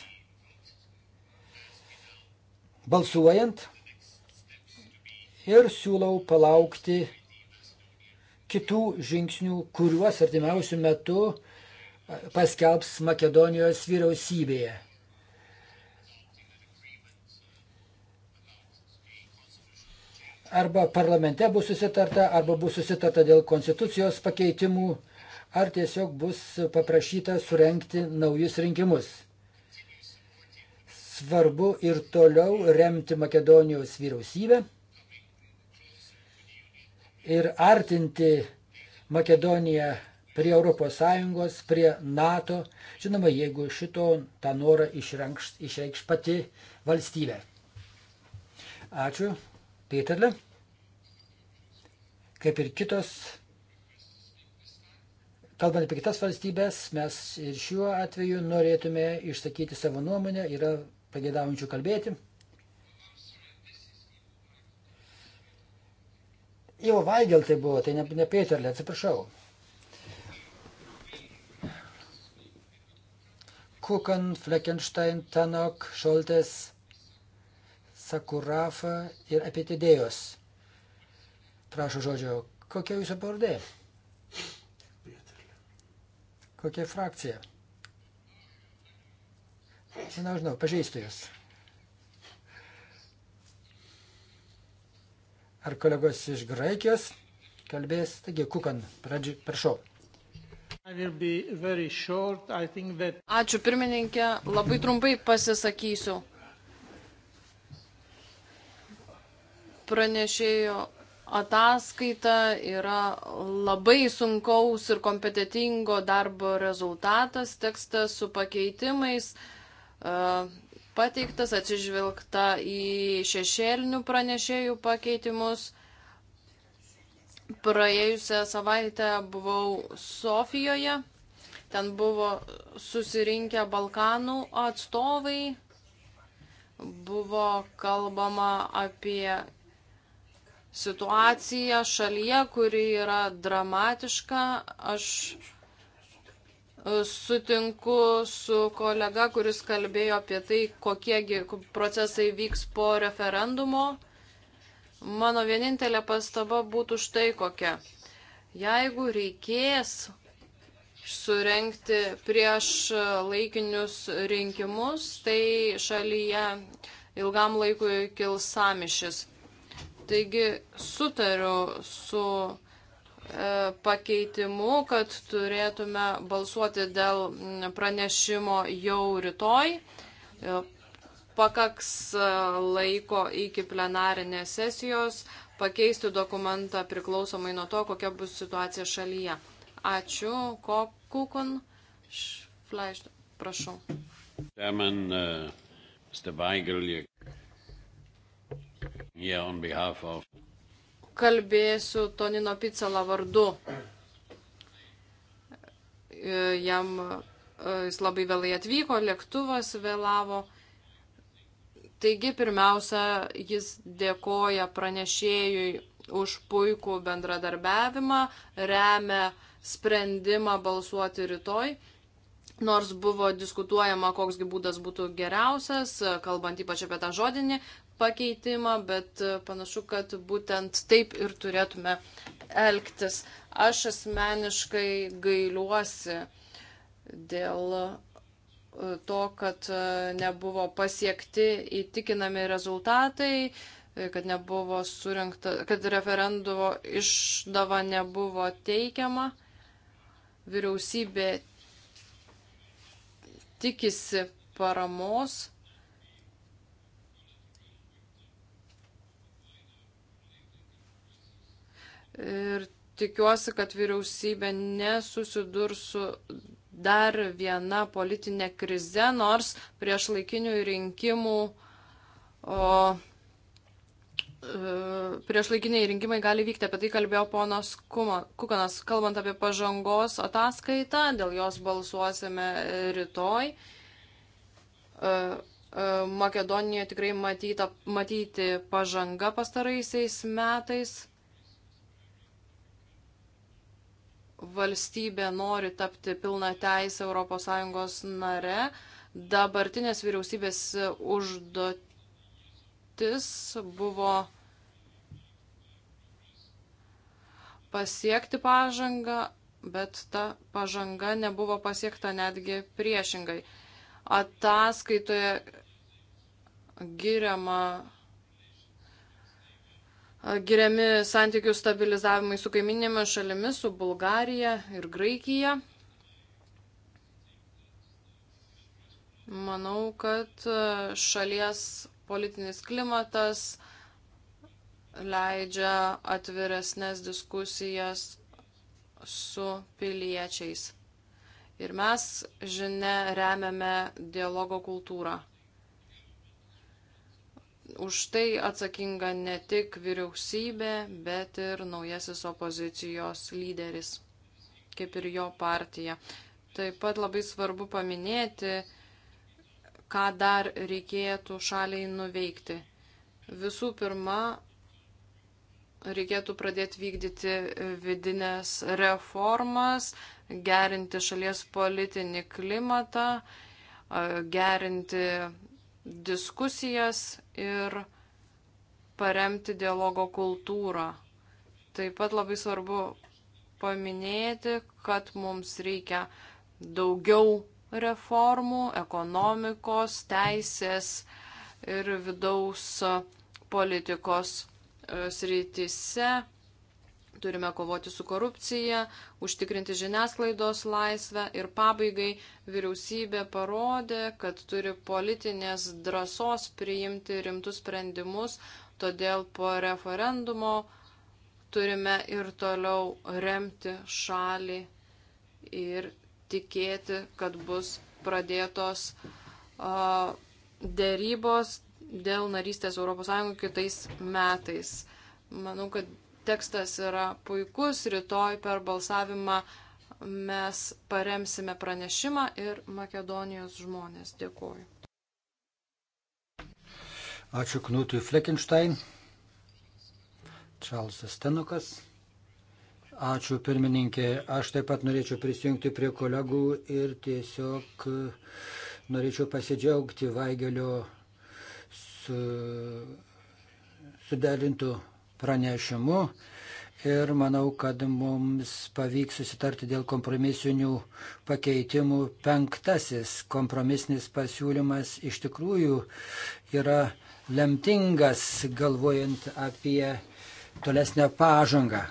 Speaker 1: Balsuojant ir siūlau palaukti kitų žingsnių, kuriuos artimiausių metų paskelbs Makedonijos vyriausybėje. arba parlamente bus susitarta, arba bus susitarta dėl konstitucijos pakeitimų, ar tiesiog bus paprašyta surenkti naujus rinkimus. Svarbu ir toliau remti Makedonijos vyriausybę ir artinti Makedoniją prie ES, prie NATO, žinoma, jeigu šito tą norą išreikš, išreikš pati valstybė. Ačiū. Peterle, kaip ir kitos, kalbant apie kitas valstybės, mes ir šiuo atveju norėtume išsakyti savo nuomonę, yra pagėdaujančių kalbėti. Jau Vaigel tai buvo, tai ne, ne Peterle, atsiprašau. Kukan, Fleckenstein, Tanok, Šoltes Sakurafa ir apie Tidėjos. Prašau žodžio, kokia jūsų pavardė? Kokia frakcija? Žinau, žinau, pažįstu jūs. Ar kolegos iš Graikijos kalbės? Taigi, Kukan, pradži, prašau. That...
Speaker 3: Ačiū pirmininkė, labai trumpai pasisakysiu. pranešėjo ataskaita yra labai sunkaus ir kompetitingo darbo rezultatas, tekstas su pakeitimais e, pateiktas, atsižvelgta į šešėlinių pranešėjų pakeitimus. Praėjusią savaitę buvau Sofijoje, ten buvo susirinkę Balkanų atstovai, buvo kalbama apie situaciją šalyje, kuri yra dramatiška. Aš e, sutinku su kolega, kuris kalbėjo apie tai, kokiegi procesai vyks po referendumo. Mano vienintelė pastaba būtų štai kokia. Jeigu reikės surenkti prieš laikinius rinkimus, tai šalyje ilgam laikui kils samišis. Taigi sutariu su e, pakeitimu, kad turėtume balsuoti dėl pranešimo jau rytoj. E, pakaks e, laiko iki plenarinės sesijos pakeisti dokumentą priklausomai nuo to, kokia bus situacija šalyje. Ačiū, Kukun. Šfleiš, prašau. Chairman, uh, Mr. Weigel, Yeah, of... Kalbėsiu Tonino Picelą vardu. E, jam e, jis labai vėlai atvyko, lėktuvas vėlavo. Taigi pirmiausia, jis dėkoja pranešėjui už puikų bendradarbiavimą, remia sprendimą balsuoti rytoj. Nors buvo diskutuojama, koksgi būdas būtų geriausias, kalbant ypač apie tą žodinį pakeitimą, bet e, panašu, kad būtent taip ir turėtume elgtis. Aš asmeniškai gailiuosi dėl e, to, kad e, nebuvo pasiekti įtikinami rezultatai, kad nebuvo surinkta, kad referendumo išdava nebuvo teikiama. Vyriausybė tikisi paramos Ir tikiuosi, kad vyriausybė nesusidurs su dar viena politinė krize, nors prieš laikinių rinkimų, o e, prieš laikiniai rinkimai gali vykti, apie tai kalbėjo ponas Kukanas, kalbant apie pažangos ataskaitą, dėl jos balsuosime rytoj. E, e, Makedonijoje tikrai matyta, matyti pažanga pastaraisiais metais valstybė nori tapti pilna teisė ES nare, dabartinės vyriausybės užduotis buvo pasiekti pažangą, bet ta pažanga nebuvo pasiekta netgi priešingai. Ataskaitoje giriama giriami santykių stabilizavimai su kaiminėmis šalimis, su Bulgarija ir Graikija. Manau, kad šalies politinis klimatas leidžia atviresnės diskusijas su piliečiais. Ir mes, žinia, remiame dialogo kultūrą už tai atsakinga ne tik vyriausybė, bet ir naujasis opozicijos lyderis, kaip ir jo partija. Taip pat labai svarbu paminėti, ką dar reikėtų šaliai nuveikti. Visų pirma, reikėtų pradėti vykdyti vidinės reformas, gerinti šalies politinį klimatą, gerinti diskusijas ir paremti dialogo kultūrą. Taip pat labai svarbu paminėti, kad mums reikia daugiau reformų ekonomikos, teisės ir vidaus politikos e, srityse. Turime kovoti su korupcija, užtikrinti žiniasklaidos laisvę ir pabaigai vyriausybė parodė, kad turi politinės drąsos priimti rimtus sprendimus, todėl po referendumo turime ir toliau remti šalį ir tikėti, kad bus pradėtos uh, dėrybos dėl narystės ES kitais metais. Manau, kad Tekstas yra puikus, rytoj per balsavimą mes paremsime pranešimą ir Makedonijos žmonės. Dėkuoju.
Speaker 1: Ačiū Knutui Fleckenstein, Čarlzas Tenukas. Ačiū pirmininkė. Aš taip pat norėčiau prisijungti prie kolegų ir tiesiog e, norėčiau pasidžiaugti Vaigelio su, suderintų pranešimu ir manau, kad mums pavyks susitarti dėl kompromisinių pakeitimų. Penktasis kompromisinis pasiūlymas iš tikrųjų yra lemtingas, galvojant apie tolesnę pažangą.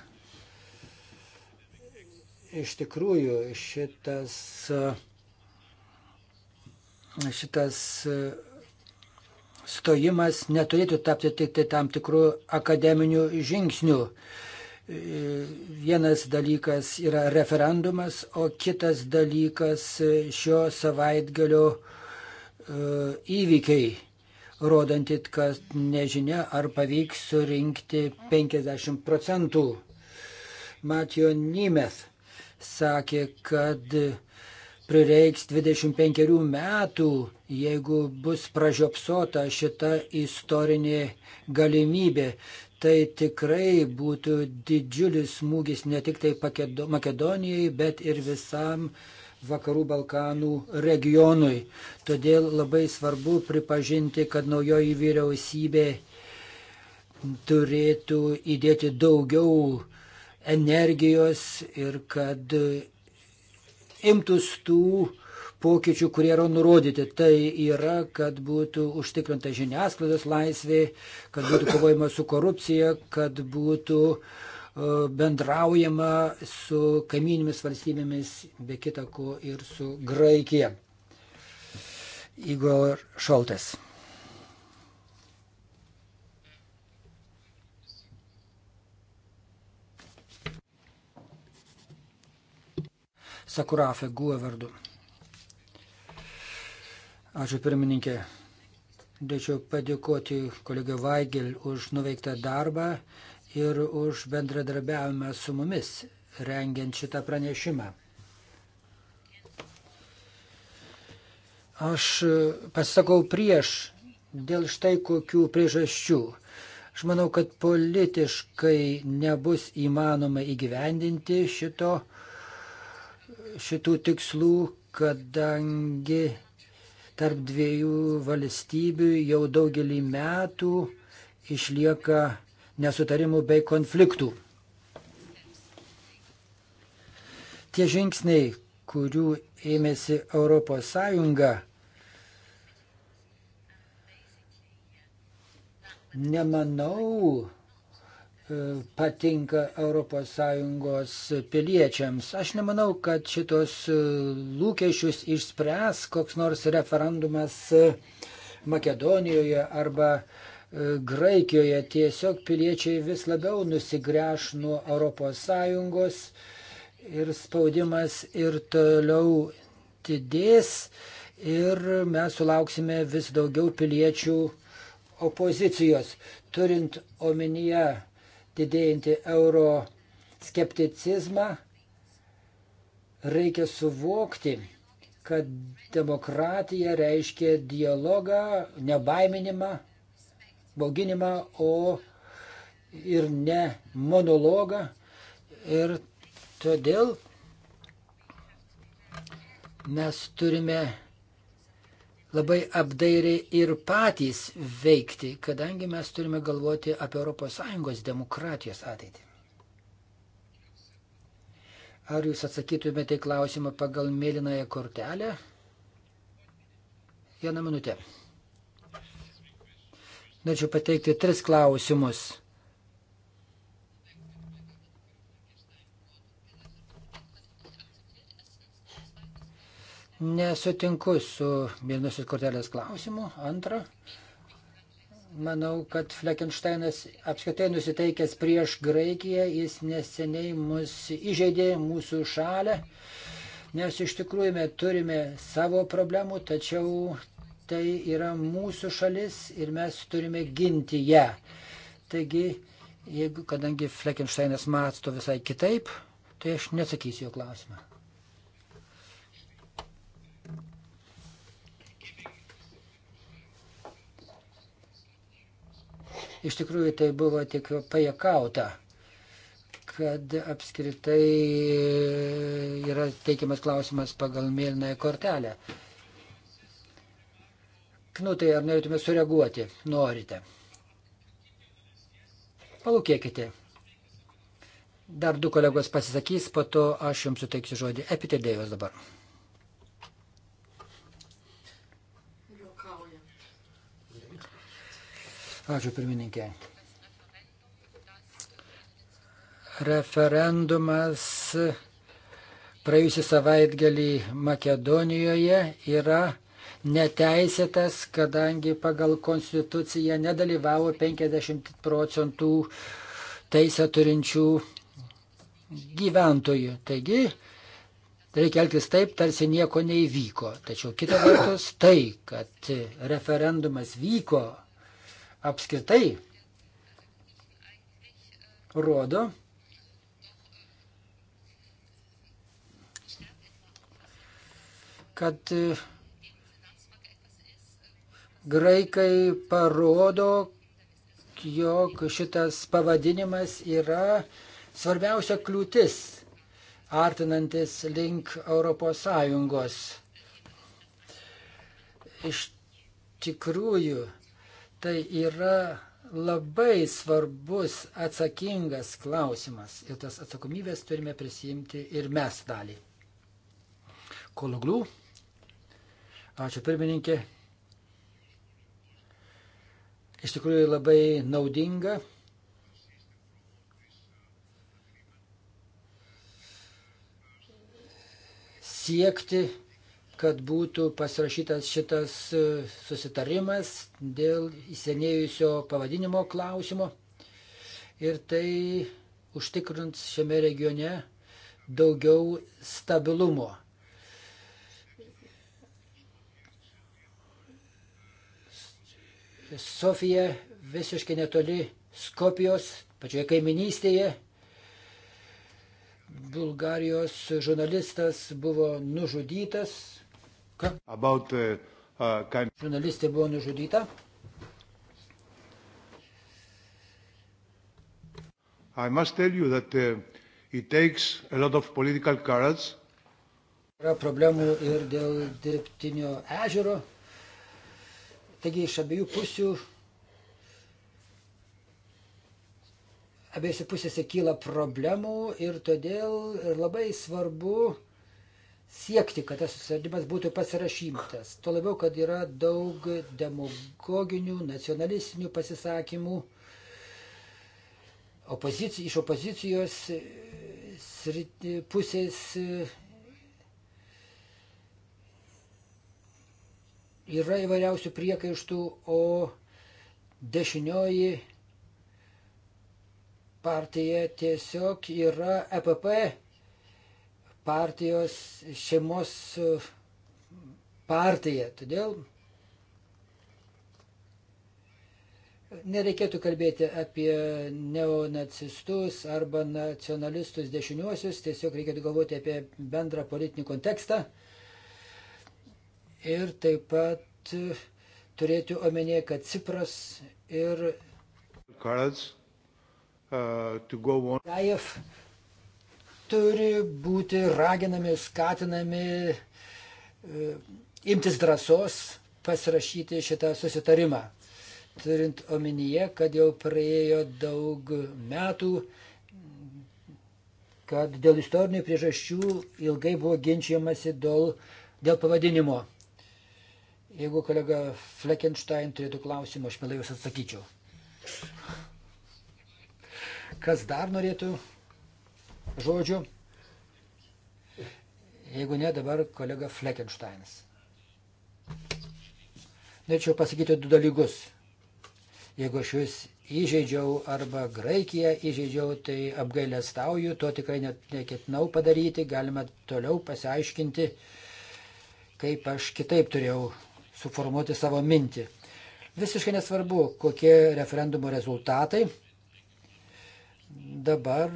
Speaker 1: Iš tikrųjų, šitas, šitas stojimas neturėtų tapti tik tai tam tikrų akademinių žingsnių. E, vienas dalykas yra referendumas, o kitas dalykas šio savaitgalio e, įvykiai, rodantit, kad nežinia, ar pavyks surinkti 50 procentų. Matijo Nymeth sakė, kad prireiks 25 metų Jeigu bus pražiopsota šita istorinė galimybė, tai tikrai būtų didžiulis smūgis ne tik tai Makedonijai, bet ir visam Vakarų Balkanų regionui. Todėl labai svarbu pripažinti, kad naujoji vyriausybė turėtų įdėti daugiau energijos ir kad imtus tų pokyčių, kurie yra nurodyti. Tai yra, kad būtų užtikrinta žiniasklaidos laisvė, kad būtų kovojama su korupcija, kad būtų e, bendraujama su kaiminimis valstybėmis, be kita ko ir su Graikija. Igor Šoltas. Sakurafe Guo vardu. Ačiū pirmininkė. Dėčiau padėkoti kolegai Vaigel už nuveiktą darbą ir už bendradarbiavimą su mumis, rengiant šitą pranešimą. Aš pasakau prieš dėl štai kokių priežasčių. Aš manau, kad politiškai nebus įmanoma įgyvendinti šito, šitų tikslų, kadangi tarp dviejų valstybių jau daugelį metų išlieka nesutarimų bei konfliktų. Tie žingsniai, kurių ėmėsi ES, nemanau, patinka ES piliečiams. Aš nemanau, kad šitos e, lūkesčius išspręs koks nors referendumas e, Makedonijoje arba e, Graikijoje. Tiesiog piliečiai vis labiau nusigręš nuo ES ir spaudimas ir toliau didės ir mes sulauksime vis daugiau piliečių opozicijos. Turint omenyje didėjantį euro skepticizmą, reikia suvokti, kad demokratija reiškia dialogą, nebaiminimą, bauginimą, o ir ne monologą. Ir todėl mes turime labai apdairiai ir patys veikti, kadangi mes turime galvoti apie ES demokratijos ateitį. Ar jūs atsakytumėte į klausimą pagal mėlynąją kortelę? Vieną minutę. Norėčiau pateikti tris klausimus. Nesutinku su mėlynosios kortelės klausimu. Antra, manau, kad Fleckensteinas apskritai nusiteikęs prieš Graikiją, jis neseniai mus įžeidė mūsų šalę, nes iš tikrųjų mes turime savo problemų, tačiau tai yra mūsų šalis ir mes turime ginti ją. Taigi, jeigu, kadangi Fleckensteinas masto visai kitaip, tai aš nesakysiu jo klausimą. Iš tikrųjų tai buvo tik pajakauta, kad apskritai e, yra teikiamas klausimas pagal mėlynąją kortelę. Knutai, ar norėtume sureaguoti? Norite. Palūkėkite. Dar du kolegos pasisakys, po to aš jums suteiksiu žodį. Epitėdėjos dabar. Ačiū pirmininkė. Referendumas praėjusią savaitgalį Makedonijoje yra neteisėtas, kadangi pagal konstituciją nedalyvavo 50 procentų teisę turinčių gyventojų. Taigi, reikia elgtis taip, tarsi nieko neįvyko. Tačiau kita vertus, tai, kad referendumas vyko apskritai rodo, kad e, graikai parodo, jog šitas pavadinimas yra svarbiausia kliūtis artinantis link ES. Iš tikrųjų, Tai yra labai svarbus atsakingas klausimas ir tas atsakomybės turime prisijimti ir mes dalį. Koluglų. Ačiū pirmininkė. Iš tikrųjų labai naudinga siekti kad būtų pasirašytas šitas e, susitarimas dėl įsienėjusio pavadinimo klausimo. Ir tai užtikrins šiame regione daugiau stabilumo. Sofija visiškai netoli Skopijos, pačioje kaiminystėje. Bulgarijos žurnalistas buvo nužudytas Ka? About, uh, uh, kind... Žurnalistė buvo nužudyta. I must tell you that uh, it
Speaker 2: takes a lot of political courage.
Speaker 1: Yra problemų ir dėl dirbtinio ežero. Taigi iš abiejų pusių, abiejose pusėse kyla problemų ir todėl ir labai svarbu siekti, kad tas susitarimas būtų pasirašytas. Tuo labiau, kad yra daug demagoginių, nacionalistinių pasisakymų opozici, iš opozicijos e, sriti, pusės. E, yra įvairiausių priekaištų, o dešinioji partija tiesiog yra EPP partijos šeimos partija. Todėl nereikėtų kalbėti apie neonacistus arba nacionalistus dešiniuosius, tiesiog reikėtų galvoti apie bendrą politinį kontekstą ir taip pat turėti omenyje, kad Cipras ir
Speaker 2: Karajas uh,
Speaker 1: turi būti raginami, skatinami e, imtis drąsos pasirašyti šitą susitarimą. Turint omenyje, kad jau praėjo daug metų, kad dėl istorinių priežasčių ilgai buvo ginčiamasi dėl, dėl pavadinimo. Jeigu kolega Fleckenstein turėtų klausimą, aš mielai jūs atsakyčiau. Kas dar norėtų žodžių? Jeigu ne, dabar kolega Fleckensteinas. Norėčiau pasakyti du dalykus. Jeigu aš jūs įžeidžiau arba Graikiją įžeidžiau, tai apgailę stauju, to tikrai net neketinau padaryti, galima toliau pasiaiškinti, kaip aš kitaip turėjau suformuoti savo mintį. Visiškai nesvarbu, kokie referendumo rezultatai, dabar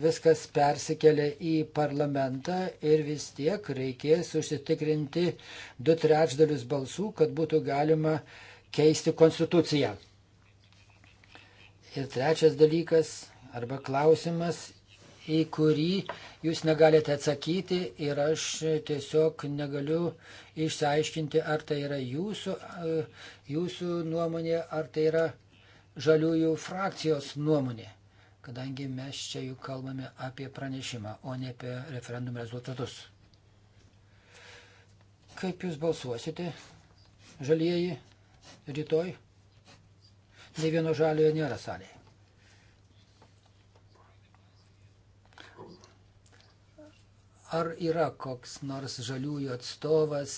Speaker 1: viskas persikelia į parlamentą ir vis tiek reikės užsitikrinti du trečdalius balsų, kad būtų galima keisti konstituciją. Ir trečias dalykas arba klausimas, į kurį jūs negalite atsakyti ir aš tiesiog negaliu išsiaiškinti, ar tai yra jūsų, jūsų nuomonė, ar tai yra žaliųjų frakcijos nuomonė kadangi mes čia jau kalbame apie pranešimą, o ne apie referendumo rezultatus. Kaip jūs balsuosite, žalieji, rytoj? Ne vieno žaliojo nėra salėje. Ar yra koks nors žaliųjų atstovas,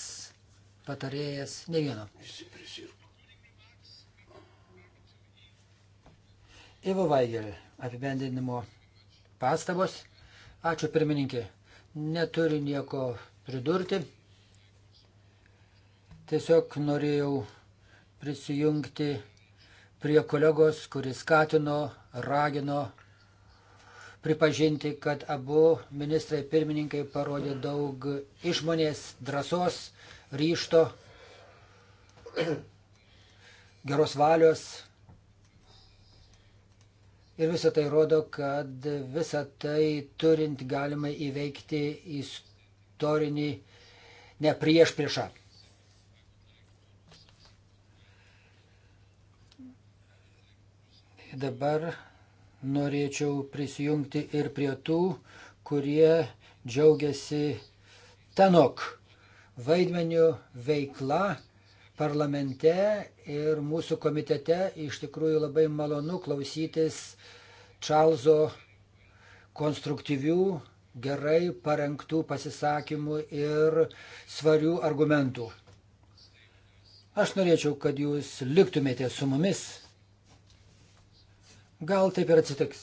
Speaker 1: patarėjas? Ne vieno.
Speaker 3: Visi prisirpo.
Speaker 1: Ivo Vaigelė apibendinimo pastabos. Ačiū pirmininkė. Neturiu nieko pridurti. Tiesiog norėjau prisijungti prie kolegos, kuris skatino, ragino pripažinti, kad abu ministrai pirmininkai parodė daug išmonės, drąsos, ryšto, geros valios Ir visą tai rodo, kad visą tai turint galima įveikti istorinį ne prieš priešą. Dabar norėčiau prisijungti ir prie tų, kurie džiaugiasi Tanok vaidmeniu veikla parlamente ir mūsų komitete iš tikrųjų labai malonu klausytis Čarlzo konstruktyvių, gerai parengtų pasisakymų ir svarių argumentų. Aš norėčiau, kad jūs liktumėte su mumis. Gal taip ir atsitiks.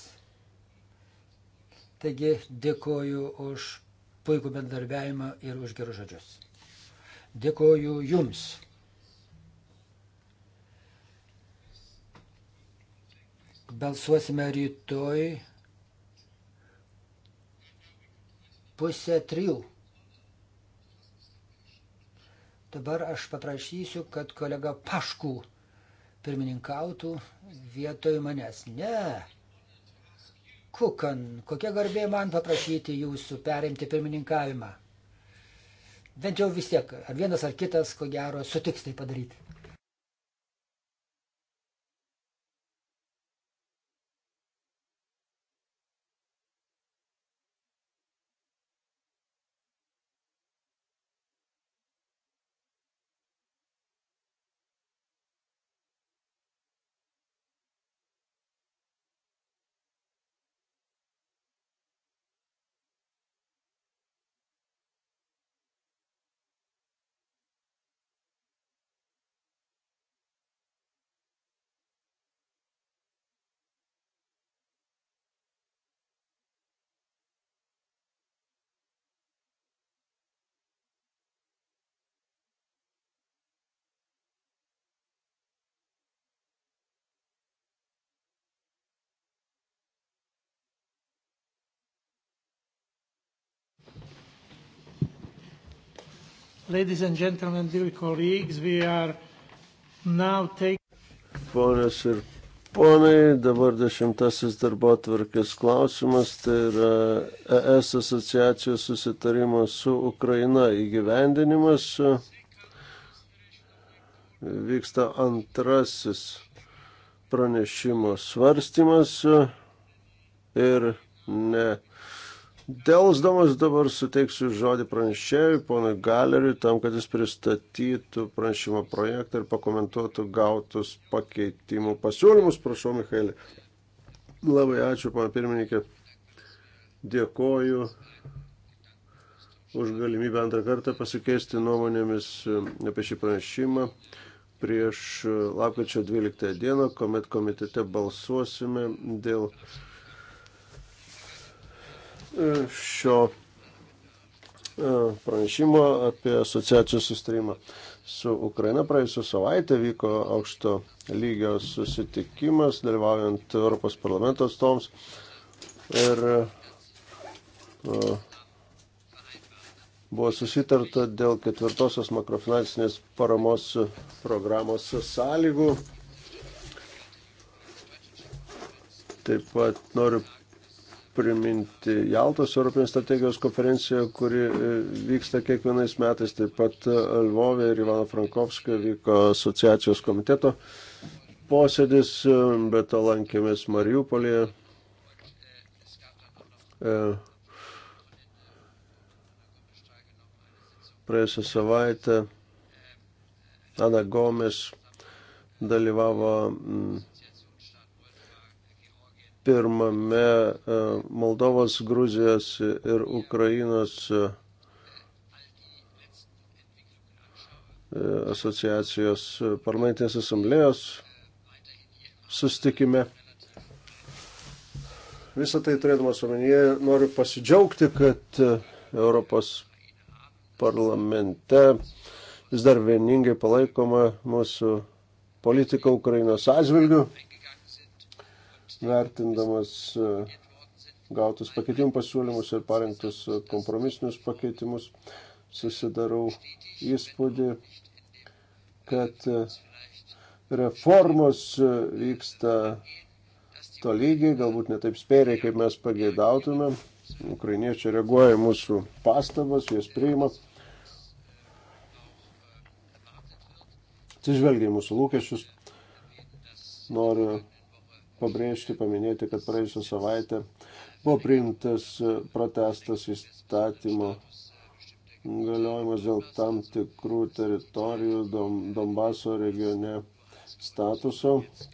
Speaker 1: Taigi dėkoju už puikų bendarbiavimą ir už gerus žodžius. Dėkoju jums. Balsuosime rytoj pusę trijų. Dabar aš paprašysiu, kad kolega Paškų pirmininkautų vietoj manęs. Ne. Kukan, kokia garbė man paprašyti jūsų perimti pirmininkavimą. Bent jau vis tiek, ar vienas ar kitas, ko gero, sutiks tai padaryti.
Speaker 2: Ladies and gentlemen, dear colleagues, we are now taking. Ponas ir ponai, dabar dešimtasis darbo atvarkės klausimas, tai yra ES asociacijos susitarimas su Ukraina įgyvendinimas. Vyksta antrasis pranešimo svarstymas ir ne Dėlsdamas dabar suteiksiu žodį pranešėjui, ponui Galeriui, tam, kad jis pristatytų pranešimo projektą ir pakomentuotų gautus pakeitimų pasiūlymus. Prašau, Michaelį. Labai ačiū, pana pirmininkė. Dėkoju už galimybę antrą kartą pasikeisti nuomonėmis um, apie šį pranešimą. Prieš uh, lapkričio 12 dieną, kuomet komitete balsuosime dėl šio e, pranešimo apie asociacijos sustarimą su Ukraina. Praėjusią savaitę vyko aukšto lygio susitikimas, dalyvaujant Europos parlamento atstovams. Ir e, buvo susitarta dėl ketvirtosios makrofinansinės paramos programos sąlygų. Taip pat noriu priminti Jaltos Europinės strategijos konferenciją, kuri e, vyksta kiekvienais metais. Taip pat e, Lvovė ir Ivano Frankovskio vyko asociacijos komiteto posėdis, e, bet to lankėmės Mariupolėje. Praėjusią savaitę Ana Gomes dalyvavo pirmame e, Moldovos, Gruzijos ir Ukrainos e, asociacijos e, parlamentinės asamblėjos sustikime. Visą tai turėdamas omenyje noriu pasidžiaugti, kad Europos parlamente vis dar vieningai palaikoma mūsų politika Ukrainos atžvilgių vertindamas e, gautus pakeitimų pasiūlymus ir parengtus e, kompromisinius pakeitimus, susidarau įspūdį, kad e, reformos vyksta tolygiai, galbūt netaip spėriai, kaip mes pageidautume. Ukrainiečiai reaguoja mūsų pastabas, jas priima. Atsižvelgia į mūsų lūkesčius. Noriu pabrėžti, paminėti, kad praėjusią savaitę buvo priimtas e, protestas įstatymo galiojimas dėl tam tikrų teritorijų Donbaso regione statuso,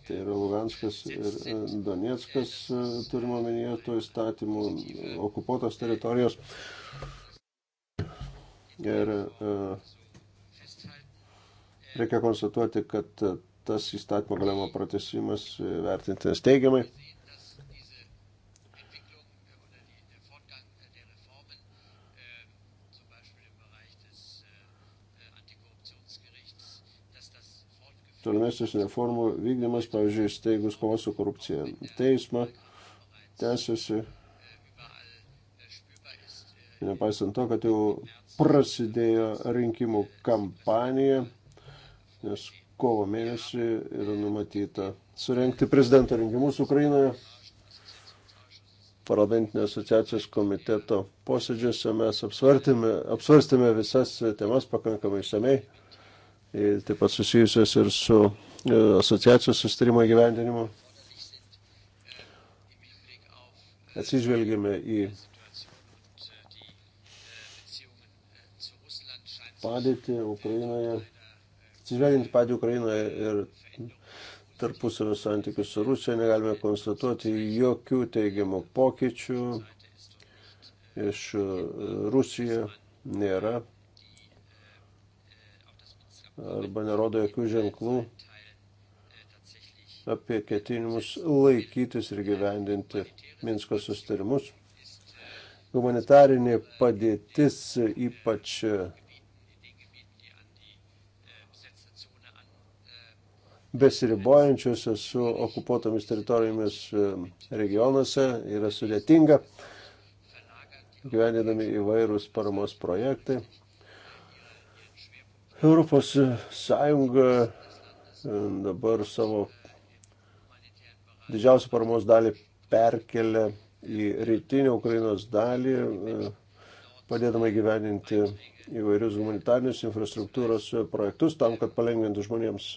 Speaker 2: tai yra Luganskas ir e, Donetskas, e, turimo minėje to įstatymų, okupuotos teritorijos. Ir reikia konstatuoti, kad tas įstatymo galima pratesimas e, vertintinas teigiamai. tolimesnis reformų vykdymas, pavyzdžiui, steigus kovos su korupcija teismą, tęsiasi. Nepaisant to, kad jau prasidėjo rinkimų kampanija, nes kovo mėnesį yra numatyta surenkti prezidento rinkimus Ukrainoje. Parlamentinio asociacijos komiteto posėdžiuose mes apsvarstėme, apsvarstėme visas temas pakankamai išsamei, taip pat susijusios ir su e, asociacijos sustarimo gyvendinimu. Atsižvelgėme į padėtį Ukrainoje Atsižvelgiant patį Ukrainoje ir tarpusavio santykius su Rusija, negalime konstatuoti jokių teigiamų pokyčių iš Rusija nėra arba nerodo jokių ženklų apie ketinimus laikytis ir gyvendinti Minsko sustarimus. Humanitarinė padėtis, ypač besiribojančiuose su okupuotomis teritorijomis e, regionuose yra sudėtinga, gyveninami įvairūs paramos projektai. Europos Sąjunga e, dabar savo didžiausią paramos dalį perkelia į rytinę Ukrainos dalį, e, padėdama gyveninti įvairius humanitarinius infrastruktūros projektus tam, kad palengvintų žmonėms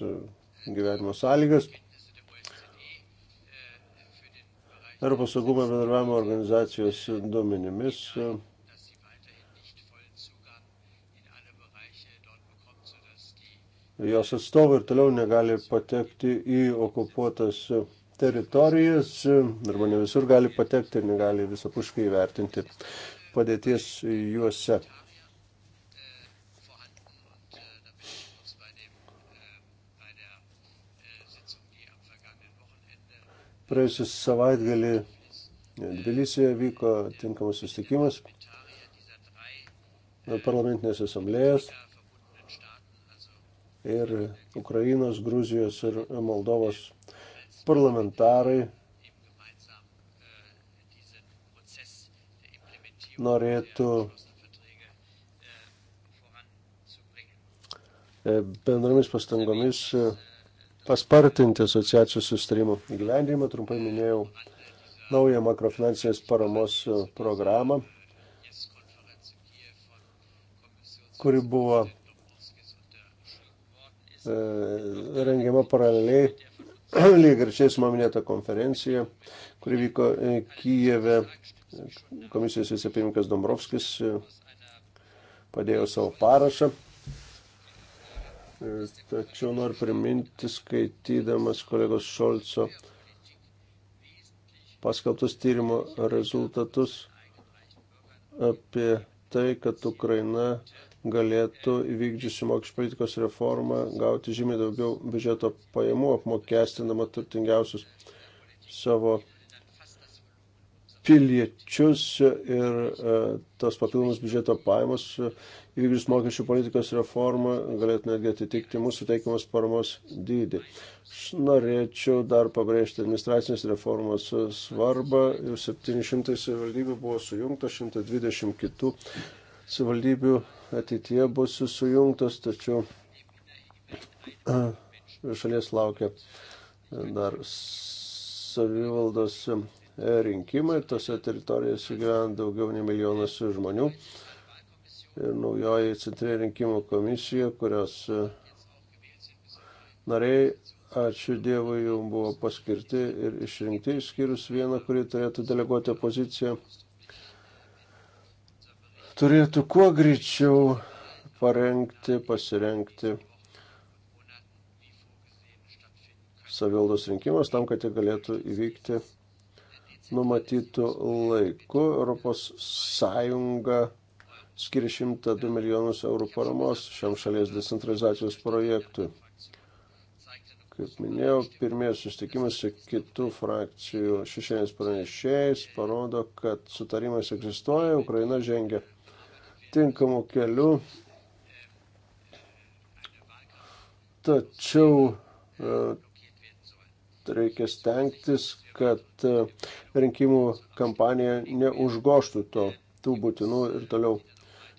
Speaker 2: gyvenimo sąlygas. Europos saugumo bendravimo organizacijos duomenimis jos atstovai ir toliau negali patekti į okupuotas teritorijas, arba ne visur gali patekti ir negali visapuškai įvertinti padėties juose. Praėjusią savaitgalį Dvilisijoje vyko tinkamas susitikimas parlamentinės asamblėjos ir Ukrainos, Gruzijos ir Moldovos parlamentarai norėtų e, bendromis pastangomis paspartinti asociacijos sustarimo įgyvendinimą. Trumpai minėjau naują makrofinansinės paramos e, programą, kuri buvo e, rengiama paraleliai lygarčiai su minėta konferencija, kuri vyko e, Kijeve. Komisijos vicepirmininkas Dombrovskis padėjo savo parašą Tačiau noriu priminti, skaitydamas kolegos Šolco paskelbtus tyrimo rezultatus apie tai, kad Ukraina galėtų įvykdžiusi mokesčių politikos reformą gauti žymiai daugiau biudžeto pajamų apmokestinama turtingiausius savo piliečius ir e, tos papildomos biudžeto pajamos e, įvykdžius mokesčių politikos reformą galėtų netgi atitikti mūsų teikiamos paramos dydį. Aš norėčiau dar pabrėžti administracinės reformos svarbą. 700 savivaldybių buvo sujungta, 120 kitų savivaldybių ateityje bus sujungtos, tačiau e, šalies laukia dar savivaldos rinkimai, tose teritorijose gyvena daugiau nei milijonas žmonių. Ir naujoji Centrinė rinkimų komisija, kurios e, nariai, ačiū Dievui, jau buvo paskirti ir išrinkti, išskyrus vieną, kurį turėtų deleguoti opoziciją, turėtų kuo greičiau parengti, pasirengti savivaldos rinkimas tam, kad jie galėtų įvykti numatytų laiku. Europos Sąjunga skiria 102 milijonus eurų paramos šiam šalies decentralizacijos projektui. Kaip minėjau, pirmieji susitikimai su kitų frakcijų šešėlės pranešėjais parodo, kad sutarimas egzistuoja, Ukraina žengia tinkamų kelių. Tačiau e, reikia stengtis, kad e, rinkimų kampanija neužgoštų to, tų būtinų ir toliau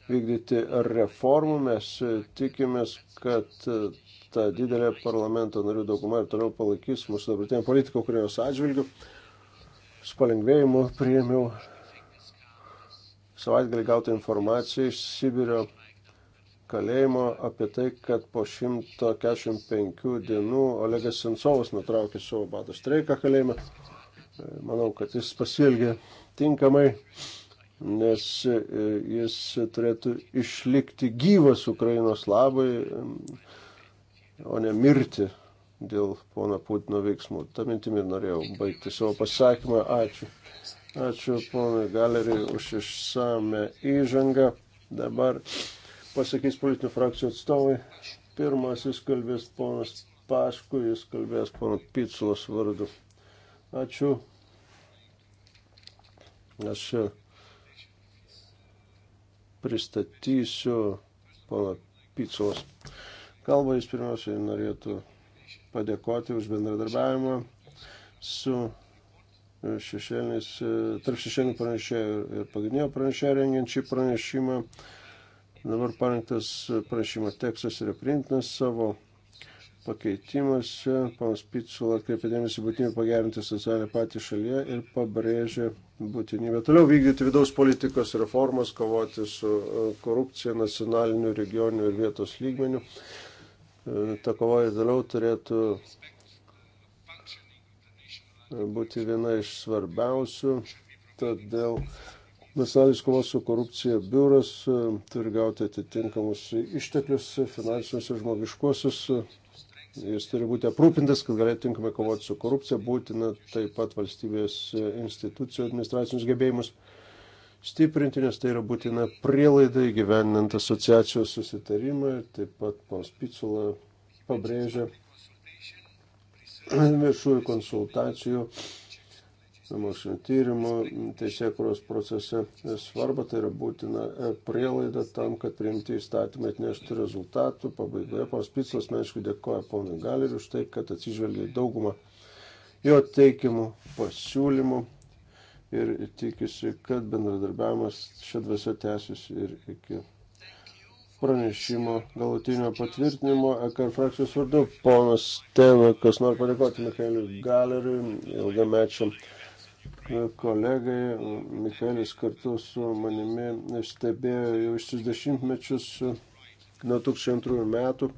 Speaker 2: vykdyti reformų. Mes e, tikimės, kad e, ta didelė parlamento narių dauguma ir toliau palaikys mūsų dabartinę politiką Ukrainos atžvilgių. Su palengvėjimu priėmiau savaitgalį gautą informaciją iš Sibirio kalėjimo apie tai, kad po 145 dienų Olegas Sensovas nutraukė savo bado streiką kalėjimą. E, manau, kad jis pasielgė tinkamai, nes e, jis turėtų išlikti gyvas Ukrainos labai, e, o ne mirti dėl pono Putino veiksmų. Ta mintimi ir norėjau baigti savo pasakymą. Ačiū. Ačiū ponui Galeriui už išsame įžangą. Dabar pasakys politinių frakcijų atstovai. Pirmasis kalbės ponas Pašku, jis kalbės pono Pitsulos vardu. Ačiū. Aš e, pristatysiu pono Pitsulos kalbą. Jis pirmiausiai norėtų padėkoti už bendradarbiavimą su e, šešėlinis, e, tarp šešėlinių pranešėjų ir pagrindinio pranešėjo rengiant šį pranešimą. Dabar parengtas prašymo tekstas yra priimtinas savo pakeitimuose. Panas Pitsula atkreipė dėmesį būtinybę pagerinti socialinę patį šalyje ir pabrėžė būtinybę toliau vykdyti vidaus politikos reformas, kovoti su e, korupcija nacionaliniu, regioniniu ir vietos lygmeniu. E, ta kova ir toliau turėtų e, būti viena iš svarbiausių, todėl Nacionalinis kovos su korupcija biuras e, turi gauti atitinkamus išteklius, finansinius ir žmogiškuosius. Jis turi būti aprūpintas, kad galėtų tinkamai kovoti su korupcija, būtina taip pat valstybės institucijų administracinius gebėjimus stiprinti, nes tai yra būtina prielaida įgyvendinant asociacijos susitarimą. Taip pat ponas Picula pabrėžia viešųjų konsultacijų mokslinio tyrimo teisėkuros procese svarbą, tai yra būtina e, prielaida tam, kad priimti įstatymai atneštų rezultatų. Pabaigoje Pauspicas asmeniškai dėkoja ponui Galeriu už tai, kad atsižvelgia į daugumą jo teikimų pasiūlymų ir tikisi, kad bendradarbiavimas šią dvasę tęsis ir iki pranešimo galutinio patvirtinimo. Ekar frakcijos vardu ponas Tena, kas nori padėkoti Michaeliu Galeriui, ilgamečiam kolegai. Michaelis kartu su manimi stebėjo jau 60 mečius nuo 2002 metų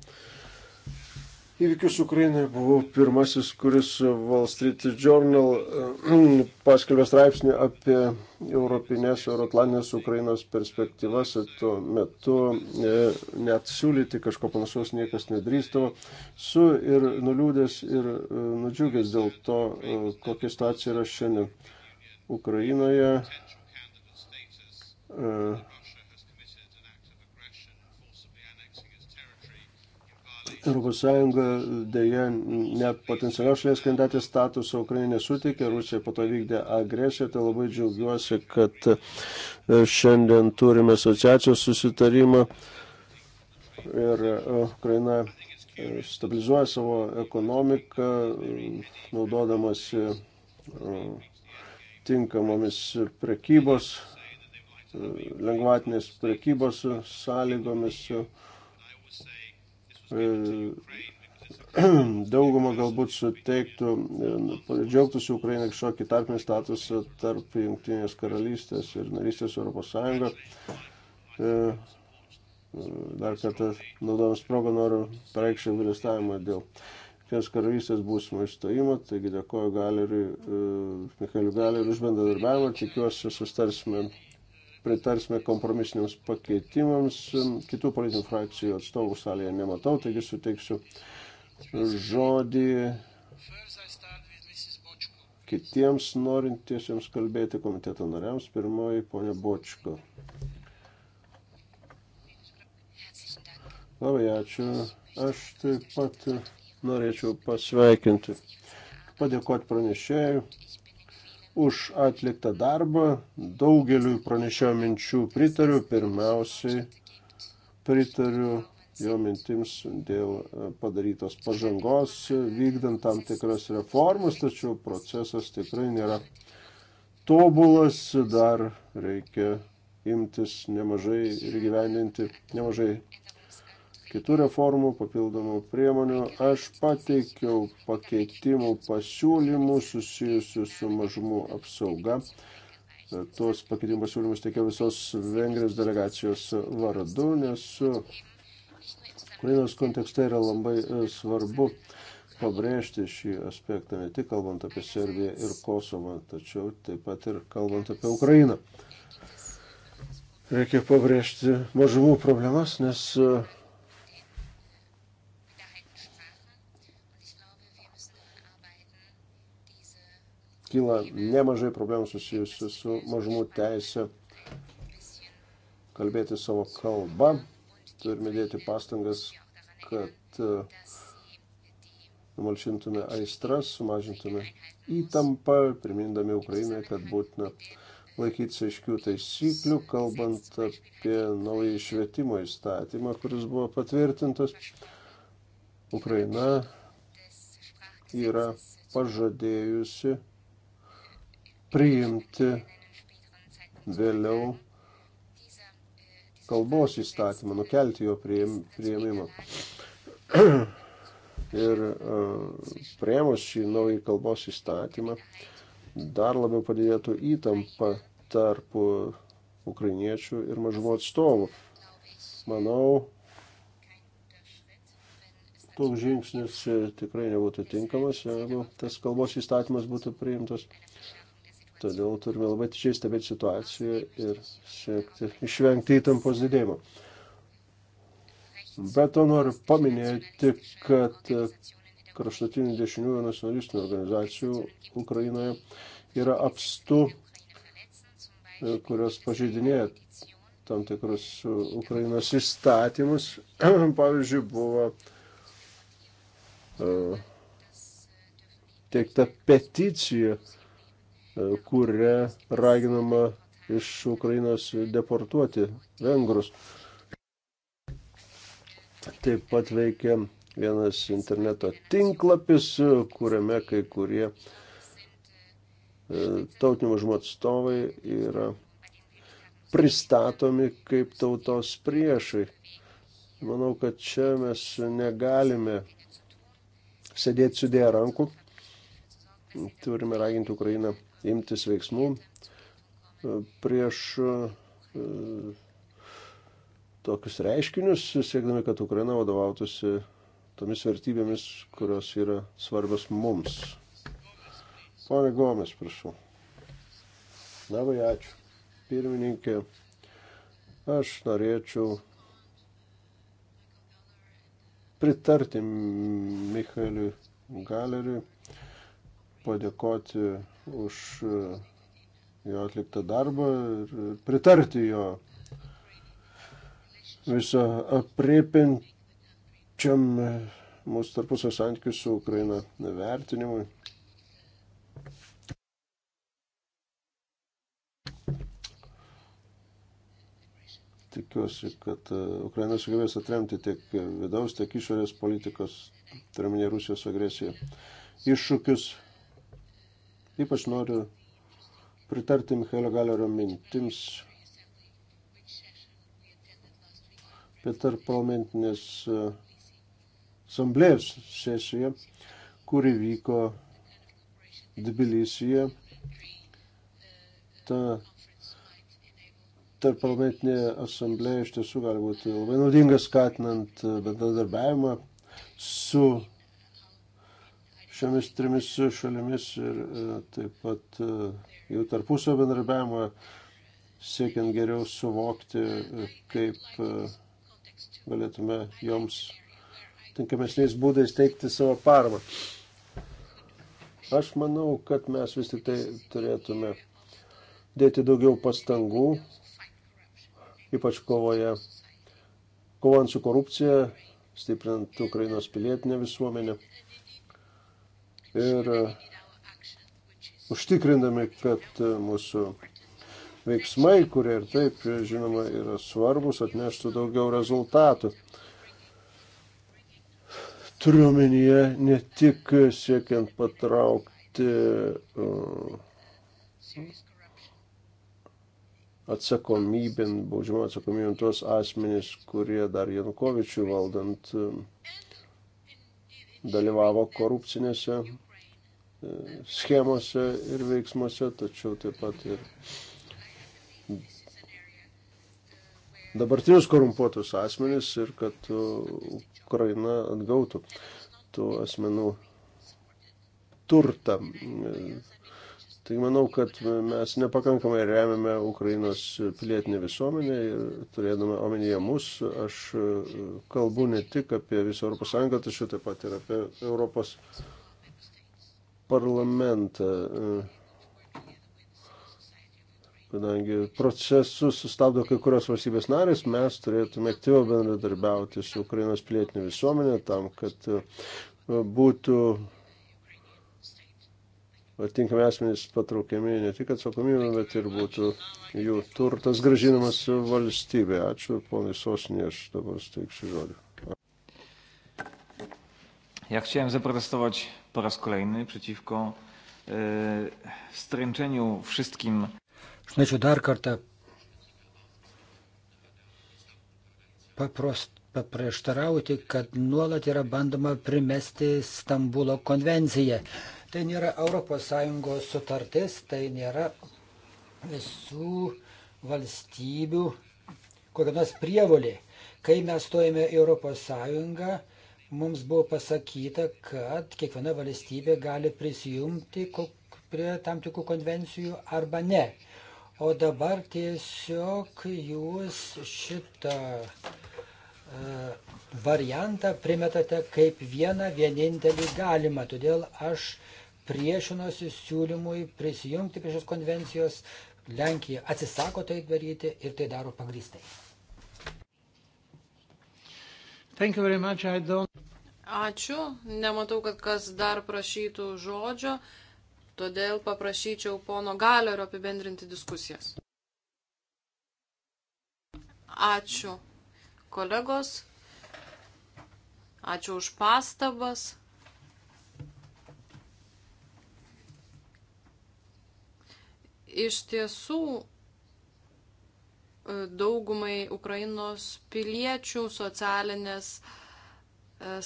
Speaker 2: įvykius Ukrainoje buvau pirmasis, kuris Wall Street Journal eh, paskelbė straipsnį apie europinės, euroatlantinės Ukrainos perspektyvas ir tuo metu e, net siūlyti kažko panašaus niekas nedrįstavo. Su ir nuliūdęs ir e, nudžiugęs dėl to, e, kokia situacija yra šiandien Ukrainoje. Uh, ES dėja net potencialios šalies kandidatės statuso Ukrainai nesuteikė, Rusija po to vykdė agresiją, tai labai džiaugiuosi, kad e, šiandien turime asociacijos susitarimą ir e, Ukraina e, stabilizuoja savo ekonomiką, naudodamasi tinkamomis prekybos, lengvatinės prekybos sąlygomis. Su, E, daugumą galbūt suteiktų, e, nu, džiaugtųsi Ukraina kažkokį tarpinį statusą tarp Junktinės karalystės ir narystės Europos Sąjungo. E, dar kartą naudodamas progą noriu pareikšti apgailestavimą dėl Junktinės karalystės būsimo įstojimo, taigi dėkoju Galeriui, Michaeliu Galeriui už bendradarbiavimą, tikiuosi sustarsime pritarsime kompromisiniams pakeitimams. Kitų politinių frakcijų atstovų salėje nematau, taigi suteiksiu žodį kitiems norintiesiems kalbėti komiteto nariams. Pirmoji ponė Bočko. Labai ačiū. Aš taip pat norėčiau pasveikinti, padėkoti pranešėjui už atliktą darbą. Daugeliu pranešėjo minčių pritariu. Pirmiausiai pritariu jo mintims dėl padarytos pažangos, vykdant tam tikras reformas, tačiau procesas tikrai nėra tobulas, dar reikia imtis nemažai ir gyveninti nemažai kitų reformų, papildomų priemonių. Aš pateikiau pakeitimų pasiūlymų susijusių su mažumų apsauga. Tuos pakeitimų pasiūlymus teikiau visos Vengrijos delegacijos vardu, nes Ukrainos kontekste yra labai e, svarbu pabrėžti šį aspektą, ne tik kalbant apie Serbiją ir Kosovą, tačiau taip pat ir kalbant apie Ukrainą. Reikia pabrėžti mažumų problemas, nes e, kyla nemažai problemų susijusių su mažumų teisė kalbėti savo kalbą. Turime dėti pastangas, kad uh, numalšintume aistras, sumažintume įtampą, primindami Ukrainai, kad būtina laikytis aiškių taisyklių, kalbant apie naują švietimo įstatymą, kuris buvo patvirtintas. Ukraina yra pažadėjusi priimti vėliau kalbos įstatymą, nukelti jo prieimimą. Ir e, prieimus šį naują kalbos įstatymą dar labiau padidėtų įtampa tarp ukrainiečių ir mažumo atstovų. Manau, toks žingsnis tikrai nebūtų tinkamas, jeigu tas kalbos įstatymas būtų priimtas Todėl turime labai tičiai stebėti situaciją ir siekti išvengti įtampos didėjimo. Be to noriu paminėti, kad kraštutinių dešiniųjų nacionalistinių organizacijų Ukrainoje yra apstu, kurios pažeidinėja tam tikrus Ukrainos įstatymus. Pavyzdžiui, buvo uh, teikta peticija uh, kuria raginama iš Ukrainos deportuoti vengrus. Taip pat veikia vienas interneto tinklapis, kuriame kai kurie e, tautinių mažumų atstovai yra pristatomi kaip tautos priešai. Manau, kad čia mes negalime sėdėti sudėję rankų. Turime raginti Ukrainą imtis veiksmų e, prieš e, tokius reiškinius, siekdami, kad Ukraina vadovautųsi tomis vertybėmis, kurios yra svarbios mums. Pone Gomes, prašau. Labai ačiū. Pirmininkė, aš norėčiau pritarti Michaeliui Galeriui, padėkoti už e, jo atliktą darbą ir pritarti jo viso apriepinčiam e, mūsų tarpusio santykių su Ukraina vertinimui. Tikiuosi, kad e, Ukraina sugebės atremti tiek vidaus, tiek išorės politikos, turiminė Rusijos agresija, iššūkius Ypač noriu pritarti Michaelio Galerio mintims apie tarp parlamentinės e, asamblėjos sesiją, kuri vyko Tbilisyje. Ta tarp parlamentinė asamblėja iš tiesų gali būti labai naudinga skatinant e, bendradarbiavimą su šiomis trimis šalimis ir e, taip pat e, jų tarpusio bendrabiavimo siekiant geriau suvokti, e, kaip galėtume joms tinkamesniais būdais teikti savo paramą. Aš manau, kad mes vis tik tai turėtume dėti daugiau pastangų, ypač kovoje, kovant su korupcija, stiprinant Ukrainos pilietinę visuomenę ir e, užtikrindami, kad e, mūsų veiksmai, kurie ir taip, e, žinoma, yra svarbus, atneštų daugiau rezultatų. Turiuomenyje ne tik siekiant patraukti atsakomybin, baudžiamo atsakomybin tuos asmenys, kurie dar Janukovičių valdant dalyvavo korupcinėse schemose ir veiksmuose, tačiau taip pat ir dabartinius korumpuotus asmenis ir kad uh, Ukraina atgautų tų asmenų turtą. Tai manau, kad mes nepakankamai remiame Ukrainos pilietinę visuomenę ir turėdama omenyje mus, aš uh, kalbu ne tik apie visą ES, tačiau taip pat ir apie Europos parlamentą, e, kadangi procesus sustabdo kai kurios valstybės narės, mes turėtume aktyviau bendradarbiauti su Ukrainos pilietinė visuomenė tam, kad e, būtų atinkami asmenys patraukiami ne tik atsakomybė, bet ir būtų jų turtas gražinamas valstybė. Ačiū, ponai Sosnė, aš dabar steiksiu žodį. Ja chciałem zaprotestować po raz kolejny przeciwko e,
Speaker 1: stręczeniu
Speaker 2: wszystkim.
Speaker 1: Aš norėčiau dar kartą paprost, paprieštarauti, kad nuolat yra bandoma primesti Stambulo konvenciją. Tai nėra ES sutartis, tai nėra visų valstybių kokia nors prievolė. Kai mes stojame į ES, mums buvo pasakyta, kad kiekviena valstybė gali prisijungti prie tam tikrų konvencijų arba ne. O dabar tiesiog jūs šitą e, variantą primetate kaip vieną vienintelį galimą. Todėl aš priešinosi siūlymui prisijungti prie šios konvencijos. Lenkija atsisako tai daryti ir tai daro pagrįstai. Ačiū,
Speaker 3: nematau, kad kas dar prašytų žodžio, todėl paprašyčiau pono Galerio apibendrinti diskusijas. Ačiū, kolegos, ačiū už pastabas. Iš tiesų, E, daugumai Ukrainos piliečių socialinės e,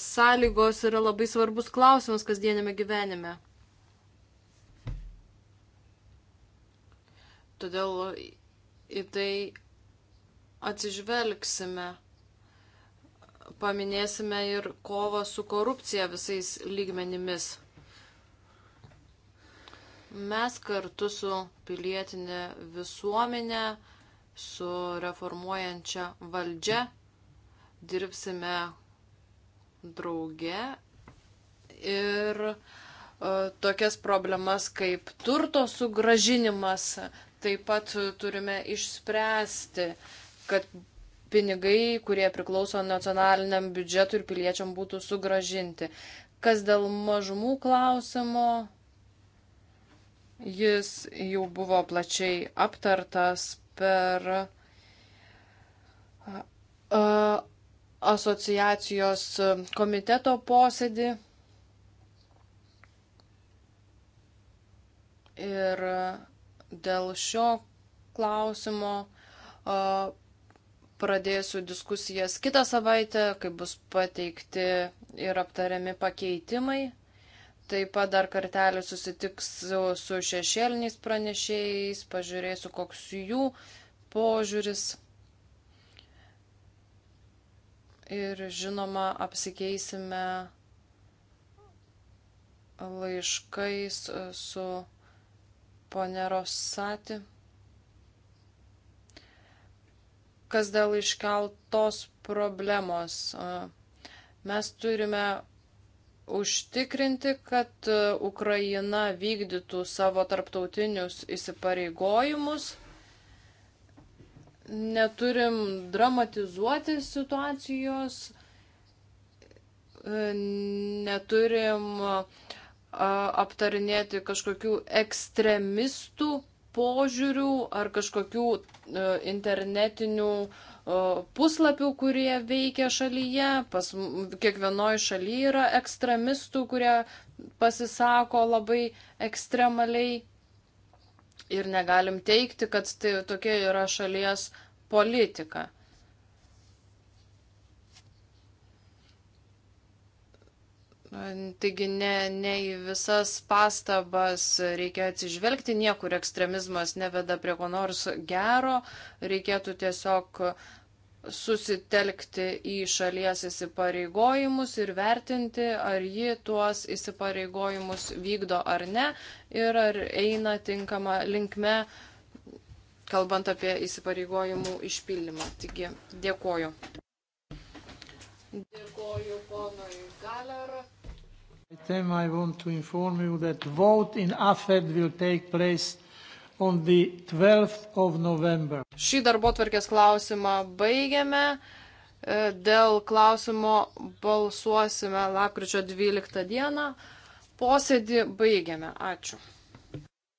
Speaker 3: sąlygos yra labai svarbus klausimas kasdienėme gyvenime. Todėl į tai atsižvelgsime. Paminėsime ir kovą su korupcija visais lygmenimis. Mes kartu su pilietinė visuomenė su reformuojančia valdžia, dirbsime drauge ir e, tokias problemas kaip turto sugražinimas taip pat turime išspręsti, kad pinigai, kurie priklauso nacionaliniam biudžetui ir piliečiam būtų sugražinti. Kas dėl mažumų klausimo, jis jau buvo plačiai aptartas per asociacijos komiteto posėdį. Ir dėl šio klausimo pradėsiu diskusijas kitą savaitę, kai bus pateikti ir aptariami pakeitimai. Taip pat dar kartelį susitiksiu su šešėliniais pranešėjais, pažiūrėsiu, koks jų požiūris. Ir žinoma, apsikeisime laiškais su ponerosati. Kas dėl iškeltos problemos? Mes turime užtikrinti, kad e, Ukraina vykdytų savo tarptautinius įsipareigojimus. Neturim dramatizuoti situacijos, e, neturim e, aptarinėti kažkokių ekstremistų požiūrių ar kažkokių internetinių uh, puslapių, kurie veikia šalyje, pas kiekvienoje šalyje yra ekstremistų, kurie pasisako labai ekstremaliai ir negalim teikti, kad tai tokia yra šalies politika. Taigi ne, ne į visas pastabas reikia atsižvelgti, niekur ekstremizmas neveda prie ko nors gero, reikėtų tiesiog uh, susitelkti į šalies įsipareigojimus ir vertinti, ar ji tuos įsipareigojimus vykdo ar ne ir ar eina tinkama linkme, kalbant apie įsipareigojimų išpildymą. Taigi, dėkoju. Dėkoju ponui Galerą.
Speaker 1: Item I want to inform you that vote in AFED will take place
Speaker 3: Šį darbo tvarkės klausimą baigiame. E, dėl klausimo balsuosime lapkričio 12 dieną. Posėdį baigiame. Ačiū.